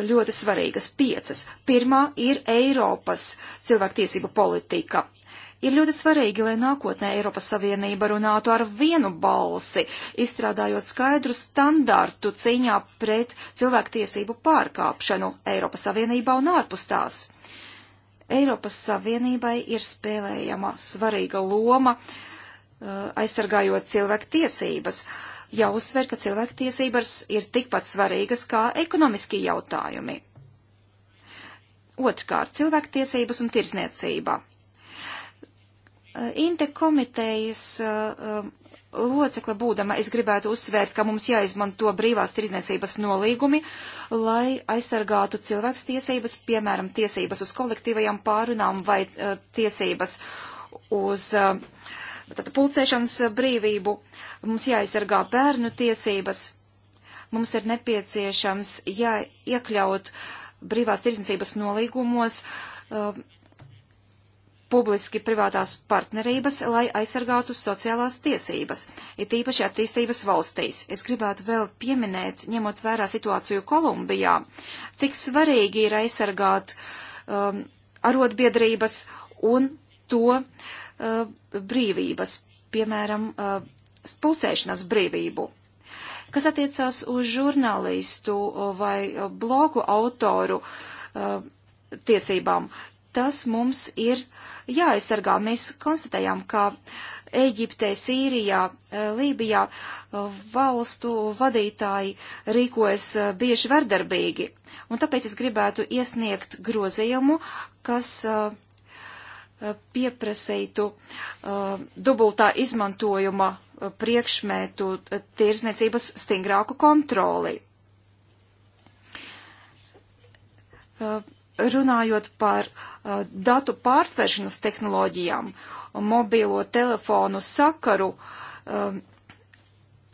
ļoti svarīgas, piecas. Pirmā ir Eiropas cilvēktiesību politika. Ir ļoti svarīgi, lai nākotnē Eiropas Savienība runātu ar vienu balsi, izstrādājot skaidru standārtu cīņā pret cilvēktiesību pārkāpšanu Eiropas Savienībā un ārpus tās. Uh, Eiropas Savienībai ir spēlējama svarīga loma eh, aizsargājot cilvēku tiesības. Jāuzsver, ka cilvēku tiesības ir tikpat svarīgas kā ekonomiski jautājumi. Otrkārt, cilvēku tiesības un tirzniecība. Eh, Inte komitejas eh, locekle būdama, es gribētu uzsvērt, ka mums jāizmanto brīvās tirzniecības nolīgumi, lai aizsargātu cilvēks tiesības, piemēram, tiesības uz kolektīvajām pārunām vai uh, tiesības uz uh, eh, tad, pulcēšanas brīvību. Mums jāaizsargā bērnu tiesības. Mums ir nepieciešams jāiekļaut brīvās tirzniecības nolīgumos. Uh, publiski privātās partnerības, lai aizsargātu sociālās tiesības, it īpaši attīstības valstīs. Es gribētu vēl pieminēt, ņemot vērā situāciju Kolumbijā, cik svarīgi ir aizsargāt um, arotbiedrības un to uh, brīvības, piemēram, uh, pulcēšanās brīvību. Kas attiecās uz žurnālistu vai blogu autoru uh, tiesībām, tas mums ir jāaizsargā. Mēs konstatējām, ka Eģiptē, Sīrijā, eh, Lībijā eh, valstu vadītāji rīkojas eh, bieži vardarbīgi, un tāpēc es gribētu iesniegt grozījumu, kas pieprasītu dubultā izmantojuma priekšmētu tirzniecības stingrāku kontroli runājot par uh, datu pārtveršanas tehnoloģijām, mobīlo telefonu sakaru um,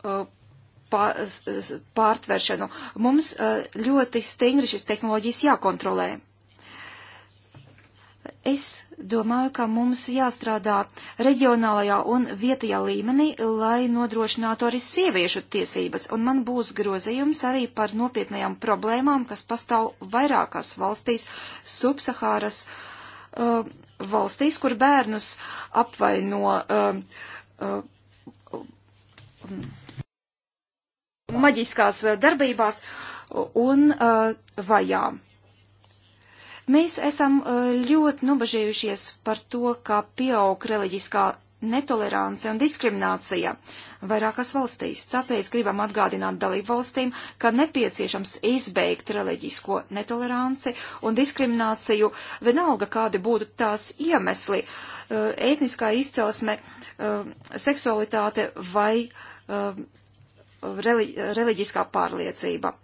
uh, pārtveršanu, mums uh, ļoti stingri šīs tehnoloģijas jākontrolē. Es Domāju, ka mums jāstrādā reģionālajā un vietējā līmenī, lai nodrošinātu arī sieviešu tiesības, un man būs grozījums arī par nopietnajām problēmām, kas pastāv vairākās valstīs, subsahāras uh, valstīs, kur bērnus apvaino. Uh, uh, um, maģiskās darbībās un uh, vajām. Mēs esam uh, ļoti nobažījušies par to, kā pieaug reliģiskā netolerance un diskriminācija vairākās valstīs. Tāpēc gribam atgādināt dalību valstīm, ka nepieciešams izbeigt reliģisko netoleranci un diskrimināciju, vienalga kādi būtu tās iemesli uh, - ētniskā izcelsme, uh, seksualitāte vai reliģiskā pārliecība.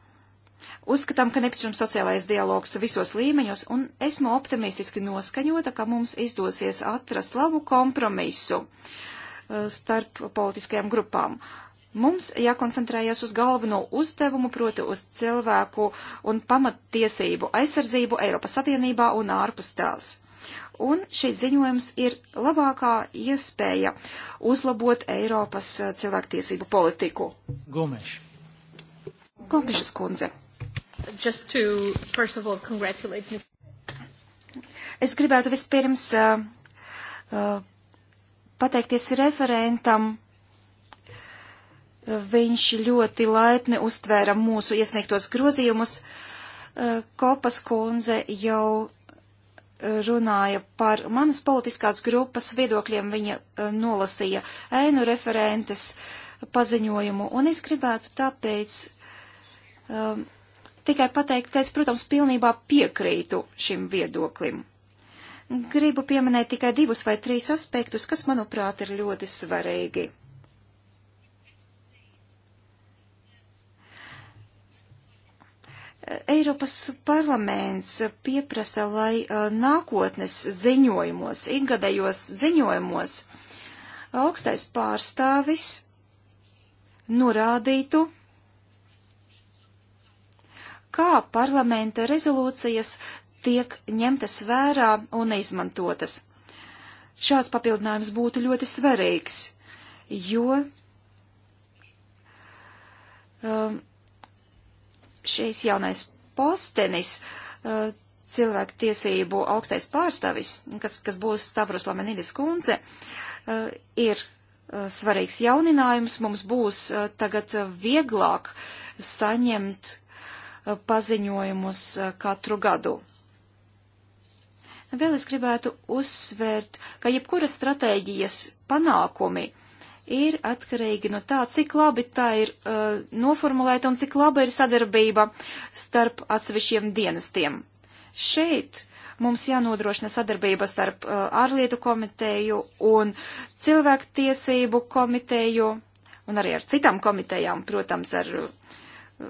Uzskatām, ka nepieciešams sociālais dialogs visos līmeņos, un esmu optimistiski noskaņota, ka mums izdosies atrast labu kompromisu eh, starp politiskajām grupām. Mums jākoncentrējas uz galveno uzdevumu, proti uz cilvēku un pamattiesību aizsardzību Eiropas Savienībā un ārpus tās. Un šis ziņojums ir labākā iespēja uzlabot Eiropas eh, cilvēktiesību politiku. Gomeša. Gomešas kundze just to, first of all, congratulate you. Es gribētu vispirms uh, uh, pateikties referentam. Viņš ļoti laipni uztvēra mūsu iesniegtos grozījumus. Uh, Kopas kundze jau runāja par manas politiskās grupas viedokļiem, viņa uh, nolasīja ēnu referentes paziņojumu, un es gribētu tāpēc um, uh, tikai pateikt, ka es, protams, pilnībā piekrītu šim viedoklim. Gribu pieminēt tikai divus vai trīs aspektus, kas, manuprāt, ir ļoti svarīgi. Eiropas parlaments pieprasa, lai nākotnes ziņojumos, ikgadējos ziņojumos augstais pārstāvis norādītu, kā parlamenta rezolūcijas tiek ņemtas vērā un izmantotas. Šāds papildinājums būtu ļoti svarīgs, jo um, šīs jaunais postenis, uh, cilvēku tiesību augstais pārstāvis, kas, kas būs Stavros Lamenidis kundze, uh, ir uh, svarīgs jauninājums. Mums būs uh, tagad uh, vieglāk saņemt Eh, paziņojumus eh, katru gadu. Vēl es gribētu uzsvērt, ka jebkura stratēģijas panākumi ir atkarīgi no tā, cik labi tā ir uh, noformulēta un cik laba ir sadarbība starp atsevišķiem dienestiem. Šeit mums jānodrošina sadarbība starp uh, ārlietu komiteju un cilvēktiesību komiteju un arī ar citām komitejām, protams, ar uh,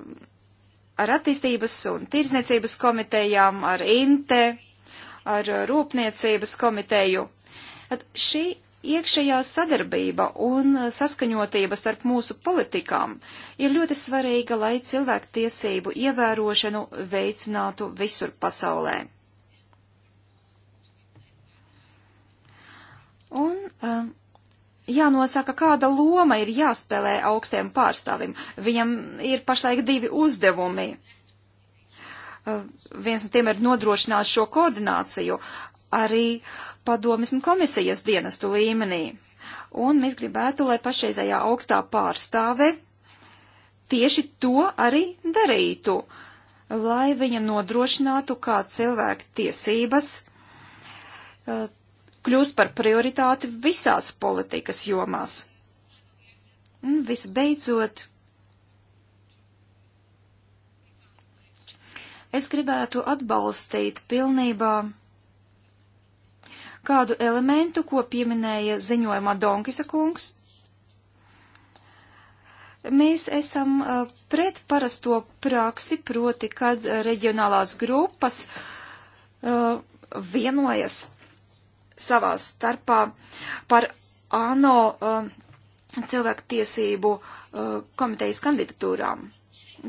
ar attīstības un tirzniecības komitejām, ar INTE, ar rūpniecības komiteju. At šī iekšējā sadarbība un saskaņotība starp mūsu politikām ir ļoti svarīga, lai cilvēku tiesību ievērošanu veicinātu visur pasaulē. Un um, jānosaka, kāda loma ir jāspēlē augstiem pārstāvim. Viņam ir pašlaik divi uzdevumi. Uh, viens no tiem ir nodrošināt šo koordināciju arī padomis un komisijas dienestu līmenī. Un mēs gribētu, lai pašreizējā augstā pārstāve tieši to arī darītu, lai viņa nodrošinātu kā cilvēku tiesības uh, kļūs par prioritāti visās politikas jomās. Un visbeidzot, es gribētu atbalstīt pilnībā kādu elementu, ko pieminēja ziņojumā Donkisa kungs. Mēs esam uh, pret parasto praksi, proti, kad reģionālās grupas uh, vienojas savā starpā par ANO uh, um, cilvēku tiesību uh, komitejas kandidatūrām.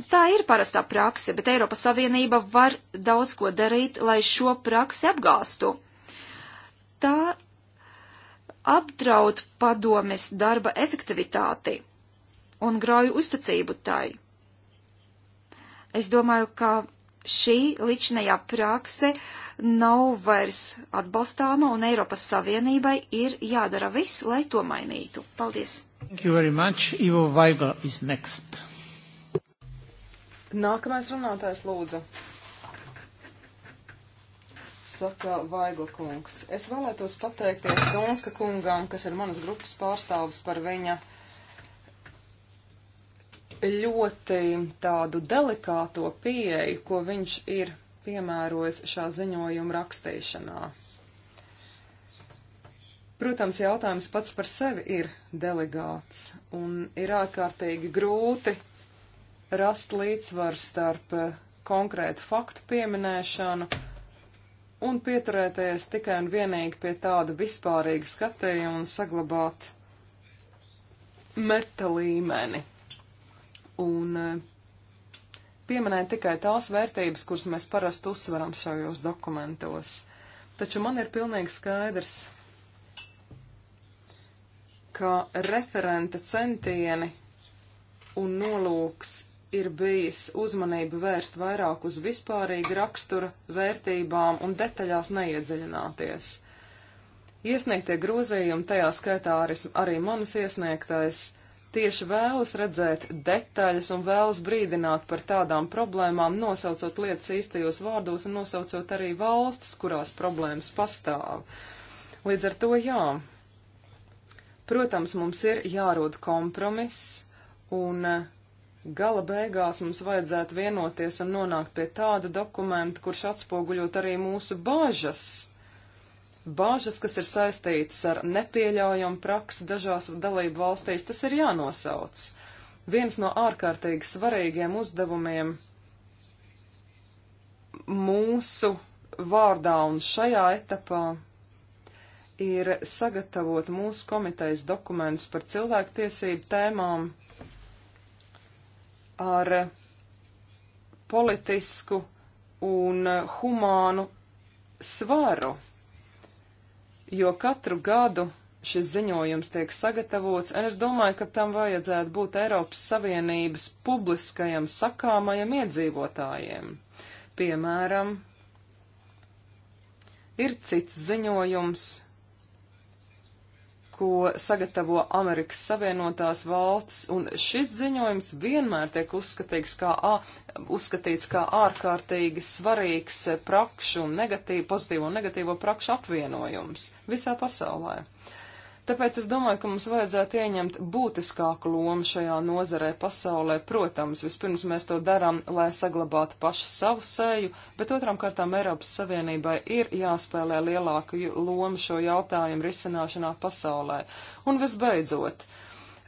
Tā ir parastā prakse, bet Eiropas Savienība var daudz ko darīt, lai šo praksi apgāstu. Tā apdraud padomes darba efektivitāti un grauju uzticību tai. Es domāju, ka šī līdzinējā prakse nav vairs atbalstāma, un Eiropas Savienībai ir jādara viss, lai to mainītu. Paldies! Thank you very much. Ivo Vaigla is next. Nākamais runātājs lūdzu. Saka Vaigla kungs. Es vēlētos pateikties Donska kungam, kas ir manas grupas pārstāvis par viņa ļoti tādu delikāto pieeju, ko viņš ir piemērojis šā ziņojuma rakstīšanā. Protams, jautājums pats par sevi ir delegāts un ir ārkārtīgi grūti rast līdzsvaru starp konkrētu faktu pieminēšanu un pieturēties tikai un vienīgi pie tāda vispārīga skatījuma un saglabāt meta līmeni un eh, pieminēt tikai tās vērtības, kuras mēs parasti uzsveram šajos dokumentos. Taču man ir pilnīgi skaidrs, ka referenta centieni un nolūks ir bijis uzmanību vērst vairāk uz vispārīgu rakstura vērtībām un detaļās neiedziļināties. Iesniegtie grozījumi, tajā skaitā arī, arī manas iesniegtais, tieši vēlas redzēt detaļas un vēlas brīdināt par tādām problēmām, nosaucot lietas īstajos vārdos un nosaucot arī valstis, kurās problēmas pastāv. Līdz ar to jā. Protams, mums ir jārod kompromiss un eh, Gala beigās mums vajadzētu vienoties un nonākt pie tāda dokumenta, kurš atspoguļot arī mūsu bāžas bāžas, kas ir saistītas ar nepieļaujumu praksi dažās dalību valstīs, tas ir jānosauc. Viens no ārkārtīgi svarīgiem uzdevumiem mūsu vārdā un šajā etapā ir sagatavot mūsu komitejas dokumentus par cilvēktiesību tēmām ar politisku un humānu svaru jo katru gadu šis ziņojums tiek sagatavots, un es domāju, ka tam vajadzētu būt Eiropas Savienības publiskajam sakāmajam iedzīvotājiem. Piemēram, ir cits ziņojums, ko sagatavo Amerikas Savienotās valsts, un šis ziņojums vienmēr tiek uzskatīts kā, ā, uzskatīts kā ārkārtīgi svarīgs prakšu un negatīvu, pozitīvo un negatīvo prakšu apvienojums visā pasaulē. Uh, Tāpēc es domāju, ka mums vajadzētu ieņemt būtiskāku lomu šajā nozarē pasaulē. Protams, vispirms mēs to darām, lai saglabātu pašu savu seju, bet otram kārtām Eiropas Savienībai ir jāspēlē lielāku lomu šo jautājumu risināšanā pasaulē. Un visbeidzot,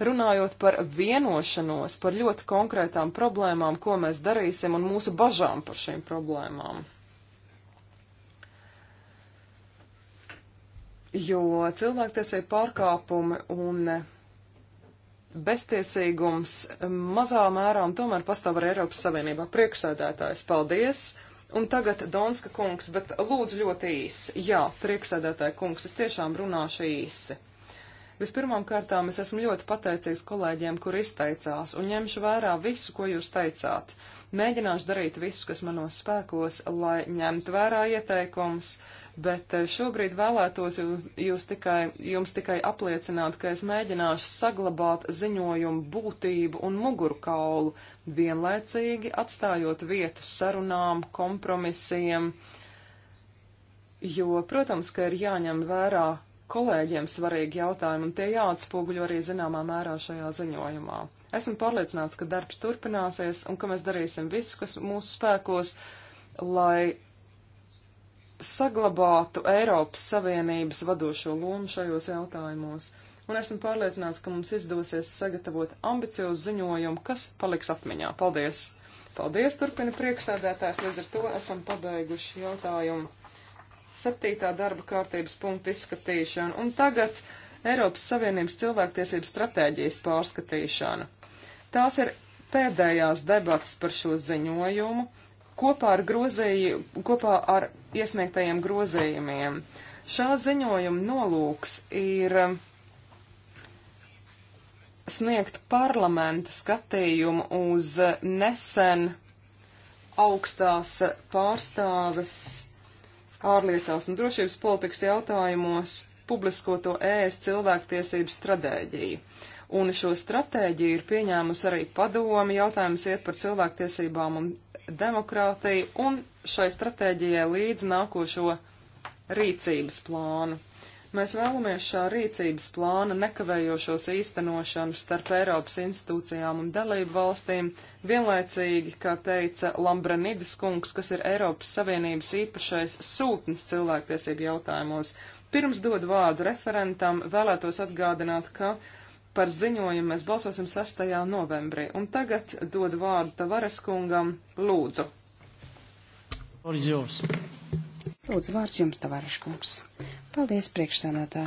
runājot par vienošanos, par ļoti konkrētām problēmām, ko mēs darīsim un mūsu bažām par šīm problēmām. jo cilvēktiesība pārkāpumi un beztiesīgums mazā mērā un tomēr pastāv arī Eiropas Savienībā. Priekšsēdētājs, paldies! Un tagad Donska kungs, bet lūdzu ļoti īsi. Jā, priekšsēdētāja kungs, es tiešām runāšu īsi. Vispirmām kārtām es esmu ļoti pateicīgs kolēģiem, kur izteicās, un ņemšu vērā visu, ko jūs teicāt. Mēģināšu darīt visu, kas manos spēkos, lai ņemtu vērā ieteikumus. Uh, bet eh, šobrīd vēlētos jūs tikai, jums tikai apliecināt, ka es mēģināšu saglabāt ziņojumu būtību un mugurkaulu, vienlaicīgi atstājot vietu sarunām, kompromisiem, jo, protams, ka ir jāņem vērā kolēģiem svarīgi jautājumi, un tie jāatspoguļo arī zināmā mērā šajā ziņojumā. Esmu pārliecināts, ka darbs turpināsies un ka mēs darīsim visu, kas mūsu spēkos, lai saglabātu Eiropas Savienības vadošo lomu šajos jautājumos, un esmu pārliecināts, ka mums izdosies sagatavot ambiciozu ziņojumu, kas paliks atmiņā. Paldies! Paldies, turpina priekšsēdētājs, līdz ar to esam pabeiguši jautājumu septītā darba kārtības punktu izskatīšanu, un tagad Eiropas Savienības cilvēktiesības stratēģijas pārskatīšana. Tās ir pēdējās debatas par šo ziņojumu kopā ar, grozīju, kopā ar iesniegtajiem grozījumiem. Šā ziņojuma nolūks ir sniegt parlamenta skatījumu uz nesen augstās pārstāves ārlietās un drošības politikas jautājumos publiskoto ēst cilvēktiesību stratēģiju un šo stratēģiju ir pieņēmusi arī padomi, jautājums iet par cilvēktiesībām un demokrātiju, un šai stratēģijai līdz nākošo rīcības plānu. Mēs vēlamies šā rīcības plāna nekavējošos īstenošanu starp Eiropas institūcijām un dalību valstīm, vienlaicīgi, kā teica Lambranidis kungs, kas ir Eiropas Savienības īpašais sūtnis cilvēktiesību jautājumos. Pirms dod vārdu referentam, vēlētos atgādināt, ka Par ziņojumu mēs balsosim 6. novembrī. Un tagad dod vārdu Tavares kungam. Lūdzu. Lūdzu, vārds jums, Tavares kungs. Paldies, priekšsēdētā.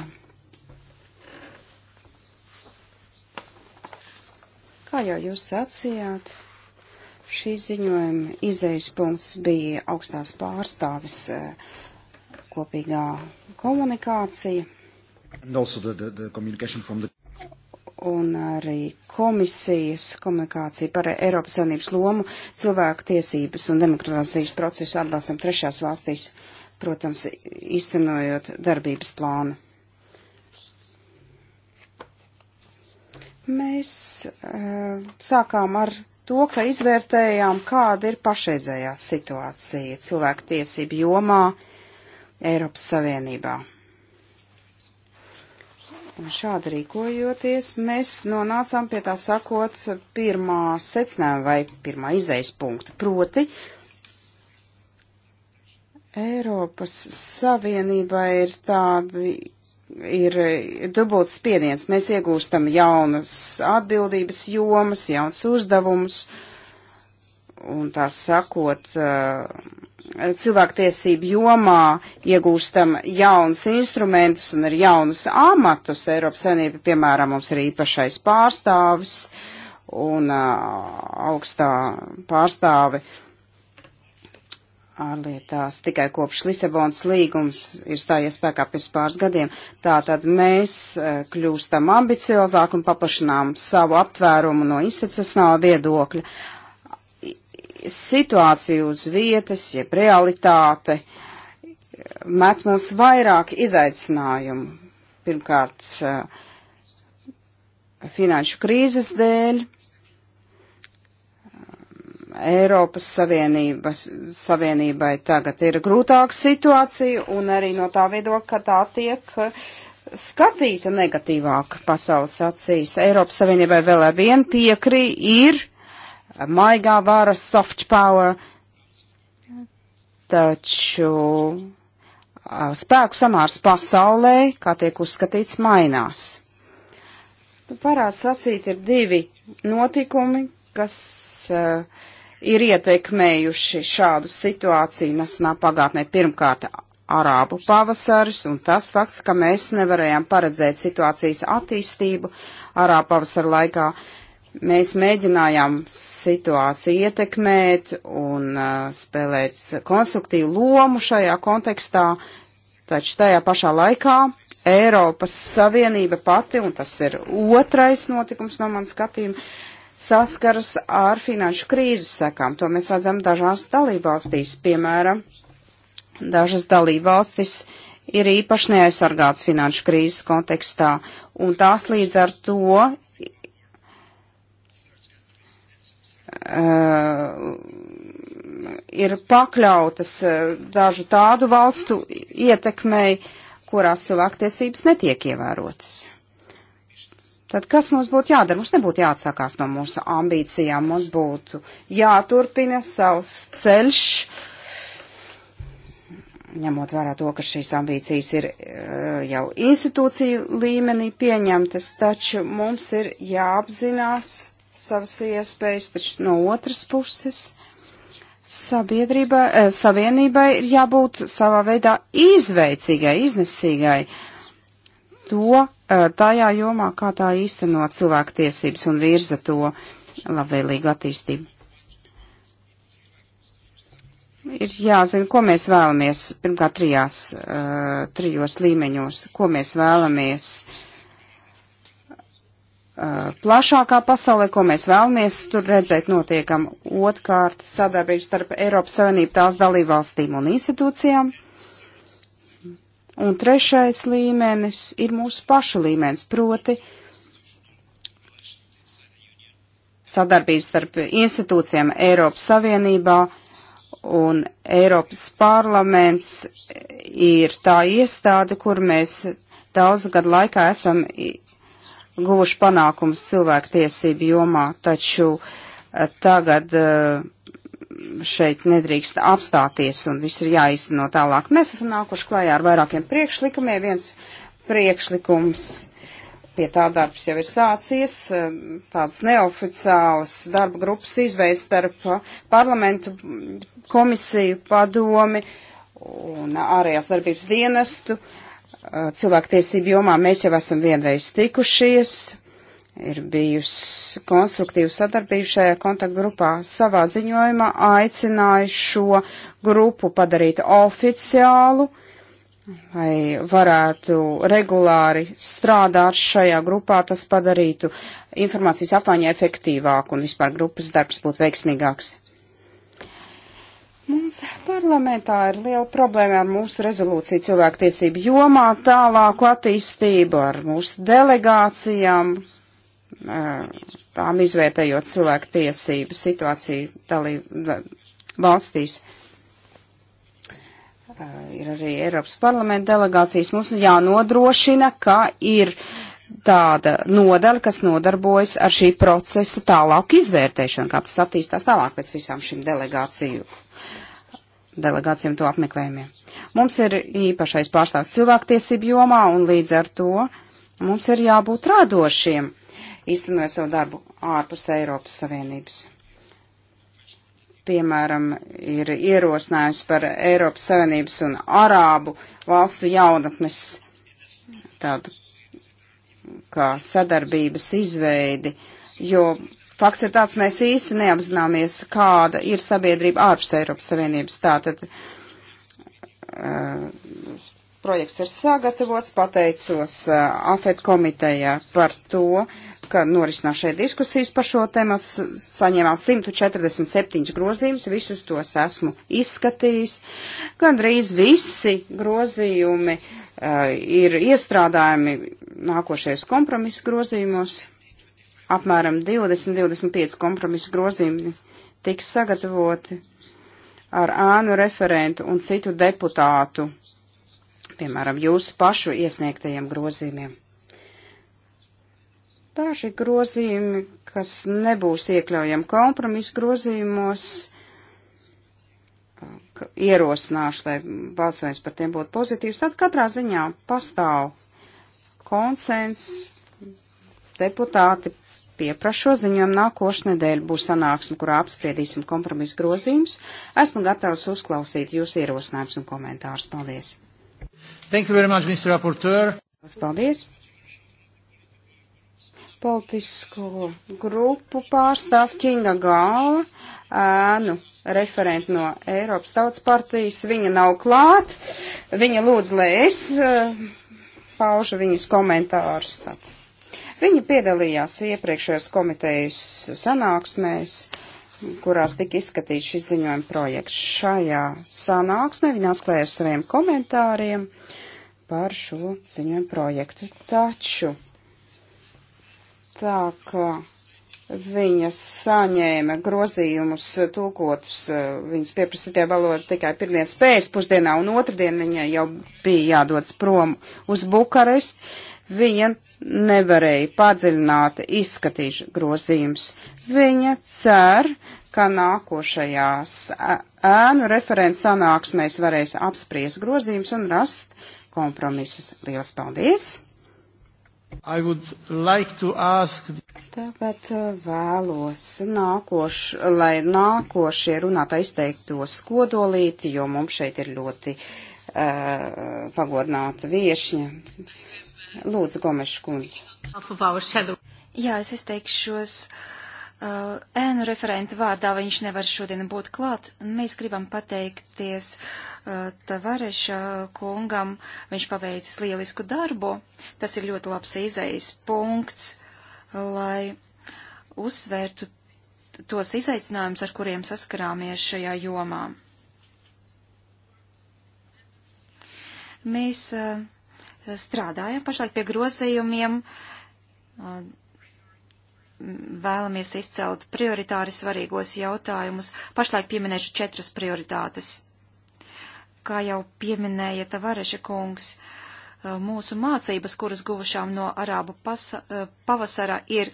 Kā jau jūs sacījāt, šī ziņojuma izējas punkts bija augstās pārstāvis eh, kopīgā komunikācija. The, the, the un arī komisijas komunikācija par Eiropas Savienības lomu cilvēku tiesības un demokratizācijas procesu atbalstam trešās valstīs, protams, īstenojot darbības plānu. Mēs uh, sākām ar to, ka izvērtējām, kāda ir pašreizējā situācija cilvēku tiesību jomā Eiropas Savienībā. Un šādi rīkojoties, mēs nonācām pie tā sakot pirmā secinājuma vai pirmā izejas punkta. Proti, Eiropas Savienībā ir tādi, ir dubults spiediens. Mēs iegūstam jaunas atbildības jomas, jauns uzdevumus. Uh, un tā sakot, eh, cilvēktiesību jomā iegūstam jaunus instrumentus un ar jaunus amatus. Eiropas Savienība, piemēram, mums ir īpašais pārstāvis un eh, augstā pārstāve ārlietās tikai kopš Lisabonas līgums ir stājies spēkā pirms pāris gadiem. Tātad mēs eh, kļūstam ambiciozāk un paplašinām savu aptvērumu no institucionāla viedokļa situācija uz vietas, jeb realitāte met mums vairāk izaicinājumu. Pirmkārt, eh, finanšu krīzes dēļ, Eiropas Savienības, Savienībai tagad ir grūtāka situācija un arī no tā viedokļa, ka tā tiek eh, skatīta negatīvāk pasaules acīs. Eiropas Savienībai vēl ar vienu piekrī ir maigā vāra, soft power, taču spēku samārs pasaulē, kā tiek uzskatīts, mainās. Parāds sacīt ir divi notikumi, kas uh, ir ietekmējuši šādu situāciju nesenā pagātnē. Pirmkārt, arābu pavasaris un tas fakts, ka mēs nevarējām paredzēt situācijas attīstību arābu pavasara laikā. Uh, Mēs mēģinājām situāciju ietekmēt un uh, spēlēt konstruktīvu lomu šajā kontekstā, taču tajā pašā laikā Eiropas Savienība pati, un tas ir otrais notikums no manas skatījuma, saskaras ar finanšu krīzes sekām. To mēs redzam dažās dalībvalstīs, piemēram, dažas dalībvalstis ir īpaši neaizsargāts finanšu krīzes kontekstā, un tās līdz ar to Eh, ir pakļautas eh, dažu tādu valstu ietekmei, kurās cilvēktiesības netiek ievērotas. Tad kas mums būtu jādara? Mums nebūtu jāatsakās no mūsu ambīcijām, mums būtu jāturpina savs ceļš, ņemot vērā to, ka šīs ambīcijas ir eh, jau institūciju līmenī pieņemtas, taču mums ir jāapzinās savas iespējas, taču no otras puses sabiedrībai, eh, savienībai ir jābūt savā veidā izveicīgai, iznesīgai to eh, tajā jomā, kā tā īsteno cilvēktiesības un virza to labvēlīgu attīstību. Ir jāzina, ko mēs vēlamies, pirmkārt, trijās, eh, trijos līmeņos, ko mēs vēlamies uh, Uh, plašākā pasaulē, ko mēs vēlamies tur redzēt notiekam. Otkārt, sadarbība starp Eiropas Savienību tās dalībvalstīm un institūcijām. Un trešais līmenis ir mūsu pašu līmenis, proti sadarbība starp institūcijām Eiropas Savienībā un Eiropas parlaments ir tā iestāde, kur mēs daudz gadu laikā esam guvuši panākums cilvēku tiesību jomā, taču eh, tagad eh, šeit nedrīkst apstāties un viss ir jāizteno tālāk. Mēs esam nākuši klajā ar vairākiem priekšlikumiem. Viens priekšlikums pie tā darbs jau ir sācies, eh, tāds neoficiāls darba grupas izveids starp parlamentu komisiju, padomi un ārējās darbības dienestu. Uh, Uh, cilvēktiesību jomā mēs jau esam vienreiz tikušies, ir bijusi konstruktīva sadarbība šajā kontaktgrupā. Savā ziņojumā aicināju šo grupu padarīt oficiālu, lai varētu regulāri strādāt šajā grupā, tas padarītu informācijas apmaiņu efektīvāku un vispār grupas darbs būtu veiksmīgāks. Mums parlamentā ir liela problēma ar mūsu rezolūciju cilvēktiesību jomā, tālāku attīstību, ar mūsu delegācijām, tām izvērtējot cilvēktiesību situāciju dalību valstīs ir arī Eiropas parlamenta delegācijas, mums jānodrošina, ka ir tāda nodaļa, kas nodarbojas ar šī procesa tālāku izvērtēšanu, kā tas attīstās tālāk pēc visām šīm delegāciju delegācijām to apmeklējumiem. Mums ir īpašais pārstāvs cilvēktiesību jomā, un līdz ar to mums ir jābūt radošiem, īstenojot savu darbu ārpus Eiropas Savienības. Piemēram, ir ierosinājums par Eiropas Savienības un Arābu valstu jaunatnes tādu kā sadarbības izveidi, jo Fakts ir tāds, mēs īsti neapzināmies, kāda ir sabiedrība ārpus Eiropas Savienības. Tātad uh, projekts ir sagatavots, pateicos uh, AFET komitejā par to, ka norisinās šeit diskusijas par šo tēmu. Saņēmām 147 grozījumus, visus tos esmu izskatījis. Gandrīz visi grozījumi uh, ir iestrādājumi nākošajos kompromisu grozījumos apmēram 20-25 kompromisu grozījumi tiks sagatavoti ar ānu referentu un citu deputātu, piemēram, jūsu pašu iesniegtajiem grozījumiem. Daži grozījumi, kas nebūs iekļaujami kompromisu grozījumos, ierosināšu, lai balsojums par tiem būtu pozitīvs, tad katrā ziņā pastāv konsens, deputāti pieprašo ziņojumu nākošu nedēļu būs sanāksme, kurā apspriedīsim kompromisu grozījumus. Esmu gatavs uzklausīt jūsu ierosinājumus un komentārus. Paldies! Thank you very much, Mr. Rapporteur. Paldies! Politisko grupu pārstāv Kinga Gāla, ēnu referenti no Eiropas Tautas partijas. Viņa nav klāt. Viņa lūdz, lai es eh, paužu viņas komentārus. Tad. Viņa piedalījās iepriekšējos komitejas sanāksmēs, kurās tika izskatīts šis ziņojuma projekts. Šajā sanāksmē viņa atklāja ar saviem komentāriem par šo ziņojumu projektu. Taču tā, ka viņa saņēma grozījumus tūkotus eh, viņas pieprasītajā valodā tikai pirmdienas pēc pusdienā un otrdien viņa jau bija jādodas prom uz Bukarest. Viņa nevarēja padziļināt izskatīt grozījums. Viņa cer, ka nākošajās ēnu referents sanāksmēs varēs apspriest grozījums un rast kompromisus. Lielas paldies! Like ask... Tagad uh, vēlos, nākoš, lai nākošie runātā izteiktos kodolīti, jo mums šeit ir ļoti uh, pagodināta viešņa. Lūdzu, Gomeša kundze. Jā, es izteikšos uh, ēnu referentu vārdā, viņš nevar šodien būt klāt. Mēs gribam pateikties uh, Tavareša kungam, viņš paveicis lielisku darbu. Tas ir ļoti labs izējas punkts, lai uzsvērtu tos izaicinājumus, ar kuriem saskarāmies šajā jomā. Mēs uh, strādājam pašlaik pie grozījumiem, vēlamies izcelt prioritāri svarīgos jautājumus. Pašlaik pieminēšu četras prioritātes. Kā jau pieminēja Tavareša kungs, mūsu mācības, kuras guvušām no Arābu pasa, pavasara, ir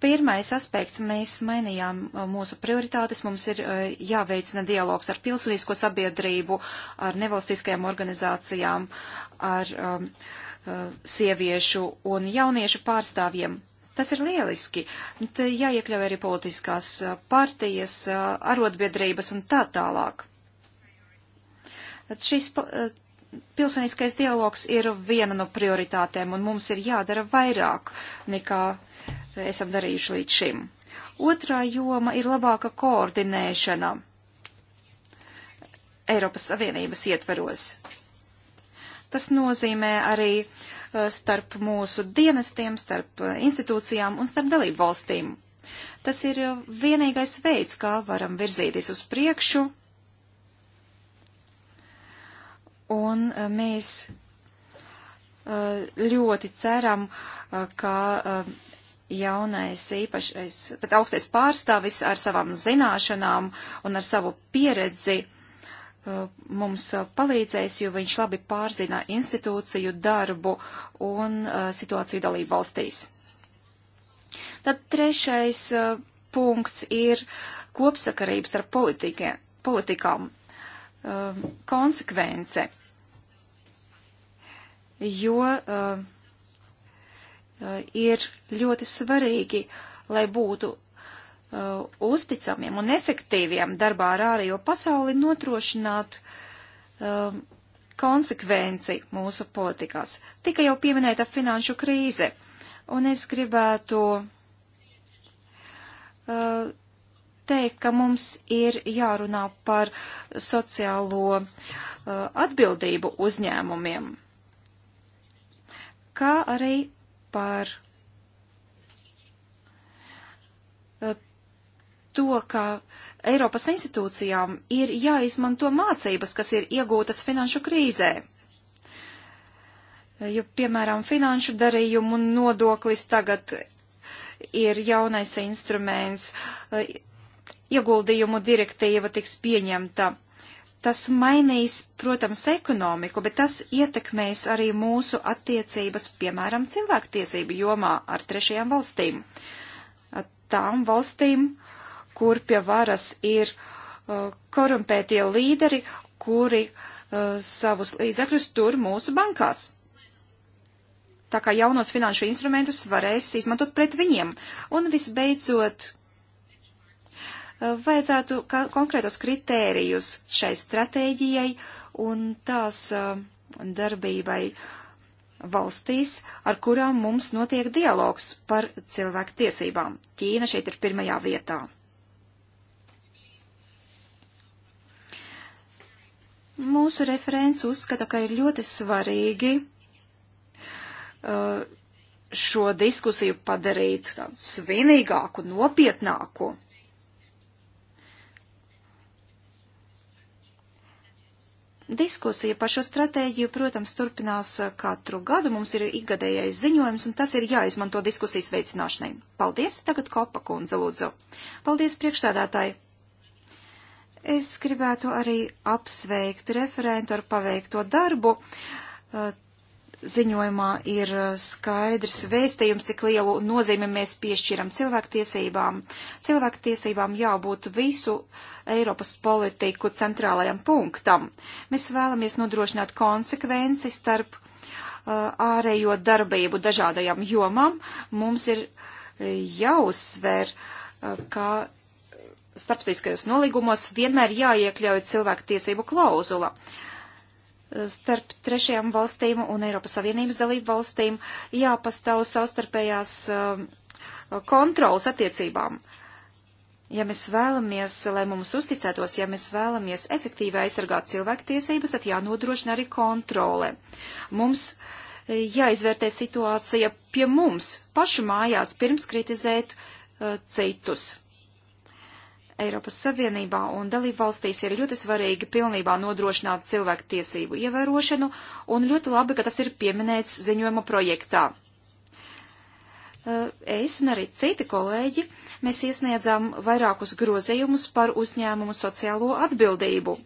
Pirmais aspekts - mēs mainījām uh, mūsu prioritātes. Mums ir uh, jāveicina dialogs ar pilsonisko sabiedrību, ar nevalstiskajām organizācijām, ar um, uh, sieviešu un jauniešu pārstāvjiem. Tas ir lieliski. Te jāiekļauj arī politiskās partijas, arotbiedrības un tā tālāk. Šis pilsoniskais dialogs ir viena no prioritātēm, un mums ir jādara vairāk nekā esam darījuši līdz šim. Otrā joma ir labāka koordinēšana Eiropas Savienības ietveros. Tas nozīmē arī eh, starp mūsu dienestiem, starp eh, institūcijām un starp dalību valstīm. Tas ir vienīgais veids, kā varam virzīties uz priekšu, un eh, mēs ļoti ceram, ka jaunais īpašais, tad augstais pārstāvis ar savām zināšanām un ar savu pieredzi uh, mums uh, palīdzēs, jo viņš labi pārzina institūciju darbu un uh, situāciju dalību valstīs. Tad trešais punkts ir kopsakarības ar politikām, konsekvence, jo uh, Eh, ir ļoti svarīgi, lai būtu uh, uzticamiem un efektīviem darbā ar ārējo pasauli notrošināt um, eh, konsekvenci mūsu politikās. Tika jau pieminēta finanšu krīze, un es gribētu uh, teikt, ka mums ir jārunā par sociālo uh, atbildību uzņēmumiem, kā arī par eh, to, ka Eiropas institūcijām ir jāizmanto mācības, kas ir iegūtas finanšu krīzē. Jo, piemēram, finanšu darījumu nodoklis tagad ir jaunais instruments, eh, ieguldījumu direktīva tiks pieņemta Tas mainīs, protams, ekonomiku, bet tas ietekmēs arī mūsu attiecības, piemēram, cilvēktiesību jomā ar trešajām valstīm. Tām valstīm, kur pie varas ir uh, korumpētie līderi, kuri uh, savus līdzekļus tur mūsu bankās. Tā kā jaunos finanšu instrumentus varēs izmantot pret viņiem. Un visbeidzot, vajadzētu konkrētos kritērijus šai stratēģijai un tās uh, darbībai valstīs, ar kurām mums notiek dialogs par cilvēku tiesībām. Ķīna šeit ir pirmajā vietā. Mūsu referents uzskata, ka ir ļoti svarīgi uh, šo diskusiju padarīt tādu svinīgāku, nopietnāku Diskusija par šo stratēģiju, protams, turpinās uh, katru gadu. Mums ir ikgadējais ziņojums, un tas ir jāizmanto diskusijas veicināšanai. Paldies! Tagad Kopa kundze lūdzu. Paldies, priekšsēdētāji! Es gribētu arī apsveikt referentu ar paveikto darbu. Uh, ziņojumā ir uh, skaidrs vēstījums, cik lielu nozīmi mēs piešķiram cilvēktiesībām. Cilvēktiesībām jābūt visu Eiropas politiku centrālajam punktam. Mēs vēlamies nodrošināt konsekvenci starp uh, ārējo darbību dažādajām jomām. Mums ir uh, jāuzsver, uh, ka starptautiskajos nolīgumos vienmēr jāiekļauj cilvēktiesību klauzula. Uh, starp trešajām valstīm un Eiropas Savienības dalību valstīm jāpastāv savstarpējās um, kontrolas attiecībām. Ja mēs vēlamies, lai mums uzticētos, ja mēs vēlamies efektīvi aizsargāt cilvēktiesības, tad jānodrošina arī kontrole. Mums eh, jāizvērtē situācija pie mums pašu mājās pirms kritizēt uh, citus. Eiropas Savienībā un dalību valstīs ir ļoti svarīgi pilnībā nodrošināt cilvēku tiesību ievērošanu, un ļoti labi, ka tas ir pieminēts ziņojuma projektā. Eh, es un arī citi kolēģi, mēs iesniedzām vairākus grozījumus par uzņēmumu sociālo atbildību.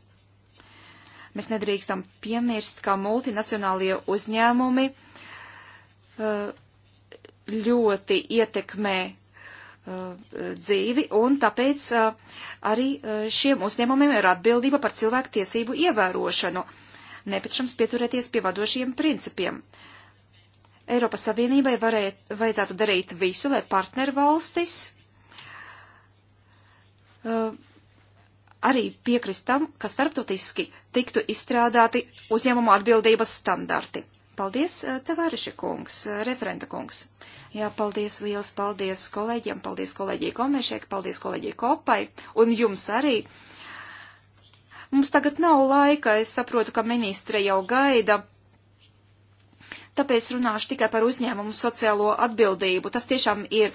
Mēs nedrīkstam piemirst, ka multinacionālie uzņēmumi eh, ļoti ietekmē Uh, dzīvi, un tāpēc uh, arī uh, šiem uzņēmumiem ir atbildība par cilvēku tiesību ievērošanu. Nepieciešams pieturēties pie vadošiem principiem. Eiropas Savienībai varēt, vajadzētu darīt visu, lai partnervalstis uh, arī piekrist tam, ka starptautiski tiktu izstrādāti uzņēmumu atbildības standarti. Paldies, Tavāriša kungs, referenta kungs. Jā, paldies, liels paldies kolēģiem, paldies kolēģijai Komešek, paldies kolēģijai Kopai un jums arī. Mums tagad nav laika, es saprotu, ka ministre jau gaida. Tāpēc runāšu tikai par uzņēmumu sociālo atbildību. Tas tiešām ir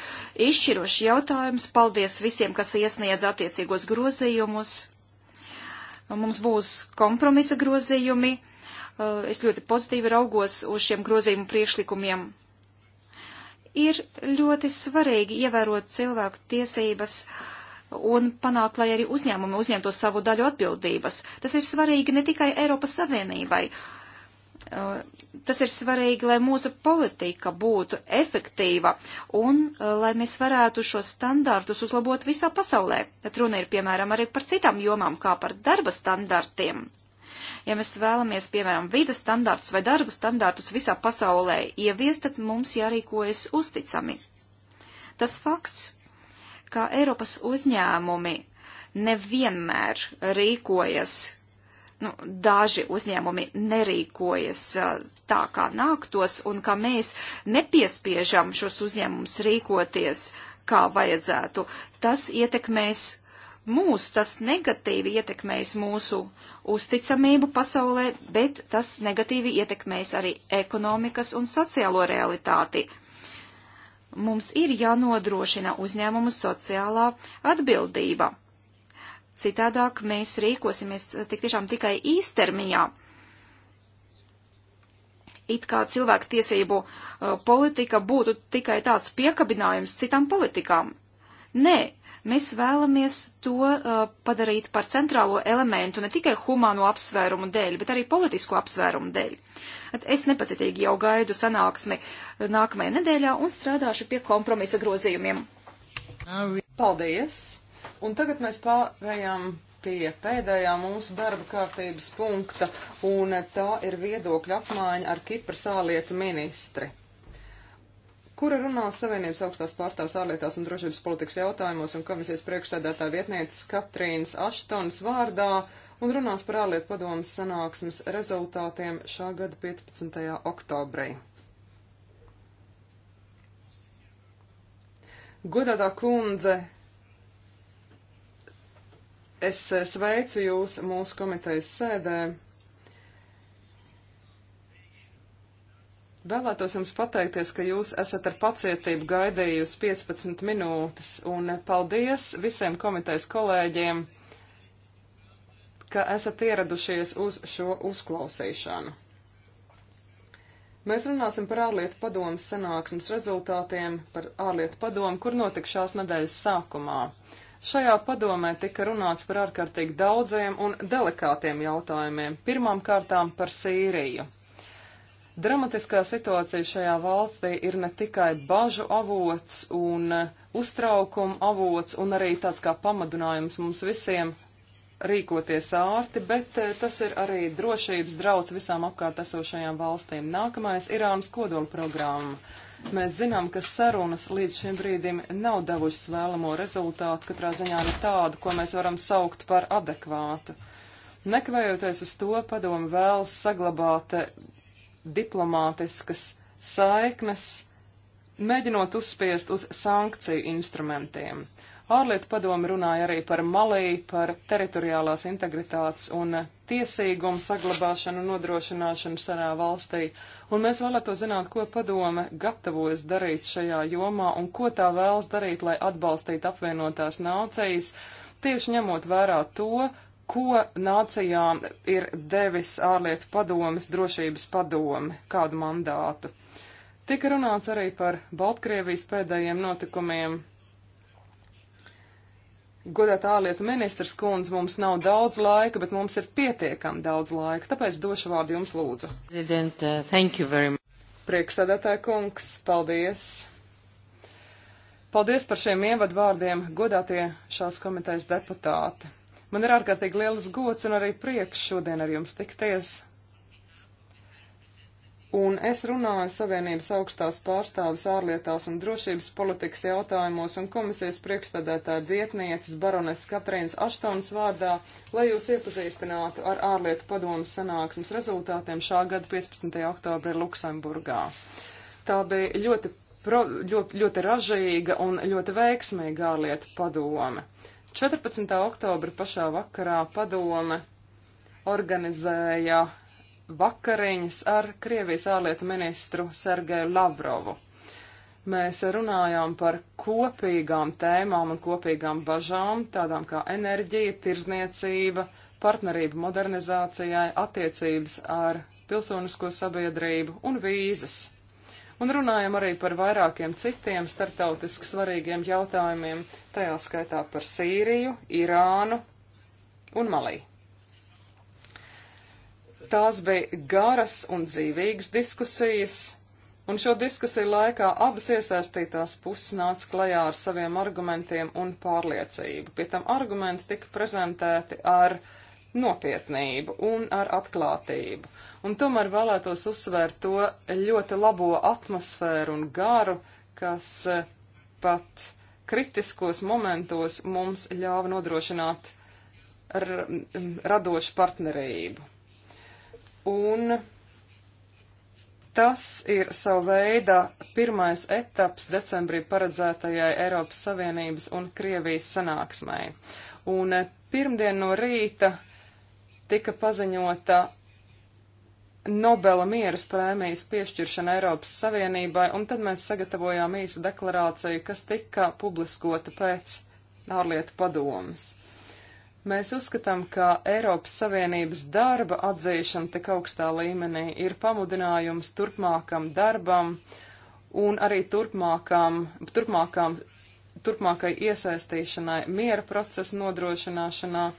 izšķirošs jautājums. Paldies visiem, kas iesniedz attiecīgos grozījumus. Mums būs kompromisa grozījumi. Es ļoti pozitīvi raugos uz šiem grozījumu priekšlikumiem Ir ļoti svarīgi ievērot cilvēku tiesības un panākt, lai arī uzņēmumi uzņemtu savu daļu atbildības. Tas ir svarīgi ne tikai Eiropas Savienībai. Uh, tas ir svarīgi, lai mūsu politika būtu efektīva un uh, lai mēs varētu šos standartus uzlabot visā pasaulē. Tad runa ir piemēram arī par citām jomām, kā par darba standartiem. Ja mēs vēlamies, piemēram, vidas standārtus vai darba standārtus visā pasaulē ieviest, tad mums jārīkojas uzticami. Tas fakts, ka Eiropas uzņēmumi nevienmēr rīkojas, nu, daži uzņēmumi nerīkojas tā, kā nāktos, un ka mēs nepiespiežam šos uzņēmumus rīkoties, kā vajadzētu, tas ietekmēs mūs tas negatīvi ietekmēs mūsu uzticamību pasaulē, bet tas negatīvi ietekmēs arī ekonomikas un sociālo realitāti. Mums ir jānodrošina uzņēmumu sociālā atbildība. Citādāk mēs rīkosimies tik tiešām tikai īstermiņā. It kā cilvēku tiesību uh, politika būtu tikai tāds piekabinājums citām politikām. Nē, Mēs vēlamies to uh, padarīt par centrālo elementu ne tikai humāno apsvērumu dēļ, bet arī politisko apsvērumu dēļ. At es nepacietīgi jau gaidu sanāksmi uh, nākamajā nedēļā un strādāšu pie kompromisa grozījumiem. Paldies! Un tagad mēs pārējām pie pēdējā mūsu darba kārtības punkta, un tā ir viedokļa apmaiņa ar Kipras ālietu ministri kura runā Savienības augstās pārstāvs ārlietās un drošības politikas jautājumos un komisijas priekšsēdētāja vietnietes Katrīnas Aštonas vārdā un runās par ārlietu padomas sanāksmes rezultātiem šā gada 15. oktobrī. Godātā kundze, es sveicu jūs mūsu komitejas sēdē. Vēlētos jums pateikties, ka jūs esat ar pacietību gaidījusi 15 minūtes, un paldies visiem komitejas kolēģiem, ka esat ieradušies uz šo uzklausīšanu. Mēs runāsim par ārlietu padomu sanāksmes rezultātiem, par ārlietu padomu, kur notika šās nedēļas sākumā. Šajā padomē tika runāts par ārkārtīgi daudziem un delikātiem jautājumiem, pirmām kārtām par Sīriju. Dramatiskā situācija šajā valstī ir ne tikai bažu avots un uh, uztraukuma avots un arī tāds kā pamudinājums mums visiem rīkoties ārti, bet uh, tas ir arī drošības drauds visām apkārt esošajām valstīm. Nākamais ir Irānas kodola programma. Mēs zinām, ka sarunas līdz šim brīdim nav devušas vēlamo rezultātu, katrā ziņā ne tādu, ko mēs varam saukt par adekvātu. Nekavējoties uz to, padomu vēlas saglabāt uh, diplomātiskas saiknes, mēģinot uzspiest uz sankciju instrumentiem. Ārlietu padomi runāja arī par Malī, par teritoriālās integritātes un tiesīgumu saglabāšanu un nodrošināšanu sarā valstī, un mēs vēlētos zināt, ko padome gatavojas darīt šajā jomā un ko tā vēlas darīt, lai atbalstītu apvienotās nācijas, tieši ņemot vērā to, ko nācijām ir devis ārlietu padomes, drošības padome, kādu mandātu. Tika runāts arī par Baltkrievijas pēdējiem notikumiem. Godāt ārlietu ministrs kundze, mums nav daudz laika, bet mums ir pietiekami daudz laika, tāpēc došu vārdu jums lūdzu. Uh, Priekšsēdētāja kungs, paldies! Paldies par šiem ievadvārdiem, godātie šās komitejas deputāti! Man ir ārkārtīgi liels gods un arī prieks šodien ar jums tikties. Un es runāju Savienības augstās pārstāvis ārlietās un drošības politikas jautājumos un komisijas priekšstādētāja vietnieces barones Katrīnas Aštons vārdā, lai jūs iepazīstinātu ar ārlietu padomas sanāksmes rezultātiem šā gada 15. oktobrī Luksemburgā. Tā bija ļoti, pro, ļoti, ļoti ražīga un ļoti veiksmīga ārlietu padome. 14. oktobra pašā vakarā padome organizēja vakariņas ar Krievijas ārlietu ministru Sergeju Lavrovu. Mēs runājām par kopīgām tēmām un kopīgām bažām, tādām kā enerģija, tirzniecība, partnerība modernizācijai, attiecības ar pilsonisko sabiedrību un vīzas un runājam arī par vairākiem citiem starptautiski svarīgiem jautājumiem, tajā skaitā par Sīriju, Irānu un Malī. Tās bija garas un dzīvīgas diskusijas, un šo diskusiju laikā abas iesaistītās puses nāca klajā ar saviem argumentiem un pārliecību. Pie tam argumenti tika prezentēti ar uh, nopietnību un ar atklātību. Un tomēr vēlētos uzsvērt to ļoti labo atmosfēru un garu, kas eh, pat kritiskos momentos mums ļāva nodrošināt radošu partnerību. Un tas ir sava veida pirmais etaps decembrī paredzētajai Eiropas Savienības un Krievijas sanāksmai. Un eh, pirmdien no rīta tika paziņota Nobela mieras prēmijas piešķiršana Eiropas Savienībai, un tad mēs sagatavojām īsu deklarāciju, kas tika publiskota pēc ārlietu padomas. Mēs uzskatām, ka Eiropas Savienības darba atzīšana tik augstā līmenī ir pamudinājums turpmākam darbam un arī turpmākam, turpmākam, turpmākai iesaistīšanai miera procesa nodrošināšanā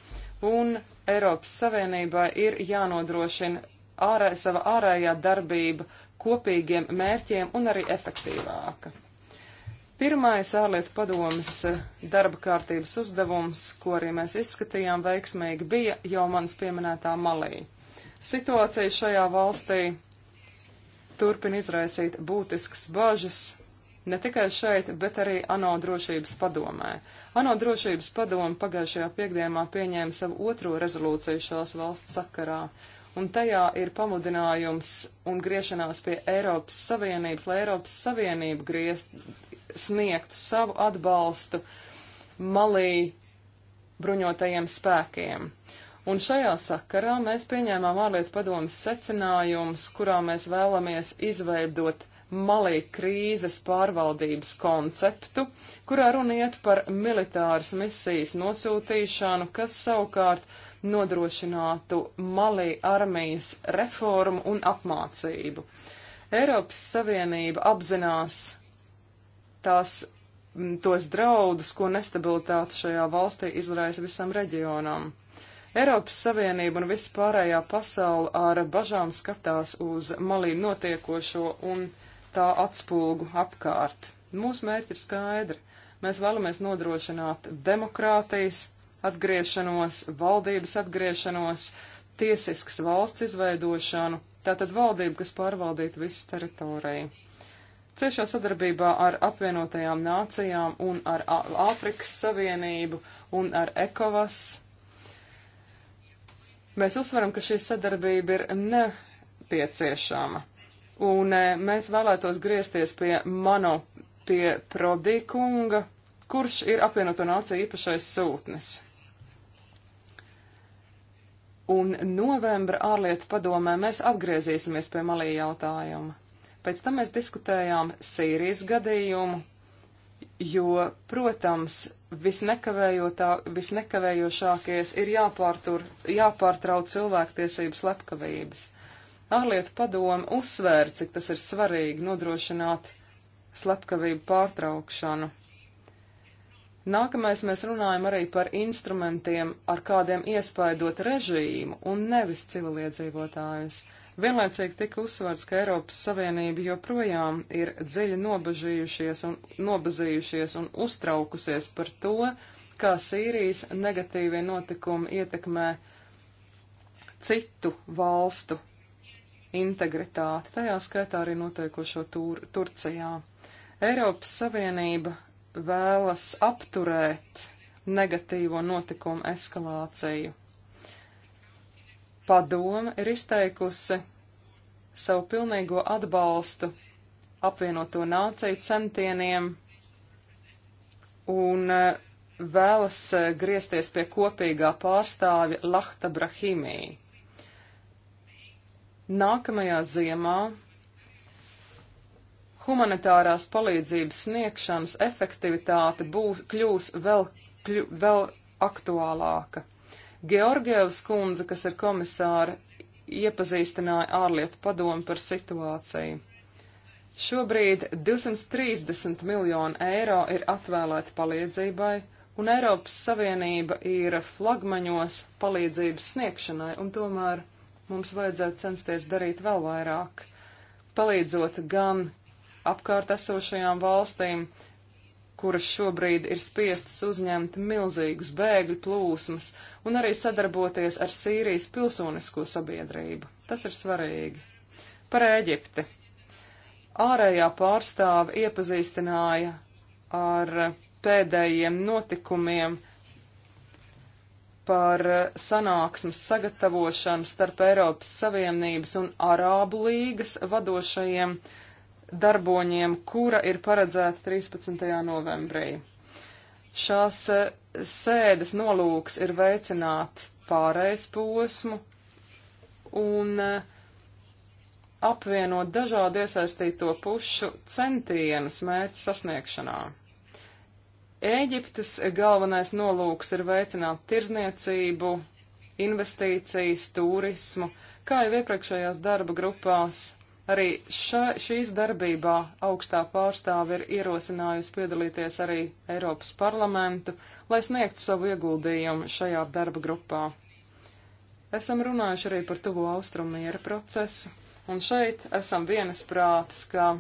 un Eiropas Savienībai ir jānodrošina ārē, sava ārējā darbība kopīgiem mērķiem un arī efektīvāka. Pirmais ārlietu padomas eh, darba kārtības uzdevums, ko arī mēs izskatījām veiksmīgi, bija jau manas pieminētā malī. Situācija šajā valstī turpina izraisīt būtiskas bažas Ne tikai šeit, bet arī ANO drošības padomē. ANO drošības padoma pagājušajā piekdienā pieņēma savu otro rezolūciju šās valsts sakarā, un tajā ir pamudinājums un griešanās pie Eiropas Savienības, lai Eiropas Savienība griezt, sniegtu savu atbalstu Malī bruņotajiem spēkiem. Un šajā sakarā mēs pieņēmām ārlietu padomas secinājumus, kurā mēs vēlamies izveidot malī krīzes pārvaldības konceptu, kurā runa iet par militāras misijas nosūtīšanu, kas savukārt nodrošinātu malī armijas reformu un apmācību. Eiropas Savienība apzinās tās tos draudus, ko nestabilitāte šajā valstī izraisa visam reģionam. Eiropas Savienība un vispārējā pasaule ar bažām skatās uz malī notiekošo un tā atspulgu apkārt. Mūsu mērķi ir skaidri. Mēs vēlamies nodrošināt demokrātijas atgriešanos, valdības atgriešanos, tiesiskas valsts izveidošanu, tātad valdību, kas pārvaldītu visu teritoriju. Ciešā sadarbībā ar apvienotajām nācijām un ar Āfrikas Savienību un ar ECOVAS mēs uzsveram, ka šī sadarbība ir nepieciešama. Un e, mēs vēlētos griezties pie mano, pie Prodikunga, kurš ir apvienoto nāciju īpašais sūtnis. Un novembra ārlietu padomē mēs atgriezīsimies pie malī jautājuma. Pēc tam mēs diskutējām Sīrijas gadījumu, jo, protams, visnekavējošākies ir jāpārtur, jāpārtrauc cilvēktiesības lepkavības. Ārlietu padome uzsvēra, cik tas ir svarīgi nodrošināt slepkavību pārtraukšanu. Nākamais mēs runājam arī par instrumentiem, ar kādiem iespaidot režīmu un nevis civiliedzīvotājus. Vienlaicīgi tika uzsvērts, ka Eiropas Savienība joprojām ir dziļi nobažījušies un, nobažījušies un uztraukusies par to, kā Sīrijas negatīvie notikumi ietekmē citu valstu integritāti, tajā skaitā arī noteikošo tur, Turcijā. Eiropas Savienība vēlas apturēt negatīvo notikumu eskalāciju. Padoma ir izteikusi savu pilnīgo atbalstu apvienoto nāciju centieniem un eh, vēlas eh, griezties pie kopīgā pārstāvja Lahta Brahimī. Nākamajā ziemā humanitārās palīdzības sniegšanas efektivitāte būs, kļūs vēl, kļu, vēl aktuālāka. Georgievs kundze, kas ir komisāra, iepazīstināja ārlietu padomu par situāciju. Šobrīd 230 miljonu eiro ir atvēlēti palīdzībai, un Eiropas Savienība ir flagmaņos palīdzības sniegšanai, un tomēr mums vajadzētu censties darīt vēl vairāk, palīdzot gan apkārt esošajām valstīm, kuras šobrīd ir spiestas uzņemt milzīgus bēgļu plūsmas, un arī sadarboties ar Sīrijas pilsonisko sabiedrību. Tas ir svarīgi. Par Ēģipti. Ārējā pārstāve iepazīstināja ar pēdējiem notikumiem par eh, sanāksmes sagatavošanu starp Eiropas Savienības un Arābu līgas vadošajiem darboņiem, kura ir paredzēta 13. novembrī. Šās eh, sēdes nolūks ir veicināt pārējais posmu un eh, apvienot dažādu iesaistīto pušu centienus mērķu sasniegšanā. Ēģiptes galvenais nolūks ir veicināt tirzniecību, investīcijas, turismu, kā jau iepriekšējās darba grupās. Arī ša, šīs darbībā augstā pārstāve ir ierosinājusi piedalīties arī Eiropas parlamentu, lai sniegtu savu ieguldījumu šajā darba grupā. Esam runājuši arī par tuvo austrumu miera procesu, un šeit esam vienas prātas, ka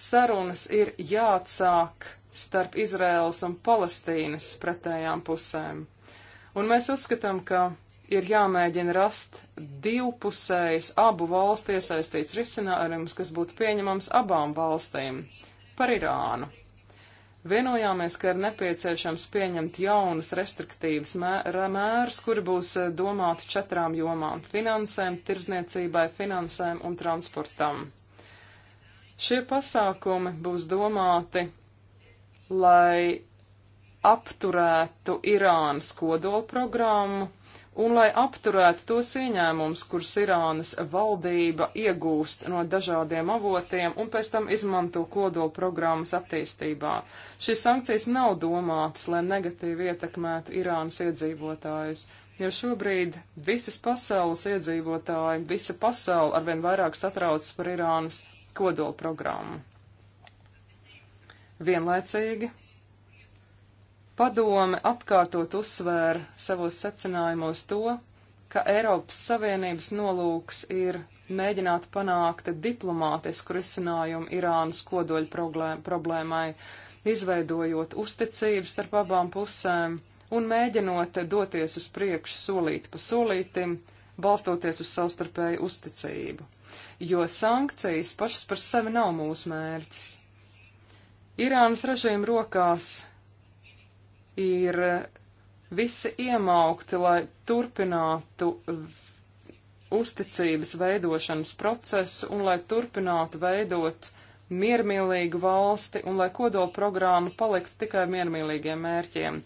Sarunas ir jāatsāk starp Izraēlas un Palestīnas pretējām pusēm. Un mēs uzskatām, ka ir jāmēģina rast divpusējas abu valstu iesaistīts risinājums, kas būtu pieņemams abām valstīm par Irānu. Vienojāmies, ka ir nepieciešams pieņemt jaunus restriktīvas mērus, kuri būs eh, domāti četrām jomām - finansēm, tirzniecībai, finansēm un transportam. Šie pasākumi būs domāti, lai apturētu Irānas kodolprogrammu un lai apturētu tos ieņēmumus, kurus Irānas valdība iegūst no dažādiem avotiem un pēc tam izmanto kodola programmas attīstībā. Šīs sankcijas nav domātas, lai negatīvi ietekmētu Irānas iedzīvotājus, jo šobrīd visas pasaules iedzīvotāji, visa pasaule arvien vairāk satraucas par Irānas kodola programmu. Vienlaicīgi padome atkārtot uzsvēra savos secinājumos to, ka Eiropas Savienības nolūks ir mēģināt panākt diplomātisku risinājumu Irānas kodoļu problēmai, izveidojot uzticību starp abām pusēm un mēģinot doties uz priekšu solīt pa solītim, balstoties uz savstarpēju uzticību jo sankcijas pašas par sevi nav mūsu mērķis. Irānas režīma rokās ir visi iemaukti, lai turpinātu uzticības veidošanas procesu un lai turpinātu veidot uh, miermīlīgu valsti un lai kodola programma paliktu tikai miermīlīgiem mērķiem.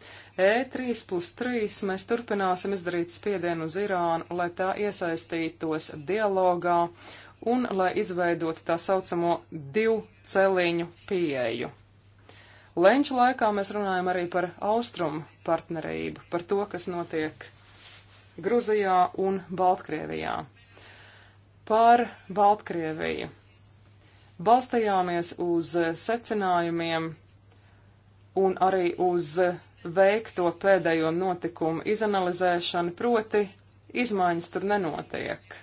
E3 plus 3 mēs turpināsim izdarīt spiedienu uz Irānu, lai tā iesaistītos dialogā un lai izveidotu tā saucamo divu celiņu pieeju. Lenča laikā mēs runājam arī par austrumu partnerību, par to, kas notiek Gruzijā un Baltkrievijā. Par Baltkrieviju. Balstījāmies uz secinājumiem un arī uz veikto pēdējo notikumu izanalizēšanu, proti izmaiņas tur nenotiek.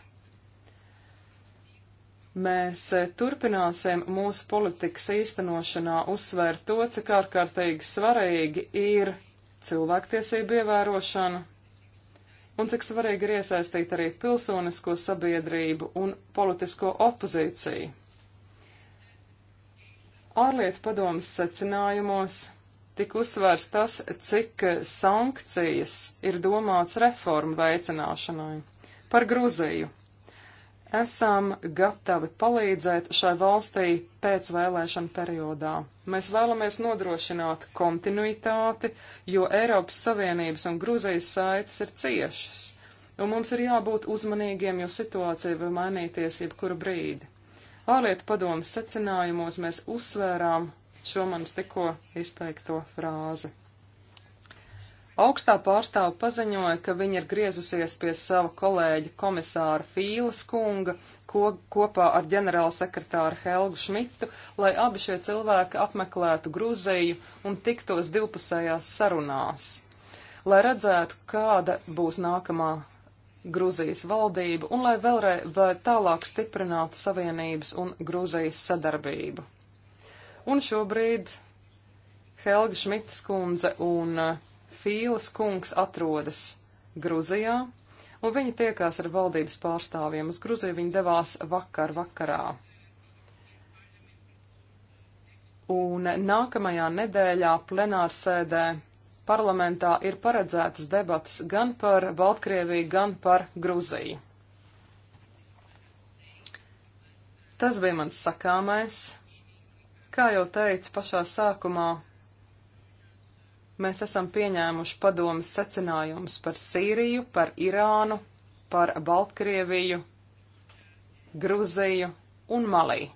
Mēs turpināsim mūsu politikas īstenošanā uzsvērt to, cik ārkārtīgi svarīgi ir cilvēktiesību ievērošana un cik svarīgi ir iesaistīt arī pilsonisko sabiedrību un politisko opozīciju. Ārlietu padomas secinājumos tika uzsvērts tas, cik sankcijas ir domāts reformu veicināšanai. Par Gruziju. Esam gatavi palīdzēt šai valstī pēc vēlēšana periodā. Mēs vēlamies nodrošināt kontinuitāti, jo Eiropas Savienības un Gruzijas saites ir ciešas, un mums ir jābūt uzmanīgiem, jo situācija var mainīties jebkuru brīdi. Ārlietu padomas secinājumos mēs uzsvērām šo manis tikko izteikto frāzi. Augstā pārstāva paziņoja, ka viņa ir griezusies pie sava kolēģa komisāra Fīles kunga ko, kopā ar ģenerāla sekretāru Helgu Šmitu, lai abi šie cilvēki apmeklētu Gruziju un tiktos divpusējās sarunās, lai redzētu, kāda būs nākamā Grūzijas valdību un lai vēlreiz vēl tālāk stiprinātu Savienības un Grūzijas sadarbību. Un šobrīd Helga Šmitas kundze un eh, Fīles kungs atrodas Grūzijā, un viņi tiekās ar valdības pārstāvjiem. Uz Grūziju viņi devās vakar vakarā. Un nākamajā nedēļā plenārsēdē parlamentā ir paredzētas debatas gan par Baltkrieviju, gan par Gruziju. Tas bija mans sakāmais. Kā jau teicu pašā sākumā, mēs esam pieņēmuši padomas secinājumus par Sīriju, par Irānu, par Baltkrieviju, Gruziju un Maliju.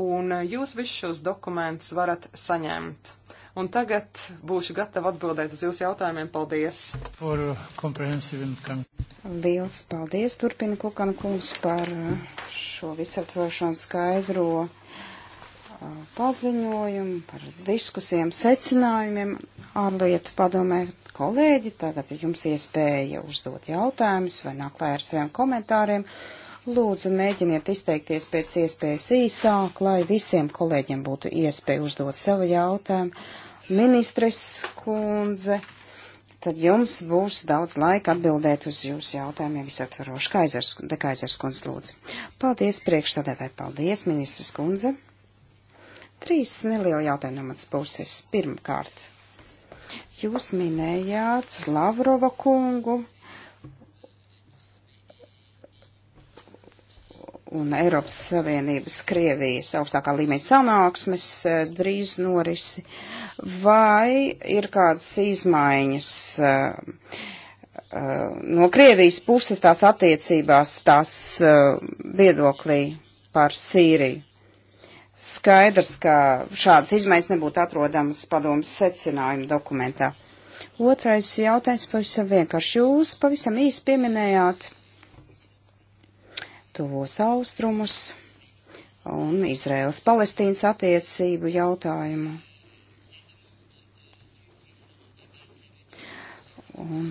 un eh, jūs visus šos dokumentus varat saņemt. Un tagad būšu gatava atbildēt uz jūsu jautājumiem. Paldies! Liels paldies! Turpina Kukana kungs par eh, šo visaptvarošanu skaidro eh, paziņojumu, par diskusijām, secinājumiem ārlietu padomē. Kolēģi, tagad jums iespēja uzdot jautājumus vai nākt klāt ar saviem komentāriem. Lūdzu, mēģiniet izteikties pēc iespējas īsāk, lai visiem kolēģiem būtu iespēja uzdot savu jautājumu. Ministres kundze, tad jums būs daudz laika atbildēt uz jūsu jautājumiem visatvaroši. Kaizers, de Kaizers kundze, lūdzu. Paldies priekšstādētāji, paldies, ministres kundze. Trīs nelieli jautājumi no manas puses. Pirmkārt, jūs minējāt Lavrova kungu un Eiropas Savienības Krievijas augstākā līmeņa sanāksmes e, drīz norisi, vai ir kādas izmaiņas e, e, no Krievijas puses tās attiecībās, tās viedoklī par Sīriju? Skaidrs, ka šādas izmaiņas nebūtu atrodamas padomas secinājuma dokumentā. Otrais jautājums pavisam vienkārši. Jūs pavisam īsi pieminējāt tuvos austrumus un Izraels Palestīnas attiecību jautājumu. Un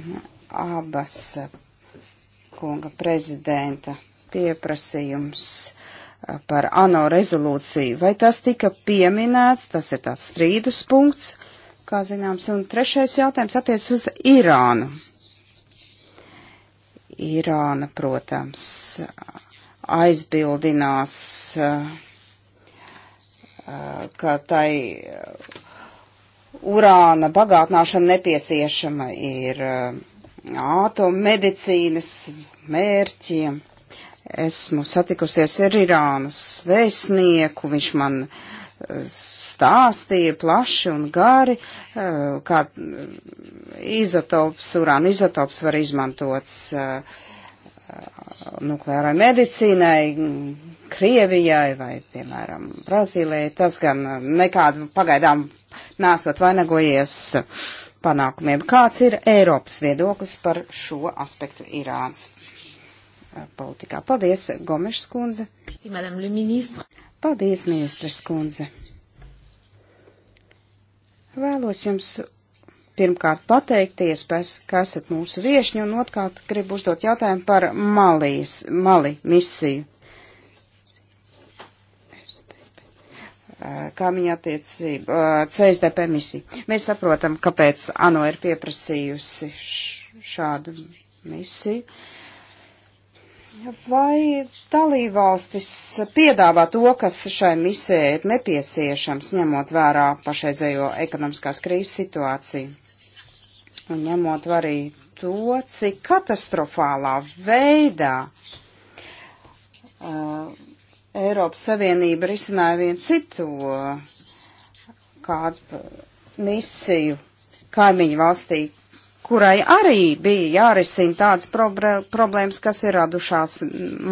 abas kunga prezidenta pieprasījums eh, par ANO rezolūciju, vai tas tika pieminēts, tas ir tāds strīdus punkts, kā zināms, un trešais jautājums attiec uz Irānu. Irāna, protams, aizbildinās, ka tai urāna bagātināšana nepieciešama ir ātommedicīnas mērķiem. Esmu satikusies ar Irānas vēstnieku, viņš man stāstīja plaši un gari, kā izotops, urāna izotops var izmantots uh, nukleārai medicīnai, Krievijai vai, piemēram, Brazīlijai. Tas gan uh, nekādu pagaidām nesot vainagojies panākumiem. Kāds ir Eiropas viedoklis par šo aspektu Irānas uh, politikā? Paldies, Gomešs kundze. Paldies, ministrs kundze. Vēlos jums pirmkārt pateikties, pēc, ka esat mūsu viešņi, un otrkārt gribu uzdot jautājumu par Malijas, Mali misiju. Eh, Kāmiņa attiecība, eh, CSDP misija. Mēs saprotam, kāpēc ANO ir pieprasījusi šādu misiju. Vai dalībvalstis piedāvā to, kas šai misē ir nepieciešams, ņemot vērā pašreizējo ekonomiskās krīzes situāciju? Un nu, ņemot arī to, cik katastrofālā veidā uh, Eiropas Savienība risināja vienu citu uh, kādu misiju kaimiņu valstī, kurai arī bija jārisina tādas problēmas, kas ir radušās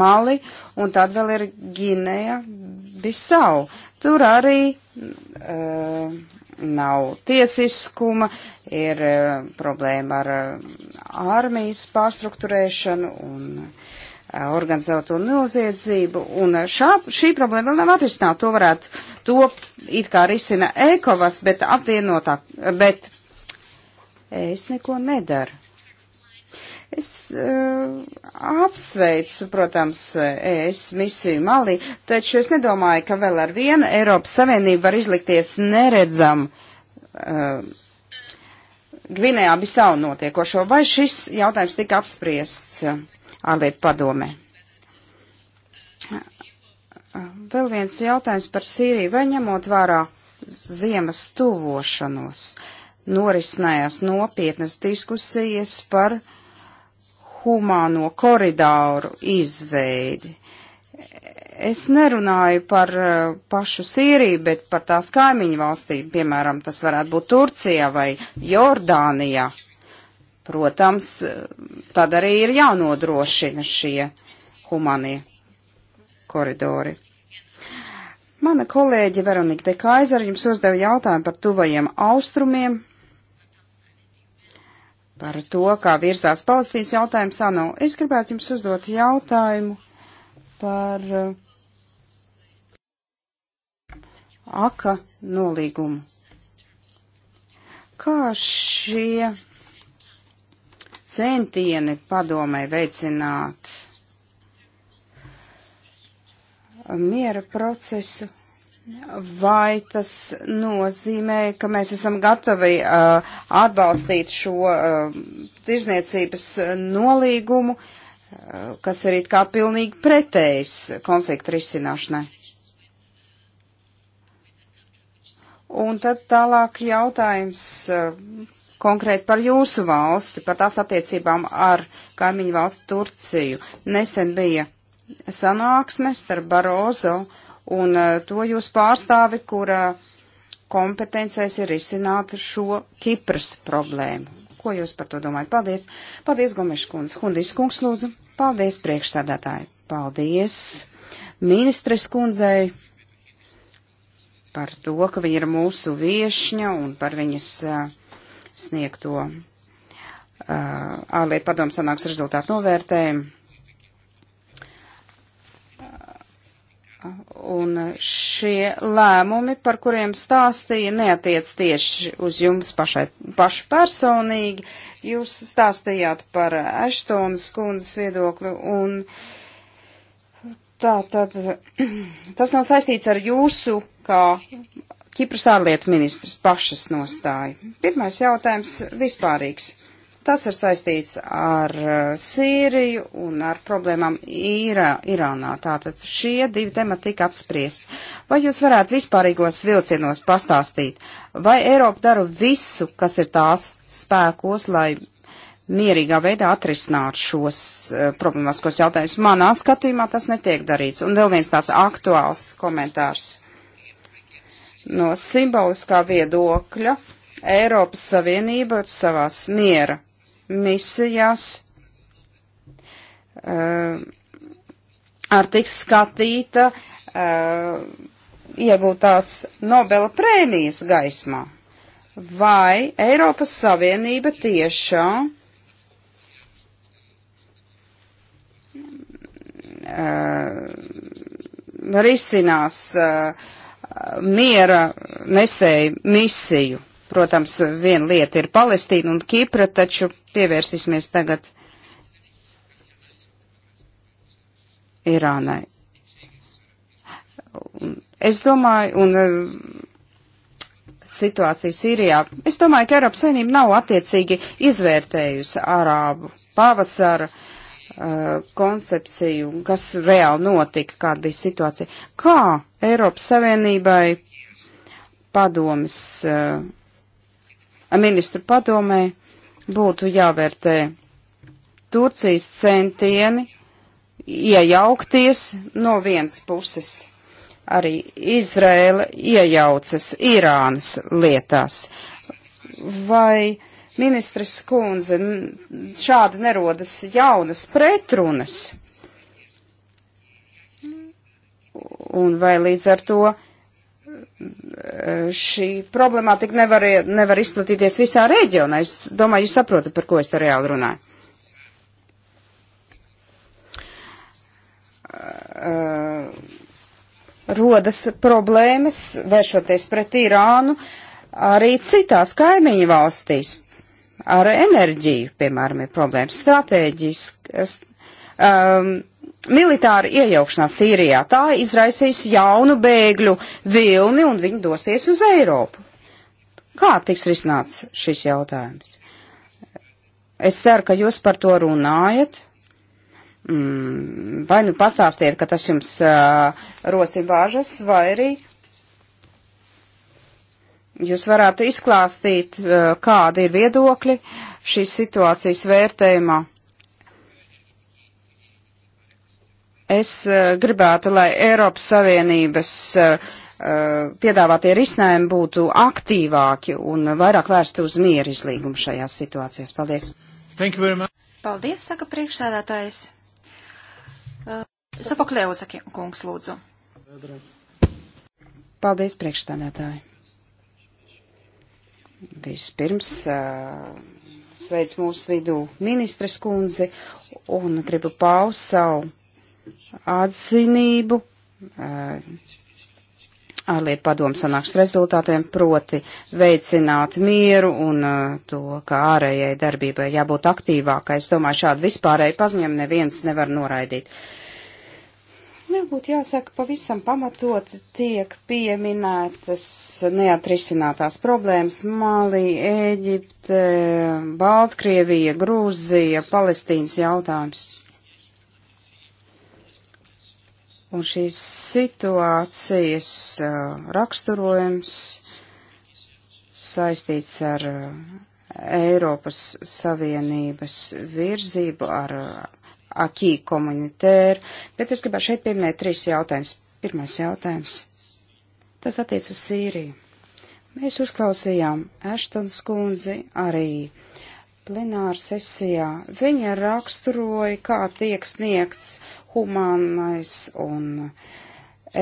Mali, un tad vēl ir Gineja Bisau. Tur arī uh, nav tiesiskuma, ir e, problēma ar e, armijas pārstruktūrēšanu un e, organizēto noziedzību, un šā, šī problēma vēl nav atrisināta. To varētu, to it kā risina ekovas, bet apvienotā, bet es neko nedaru. Es uh, apsveicu, protams, ES misiju Malī, taču es nedomāju, ka vēl ar vienu Eiropas Savienību var izlikties neredzam uh, Gvinējā Bisau notiekošo. Vai šis jautājums tika apspriests eh, ārlietu padomē? Vēl viens jautājums par Sīriju. Vai ņemot vērā ziemas tuvošanos, norisinājās nopietnas diskusijas par humāno koridoru izveidi. Es nerunāju par uh, pašu Sīriju, bet par tās kaimiņu valstīm, piemēram, tas varētu būt Turcija vai Jordānijā. Protams, uh, tad arī ir jānodrošina šie humanie koridori. Mana kolēģe Veronika Dekaizer jums uzdeva jautājumu par tuvajiem austrumiem par to, kā virzās Palestīnas jautājums ANO. Es gribētu jums uzdot jautājumu par eh, aka nolīgumu. Kā šie centieni padomē veicināt miera procesu Vai tas nozīmē, ka mēs esam gatavi uh, atbalstīt šo uh, tirzniecības nolīgumu, uh, kas ir it kā pilnīgi pretējs konflikta risināšanai? Un tad tālāk jautājums uh, konkrēti par jūsu valsti, par tās attiecībām ar kaimiņu valsts Turciju. Nesen bija sanāksme starp Barozo. Uh, un eh, to jūs pārstāvi, kura kompetencēs ir izsināt šo Kipras problēmu. Ko jūs par to domājat? Paldies! Paldies, Gomeša kundze! Hundis kungs, lūdzu! Paldies, priekšstādātāji! Paldies ministres kundzei par to, ka viņa ir mūsu viešņa un par viņas eh, sniegto eh, ārlietu padomu sanāks rezultātu novērtējumu. Un šie lēmumi, par kuriem stāstīja, neatiec tieši uz jums pašai, pašu personīgi. Jūs stāstījāt par Eštonas kundzes viedokli un tā tad tas nav saistīts ar jūsu kā Kipras ārlietu ministrs pašas nostāju. Pirmais jautājums vispārīgs. Tas ir saistīts ar eh, Sīriju un ar problēmām Īrā, Irānā. Tātad šie divi temati tika apspriesti. Vai jūs varētu vispārīgos vilcienos pastāstīt, vai Eiropa dara visu, kas ir tās spēkos, lai mierīgā veidā atrisināt šos uh, problemātiskos jautājumus. Manā skatījumā tas netiek darīts. Un vēl viens tās aktuāls komentārs. No simboliskā viedokļa Eiropas Savienība savās miera misijās uh, ar tiks skatīta uh, iegūtās Nobela prēmijas gaismā. Vai Eiropas Savienība tiešām uh, risinās uh, miera nesēju misiju. Protams, viena lieta ir Palestīna un Kipra, taču pievērsīsimies tagad Irānai. Es domāju, un e, situācija Sīrijā, es domāju, ka Eiropas Savienība nav attiecīgi izvērtējusi arābu pavasara uh, koncepciju, kas reāli notika, kāda bija situācija. Kā Eiropas Savienībai padomis, uh, ministru padomē, būtu jāvērtē Turcijas centieni iejaukties no vienas puses. Arī Izraela iejaucas Irānas lietās. Vai ministres kundze šādi nerodas jaunas pretrunas? Un vai līdz ar to šī problemātika nevar, nevar izplatīties visā reģionā. Es domāju, jūs saprotat, par ko es te reāli runāju. Eh, rodas problēmas, vēršoties pret Irānu, arī citās kaimiņu valstīs. Ar enerģiju, piemēram, ir problēmas stratēģiski. Um, militāra iejaukšanās Sīrijā. Tā izraisīs jaunu bēgļu vilni un viņi dosies uz Eiropu. Kā tiks risināts šis jautājums? Es ceru, ka jūs par to runājat. Mm, vai nu pastāstiet, ka tas jums uh, rocina bāžas, vai arī jūs varētu izklāstīt, uh, kādi ir viedokļi šīs situācijas vērtējumā. Es eh, gribētu, lai Eiropas Savienības eh, eh, piedāvātie risinājumi būtu aktīvāki un vairāk vērsti uz mieru izlīgumu šajās situācijās. Paldies! Paldies, saka priekšsēdētājs. Sopoklēvus, kungs, lūdzu. Paldies, priekšstādātāji. Vispirms sveic mūsu vidū ministres kundzi un gribu paust savu atzinību eh, ārlietu padomu sanāks rezultātiem, proti veicināt mieru un eh, to, ka ārējai darbībai jābūt aktīvākai. Es domāju, šādu vispārēju paziņojumu neviens nevar noraidīt. Varbūt jāsaka, pavisam pamatot tiek pieminētas neatrisinātās problēmas Malī, Ēģipte, Baltkrievija, Grūzija, Palestīnas jautājums. Un šīs situācijas uh, raksturojums saistīts ar uh, Eiropas Savienības virzību, ar uh, akī komunitēru, bet es gribētu šeit pieminēt trīs jautājumus. Pirmais jautājums. Tas attiec uz Sīriju. Mēs uzklausījām Ashtons kundzi arī uh, plenāra sesijā. Viņa raksturoja, kā tiek sniegts humānais un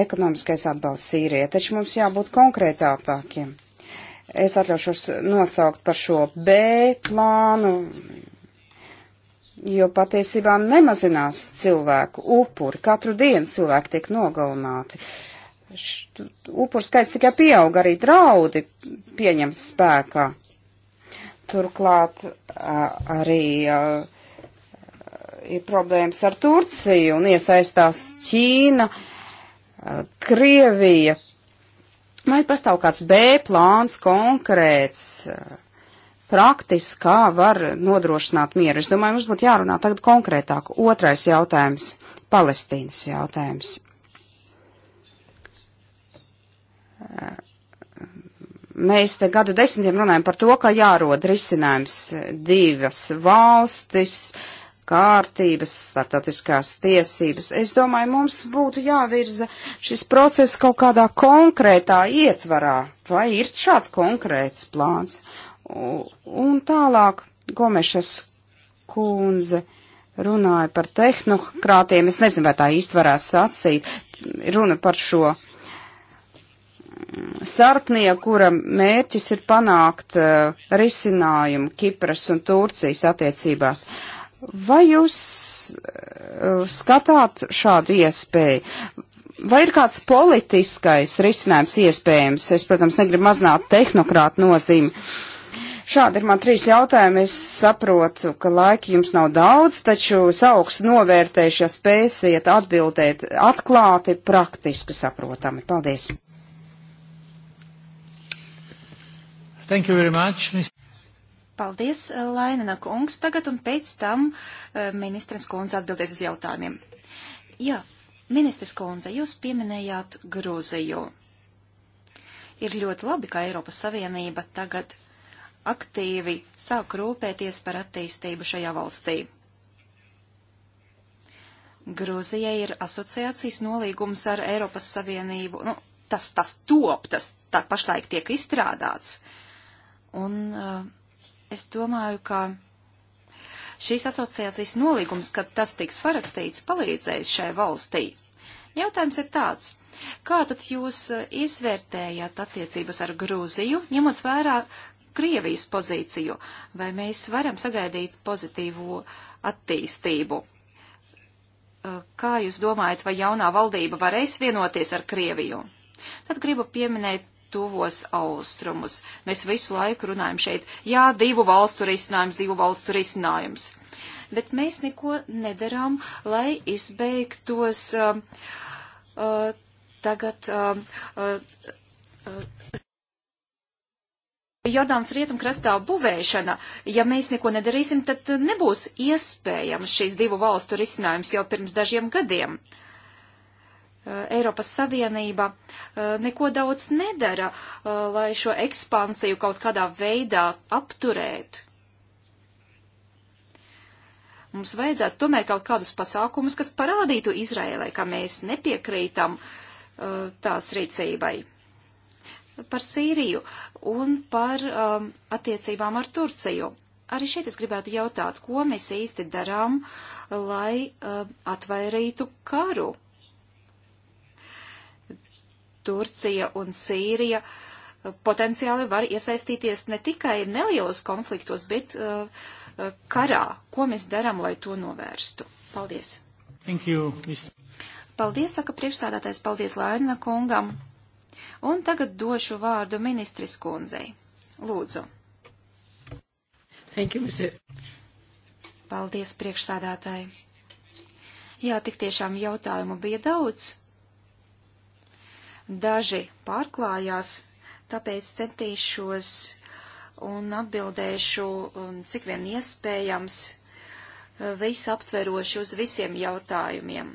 ekonomiskais atbalsts Sīrijai, taču mums jābūt konkrētākiem. Es atļaušos nosaukt par šo B plānu, jo patiesībā nemazinās cilvēku upuri. Katru dienu cilvēki tiek nogalināti. Upuru skaits tikai pieaug, arī draudi pieņems spēkā. Turklāt arī ir problēmas ar Turciju un iesaistās Ķīna, Krievija. Vai pastāv kāds B plāns konkrēts, praktiski, kā var nodrošināt mieru? Es domāju, mums būtu jārunā tagad konkrētāk. Otrais jautājums - Palestīnas jautājums Mēs te gadu desmitiem runājam par to, ka jārod risinājums eh, divas valstis, kārtības, startautiskās tiesības. Es domāju, mums būtu jāvirza šis process kaut kādā konkrētā ietvarā, vai ir šāds konkrēts plāns. Un tālāk Gomešas kundze runāja par tehnokrātiem. Es nezinu, vai tā īsti varētu sacīt. Runa par šo starpnieku, kura mērķis ir panākt uh, risinājumu Kipras un Turcijas attiecībās. Vai jūs uh, skatāt šādu iespēju? Vai ir kāds politiskais risinājums iespējams? Es, protams, negribu mazināt tehnokrātu nozīmi. Šādi ir man trīs jautājumi. Es saprotu, ka laika jums nav daudz, taču es augstu novērtēšu, ja spēsiet atbildēt atklāti, praktiski saprotami. Paldies! Thank you very much, Mr. Paldies, Lainina kungs, tagad un pēc tam eh, ministres kundze atbildēs uz jautājumiem. Jā, ministres kundze, jūs pieminējāt Grūziju. Ir ļoti labi, ka Eiropas Savienība tagad aktīvi sāk rūpēties par attīstību šajā valstī. Grūzijai ir asociācijas nolīgums ar Eiropas Savienību. Nu, tas, tas top, tas tā pašlaik tiek izstrādāts. Uh, Un uh, es domāju, ka šīs asociācijas nolīgums, kad tas tiks parakstīts, palīdzēs šai valstī. Jautājums ir tāds. Kā tad jūs eh, izvērtējat attiecības ar Grūziju, ņemot vērā Krievijas pozīciju? Vai mēs varam sagaidīt pozitīvu attīstību? Eh, kā jūs domājat, vai jaunā valdība varēs vienoties ar Krieviju? Tad gribu pieminēt tuvos austrumus. Mēs visu laiku runājam šeit, jā, divu valstu risinājums, divu valstu risinājums. Bet mēs neko nedarām, lai izbeigtos uh, uh, tagad. Uh, uh, uh, Jordānas rietumkrastā būvēšana, ja mēs neko nedarīsim, tad nebūs iespējams šīs divu valstu risinājums jau pirms dažiem gadiem. Uh, Eh, Eiropas Savienība eh, neko daudz nedara, eh, lai šo ekspansiju kaut kādā veidā apturētu. Mums vajadzētu tomēr kaut kādus pasākumus, kas parādītu Izraēlai, ka mēs nepiekrītam tās rīcībai par Sīriju un par um, attiecībām ar Turciju. Arī šeit es gribētu jautāt, ko mēs īsti darām, lai uh, atvairītu karu Turcija un Sīrija eh, potenciāli var iesaistīties ne tikai nelielos konfliktos, bet uh, karā. Ko mēs darām, lai to novērstu? Paldies! Thank you, Mr. Paldies, saka priekšstādātais, paldies Laina kungam. Un tagad došu vārdu ministris kundzei. Lūdzu. Thank you, Mr. Paldies, priekšsādātāji. Jā, tik tiešām jautājumu bija daudz. Daži pārklājās, tāpēc centīšos un atbildēšu, um, cik vien iespējams, uh, visaptveroši uz visiem jautājumiem.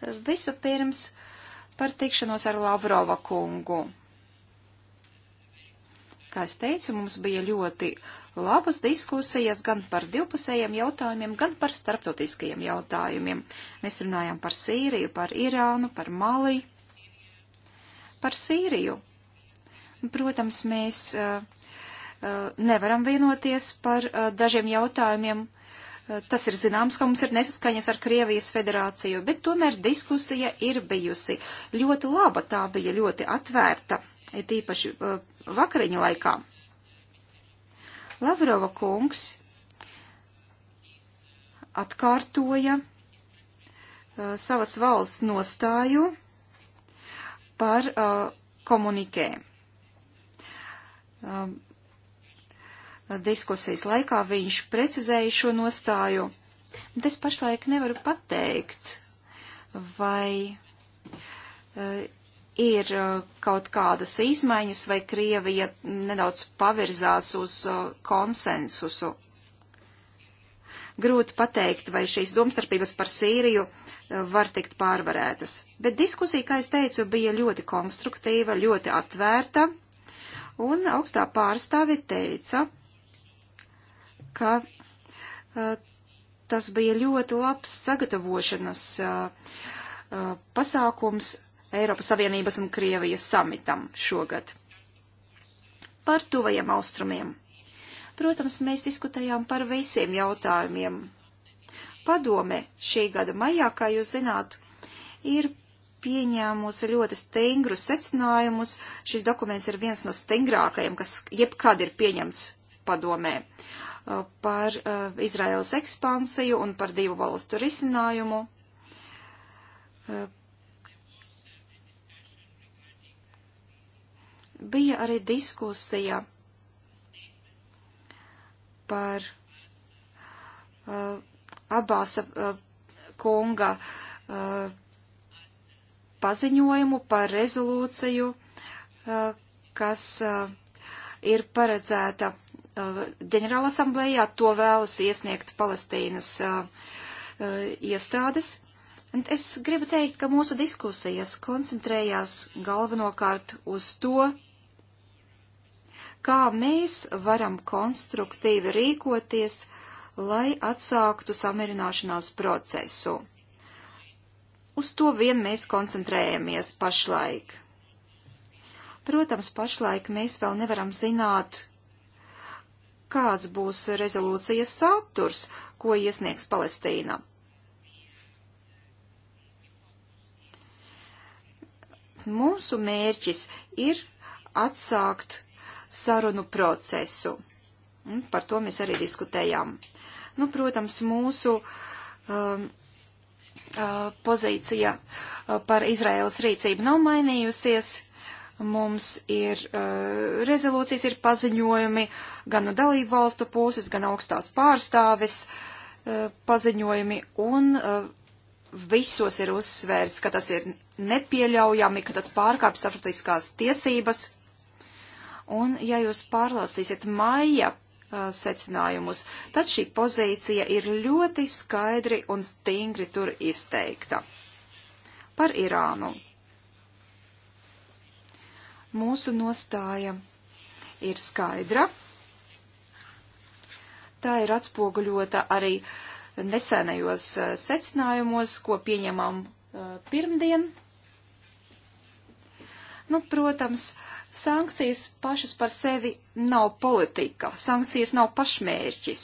Uh, visu pirms par tikšanos ar Lavrova kungu. Kā es teicu, mums bija ļoti labas diskusijas gan par divpusējiem jautājumiem, gan par starptautiskajiem jautājumiem. Mēs runājam par Sīriju, par Irānu, par Mali, par Sīriju. Protams, mēs uh, nevaram vienoties par uh, dažiem jautājumiem. Uh, tas ir zināms, ka mums ir nesaskaņas ar Krievijas federāciju, bet tomēr diskusija ir bijusi ļoti laba, tā bija ļoti atvērta, it īpaši vakariņu laikā. Lavrova kungs atkārtoja uh, savas valsts nostāju par uh, komunikē. Uh, diskusijas laikā viņš precizēja šo nostāju, bet es pašlaik nevaru pateikt, vai uh, ir uh, kaut kādas izmaiņas, vai Krievija nedaudz pavirzās uz uh, konsensusu. Grūti pateikt, vai šīs domstarpības par Sīriju uh, var tikt pārvarētas. Bet diskusija, kā es teicu, bija ļoti konstruktīva, ļoti atvērta, un augstā pārstāvi teica, ka tas bija ļoti labs sagatavošanas pasākums Eiropas Savienības un Krievijas samitam šogad. Par tuvajiem austrumiem. Protams, mēs diskutējām par visiem jautājumiem. Padome šī gada maijā, kā jūs zināt, ir pieņēmusi ļoti stingrus secinājumus. Šis dokuments ir viens no stingrākajiem, kas jebkad ir pieņemts padomē uh, par uh, Izraēlas ekspansiju un par divu valstu risinājumu. Uh, Bija arī diskusija par uh, Abāsa uh, kunga uh, paziņojumu par rezolūciju, uh, kas uh, ir paredzēta uh, ģenerāla asamblējā, to vēlas iesniegt Palestīnas uh, uh, iestādes. Un es gribu teikt, ka mūsu diskusijas koncentrējās galvenokārt uz to, kā mēs varam konstruktīvi rīkoties, lai atsāktu samierināšanās procesu. Uz to vien mēs koncentrējamies pašlaik. Protams, pašlaik mēs vēl nevaram zināt, kāds būs rezolūcijas saturs, ko iesniegs Palestīna. Mūsu mērķis ir atsākt sarunu procesu. Un par to mēs arī diskutējām. Nu, protams, mūsu um, uh, pozīcija uh, par Izraēlas rīcību nav mainījusies. Mums ir uh, rezolūcijas, ir paziņojumi gan no dalību valstu puses, gan augstās pārstāves uh, paziņojumi, un uh, visos ir uzsvērts, ka tas ir nepieļaujami, ka tas pārkāpj starptautiskās tiesības, Un, ja jūs pārlasīsiet maija uh, secinājumus, tad šī pozīcija ir ļoti skaidri un stingri tur izteikta. Par Irānu. Mūsu nostāja ir skaidra. Tā ir atspoguļota arī nesenajos uh, secinājumos, ko pieņemam uh, pirmdien. Nu, protams, uh, Sankcijas pašas par sevi nav politika, sankcijas nav pašmērķis,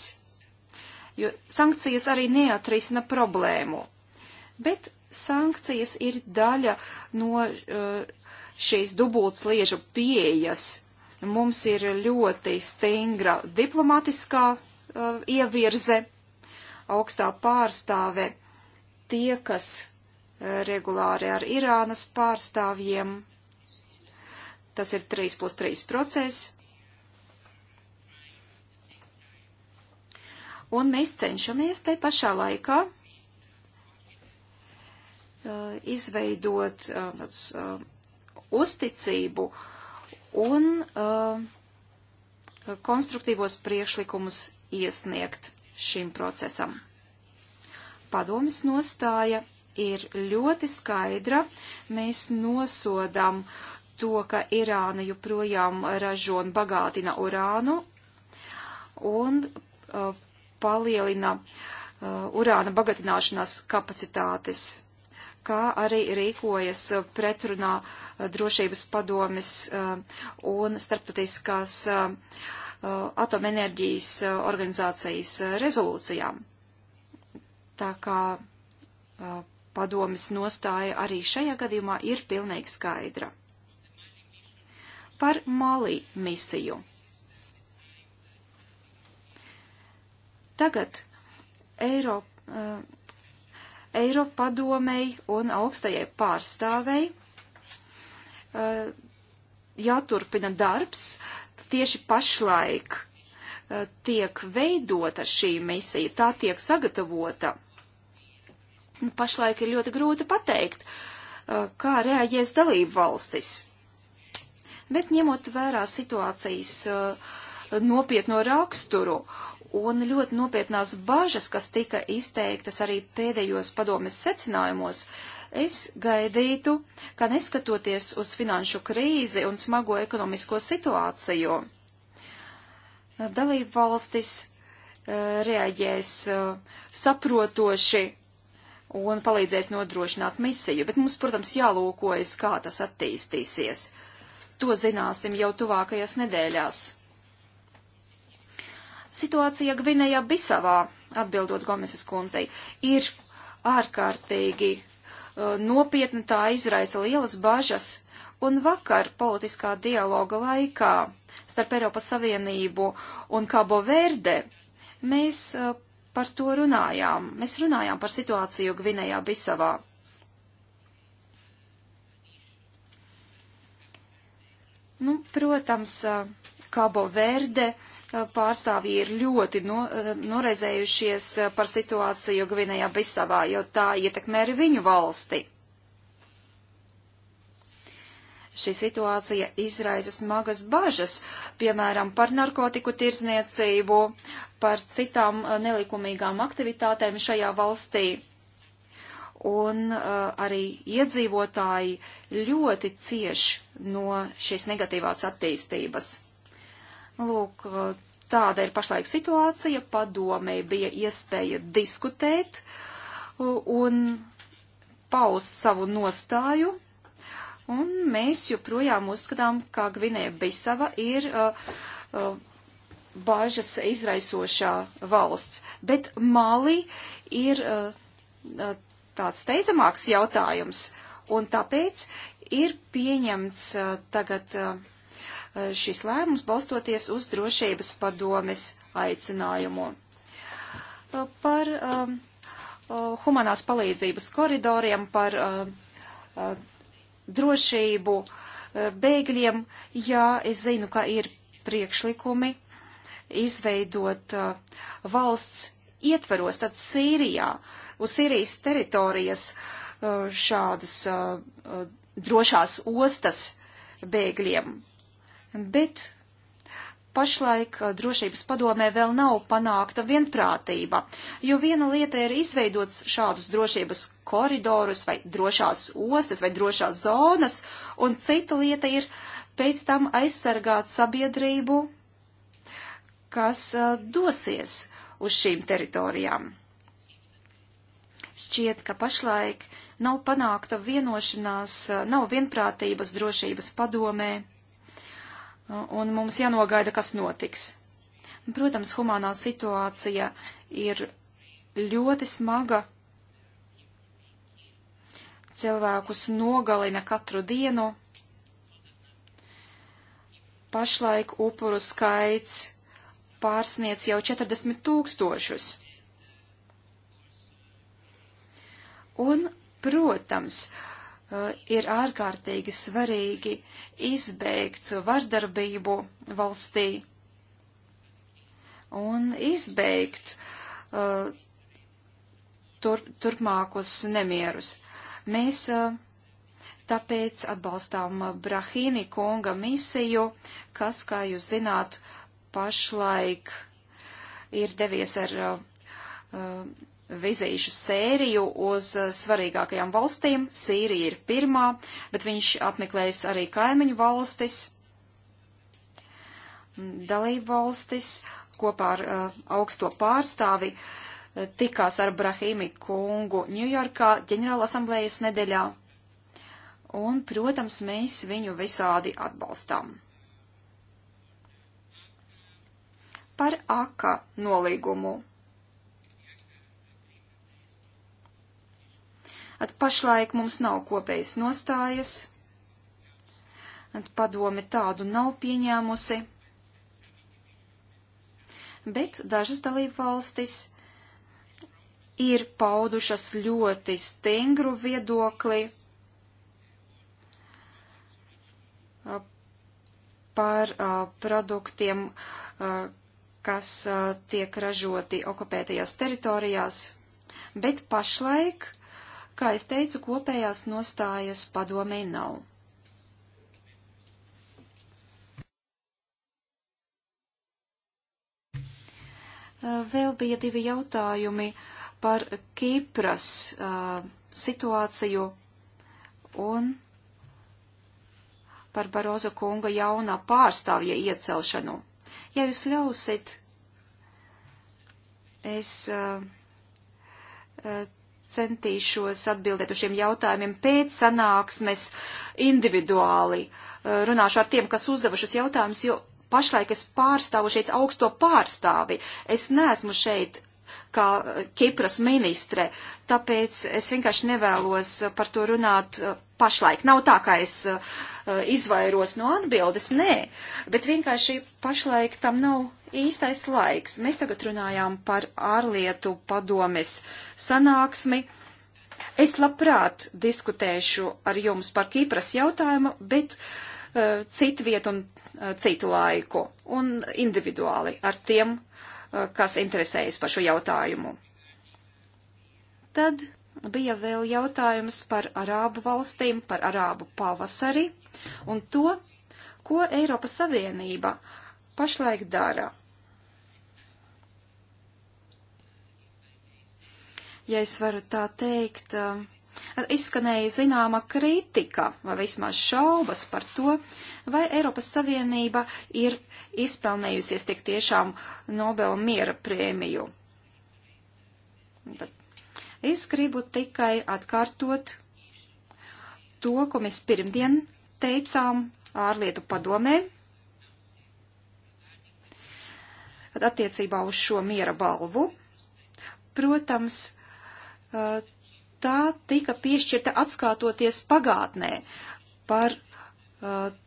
jo sankcijas arī neatrisina problēmu. Bet sankcijas ir daļa no uh, šīs dubultsliežu pieejas. Mums ir ļoti stingra diplomatiskā uh, ievirze, augstā pārstāve tie, kas uh, regulāri ar Irānas pārstāvjiem Tas ir 3 plus 3 process. Un mēs cenšamies te pašā laikā uh, izveidot uh, uh, uzticību un uh, konstruktīvos priekšlikumus iesniegt šim procesam. Padomis nostāja ir ļoti skaidra. Mēs nosodam uh, to, ka Irāna joprojām ražo un bagātina urānu un uh, palielina uh, urāna bagatināšanas kapacitātes, kā arī rīkojas uh, pretrunā drošības padomes uh, un starptautiskās uh, uh, atomenerģijas organizācijas rezolūcijām. Tā kā padomes nostāja arī šajā gadījumā ir pilnīgi skaidra par Mali misiju. Tagad Eiropa, uh, Eiropa padomei un augstajai pārstāvei uh, jāturpina darbs. Tieši pašlaik uh, tiek veidota šī misija, tā tiek sagatavota. Pašlaik ir ļoti grūti pateikt, kā reaģēs dalību valstis bet ņemot vērā situācijas uh, nopietno raksturu un ļoti nopietnās bažas, kas tika izteiktas arī pēdējos padomes secinājumos, es gaidītu, ka neskatoties uz finanšu krīzi un smago ekonomisko situāciju, dalību valstis uh, reaģēs uh, saprotoši un palīdzēs nodrošināt misiju, bet mums, protams, jālūkojas, kā tas attīstīsies to zināsim jau tuvākajās nedēļās. Situācija Gvinējā Bisavā, atbildot Gomeses kundzei, ir ārkārtīgi uh, nopietna, tā izraisa lielas bažas, un vakar politiskā dialoga laikā starp Eiropas Savienību un Kabo Verde mēs uh, par to runājām. Mēs runājām par situāciju Gvinējā Bisavā. Nu, protams, Kabo Verde pārstāvji ir ļoti no, noraizējušies par situāciju Gvinējā Bisavā, jo tā ietekmē arī viņu valsti. Šī situācija izraisa smagas bažas, piemēram, par narkotiku tirzniecību, par citām nelikumīgām aktivitātēm šajā valstī un uh, arī iedzīvotāji ļoti cieš no šīs negatīvās attīstības. Lūk, uh, tāda ir pašlaik situācija. Padomē bija iespēja diskutēt uh, un paust savu nostāju. Un mēs joprojām uzskatām, ka Gvinēja Bisava ir uh, uh, bažas izraisošā valsts, bet Mali ir uh, uh tāds steidzamāks jautājums, un tāpēc ir pieņemts tagad šis lēmums balstoties uz drošības padomes aicinājumu. Par um, humanās palīdzības koridoriem, par um, drošību bēgļiem, jā, es zinu, ka ir priekšlikumi izveidot uh, valsts ietveros, tad Sīrijā, uz Sīrijas teritorijas uh, šādas uh, uh, drošās ostas bēgļiem. Bet pašlaik drošības padomē vēl nav panākta vienprātība, jo viena lieta ir izveidot šādus drošības koridorus vai drošās ostas vai drošās zonas, un cita lieta ir pēc tam aizsargāt sabiedrību, kas dosies uz šīm teritorijām. Šķiet, ka pašlaik nav panākta vienošanās, eh, nav vienprātības drošības padomē, eh, un mums jānogaida, kas notiks. Protams, humanā situācija ir ļoti smaga. Cilvēkus nogalina katru dienu. Pašlaik upuru skaits pārsniec jau 40 tūkstošus. Un, protams, eh, ir ārkārtīgi svarīgi izbeigt vardarbību valstī un izbeigt uh, tur, turpmākus nemierus. Mēs uh, tāpēc atbalstām Brahīni kunga misiju, kas, kā jūs zināt, uh, pašlaik ir devies ar uh, uh vizīšu sēriju uz uh, svarīgākajām valstīm. Sīrija ir pirmā, bet viņš apmeklējis arī kaimiņu valstis, dalību valstis, kopā ar uh, augsto pārstāvi uh, tikās ar Brahīmi kungu Ņujorkā ģenerāla asamblējas nedēļā. Un, protams, mēs viņu visādi atbalstām. par AKA nolīgumu. At pašlaik mums nav kopējas nostājas, at padome tādu nav pieņēmusi, bet dažas dalību valstis ir paudušas ļoti stingru viedokli uh, par uh, produktiem, uh, kas tiek ražoti okupētajās teritorijās, bet pašlaik, kā es teicu, kopējās nostājas padomē nav. Vēl bija divi jautājumi par Kīpras uh, situāciju un par Barozo kunga jaunā pārstāvja iecelšanu. Ja jūs ļausit, es uh, uh, centīšos atbildēt uz šiem jautājumiem pēc sanāksmes individuāli. Eh, runāšu ar tiem, kas uzdeva šos jautājumus, jo pašlaik es pārstāvu šeit augsto pārstāvi. Es neesmu šeit kā Kipras ministre, tāpēc es vienkārši nevēlos par to runāt pašlaik. Nav tā, ka es uh, Uh, izvairos no atbildes, nē, bet vienkārši pašlaik tam nav īstais laiks. Mēs tagad runājām par ārlietu padomes sanāksmi. Es labprāt diskutēšu ar jums par Kīpras jautājumu, bet uh, citu vietu un uh, citu laiku un individuāli ar tiem, uh, kas interesējas par šo jautājumu. Tad bija vēl jautājums par Arābu valstīm, par Arābu pavasari un to, ko Eiropas Savienība pašlaik dara. Ja es varu tā teikt, eh, izskanēja zināma kritika vai vismaz šaubas par to, vai Eiropas Savienība ir izpelnējusies tik tiešām Nobel miera prēmiju. Bet es gribu tikai atkārtot to, ko mēs pirmdien teicām ārlietu padomē attiecībā uz šo miera balvu. Protams, tā tika piešķirta atskatoties pagātnē par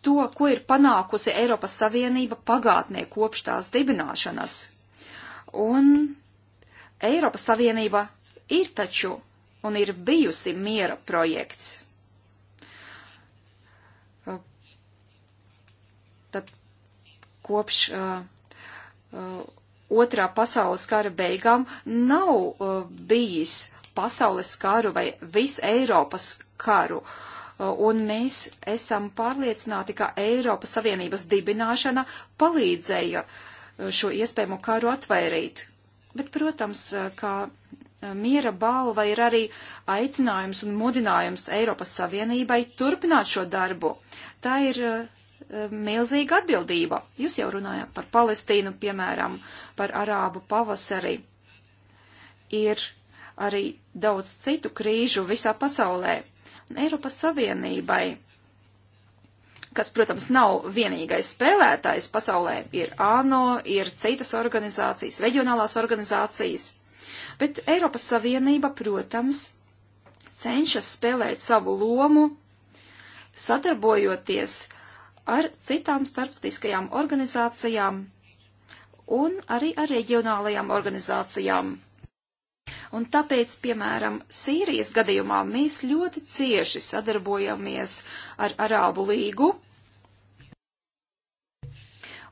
to, ko ir panākusi Eiropas Savienība pagātnē kopš tās dibināšanas. Un Eiropas Savienība ir taču un ir bijusi miera projekts. kopš uh, uh, otrā pasaules kara beigām nav uh, bijis pasaules karu vai visu Eiropas karu. Un mēs esam pārliecināti, ka Eiropas Savienības dibināšana palīdzēja šo iespējamo karu atvairīt. Bet, protams, kā Miera balva ir arī aicinājums un mudinājums Eiropas Savienībai turpināt šo darbu. Tā ir Eh, milzīga atbildība. Jūs jau runājāt par Palestīnu, piemēram, par Arābu pavasari. Ir arī daudz citu krīžu visā pasaulē. Un Eiropas Savienībai, kas, protams, nav vienīgais spēlētājs pasaulē, ir ANO, ir citas organizācijas, reģionālās organizācijas, bet Eiropas Savienība, protams, cenšas spēlēt savu lomu, sadarbojoties ar citām starptautiskajām organizācijām un arī ar reģionālajām organizācijām. Un tāpēc, piemēram, Sīrijas gadījumā mēs ļoti cieši sadarbojamies ar Arābu līgu,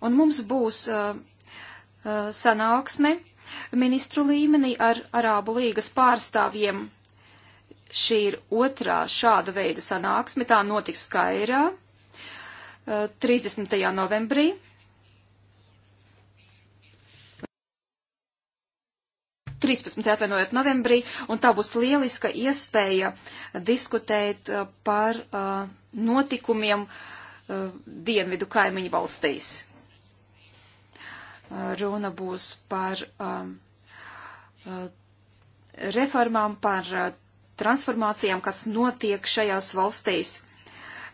un mums būs uh, uh, sanāksme ministru līmenī ar Arābu līgas pārstāvjiem. Šī ir otrā šāda veida sanāksme, tā notiks Kairā 30. novembrī. atvainojiet, novembrī, un tā būs lieliska iespēja diskutēt uh, par uh, notikumiem uh, dienvidu kaimiņu valstīs. Runa būs par um, reformām, par transformācijām, kas notiek šajās valstīs.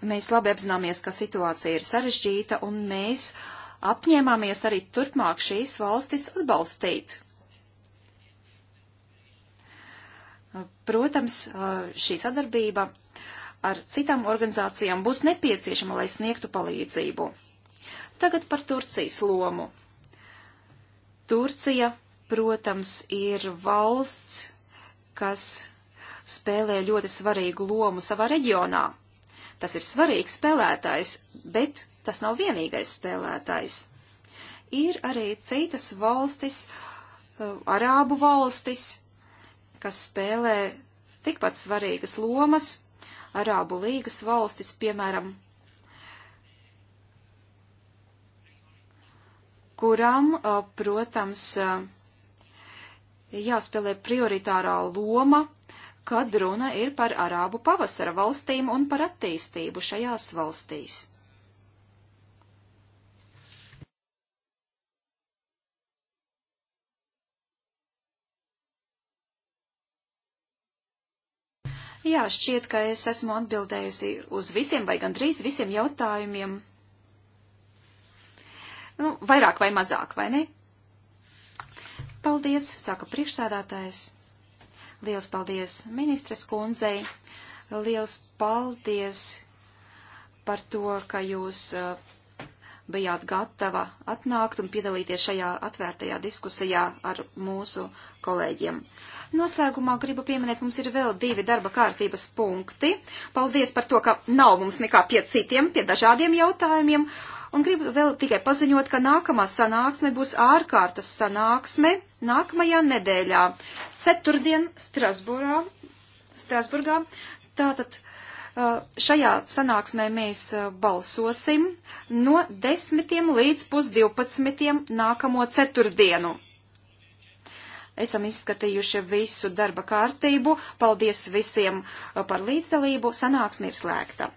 Mēs labi apzināmies, ka situācija ir sarežģīta, un mēs apņēmāmies arī turpmāk šīs valstis atbalstīt. Protams, šī sadarbība ar citām organizācijām būs nepieciešama, lai sniegtu palīdzību. Tagad par Turcijas lomu. Turcija, protams, ir valsts, kas spēlē ļoti svarīgu lomu savā reģionā. Tas ir svarīgs spēlētājs, bet tas nav vienīgais spēlētājs. Ir arī citas valstis, uh, arābu valstis, kas spēlē tikpat svarīgas lomas, arābu līgas valstis, piemēram, kuram, uh, protams, uh, jāspēlē prioritārā loma kad runa ir par arābu pavasara valstīm un par attīstību šajās valstīs. Jā, šķiet, ka es esmu atbildējusi uz visiem vai gandrīz visiem jautājumiem. Nu, vairāk vai mazāk, vai ne? Paldies, saka priekšsēdātājs. Liels paldies ministres kundzei, liels paldies par to, ka jūs uh, bijāt gatava atnākt un piedalīties šajā atvērtajā diskusijā ar mūsu kolēģiem. Noslēgumā gribu pieminēt, mums ir vēl divi darba kārtības punkti. Paldies par to, ka nav mums nekā pie citiem, pie dažādiem jautājumiem. Un gribu vēl tikai paziņot, ka nākamā sanāksme būs ārkārtas sanāksme nākamajā nedēļā, ceturtdien Strasburā, Strasburgā. Tātad šajā sanāksmē mēs balsosim no desmitiem līdz pusdivpadsmitiem nākamo ceturtdienu. Esam izskatījuši visu darba kārtību. Paldies visiem par līdzdalību. Sanāksme ir slēgta.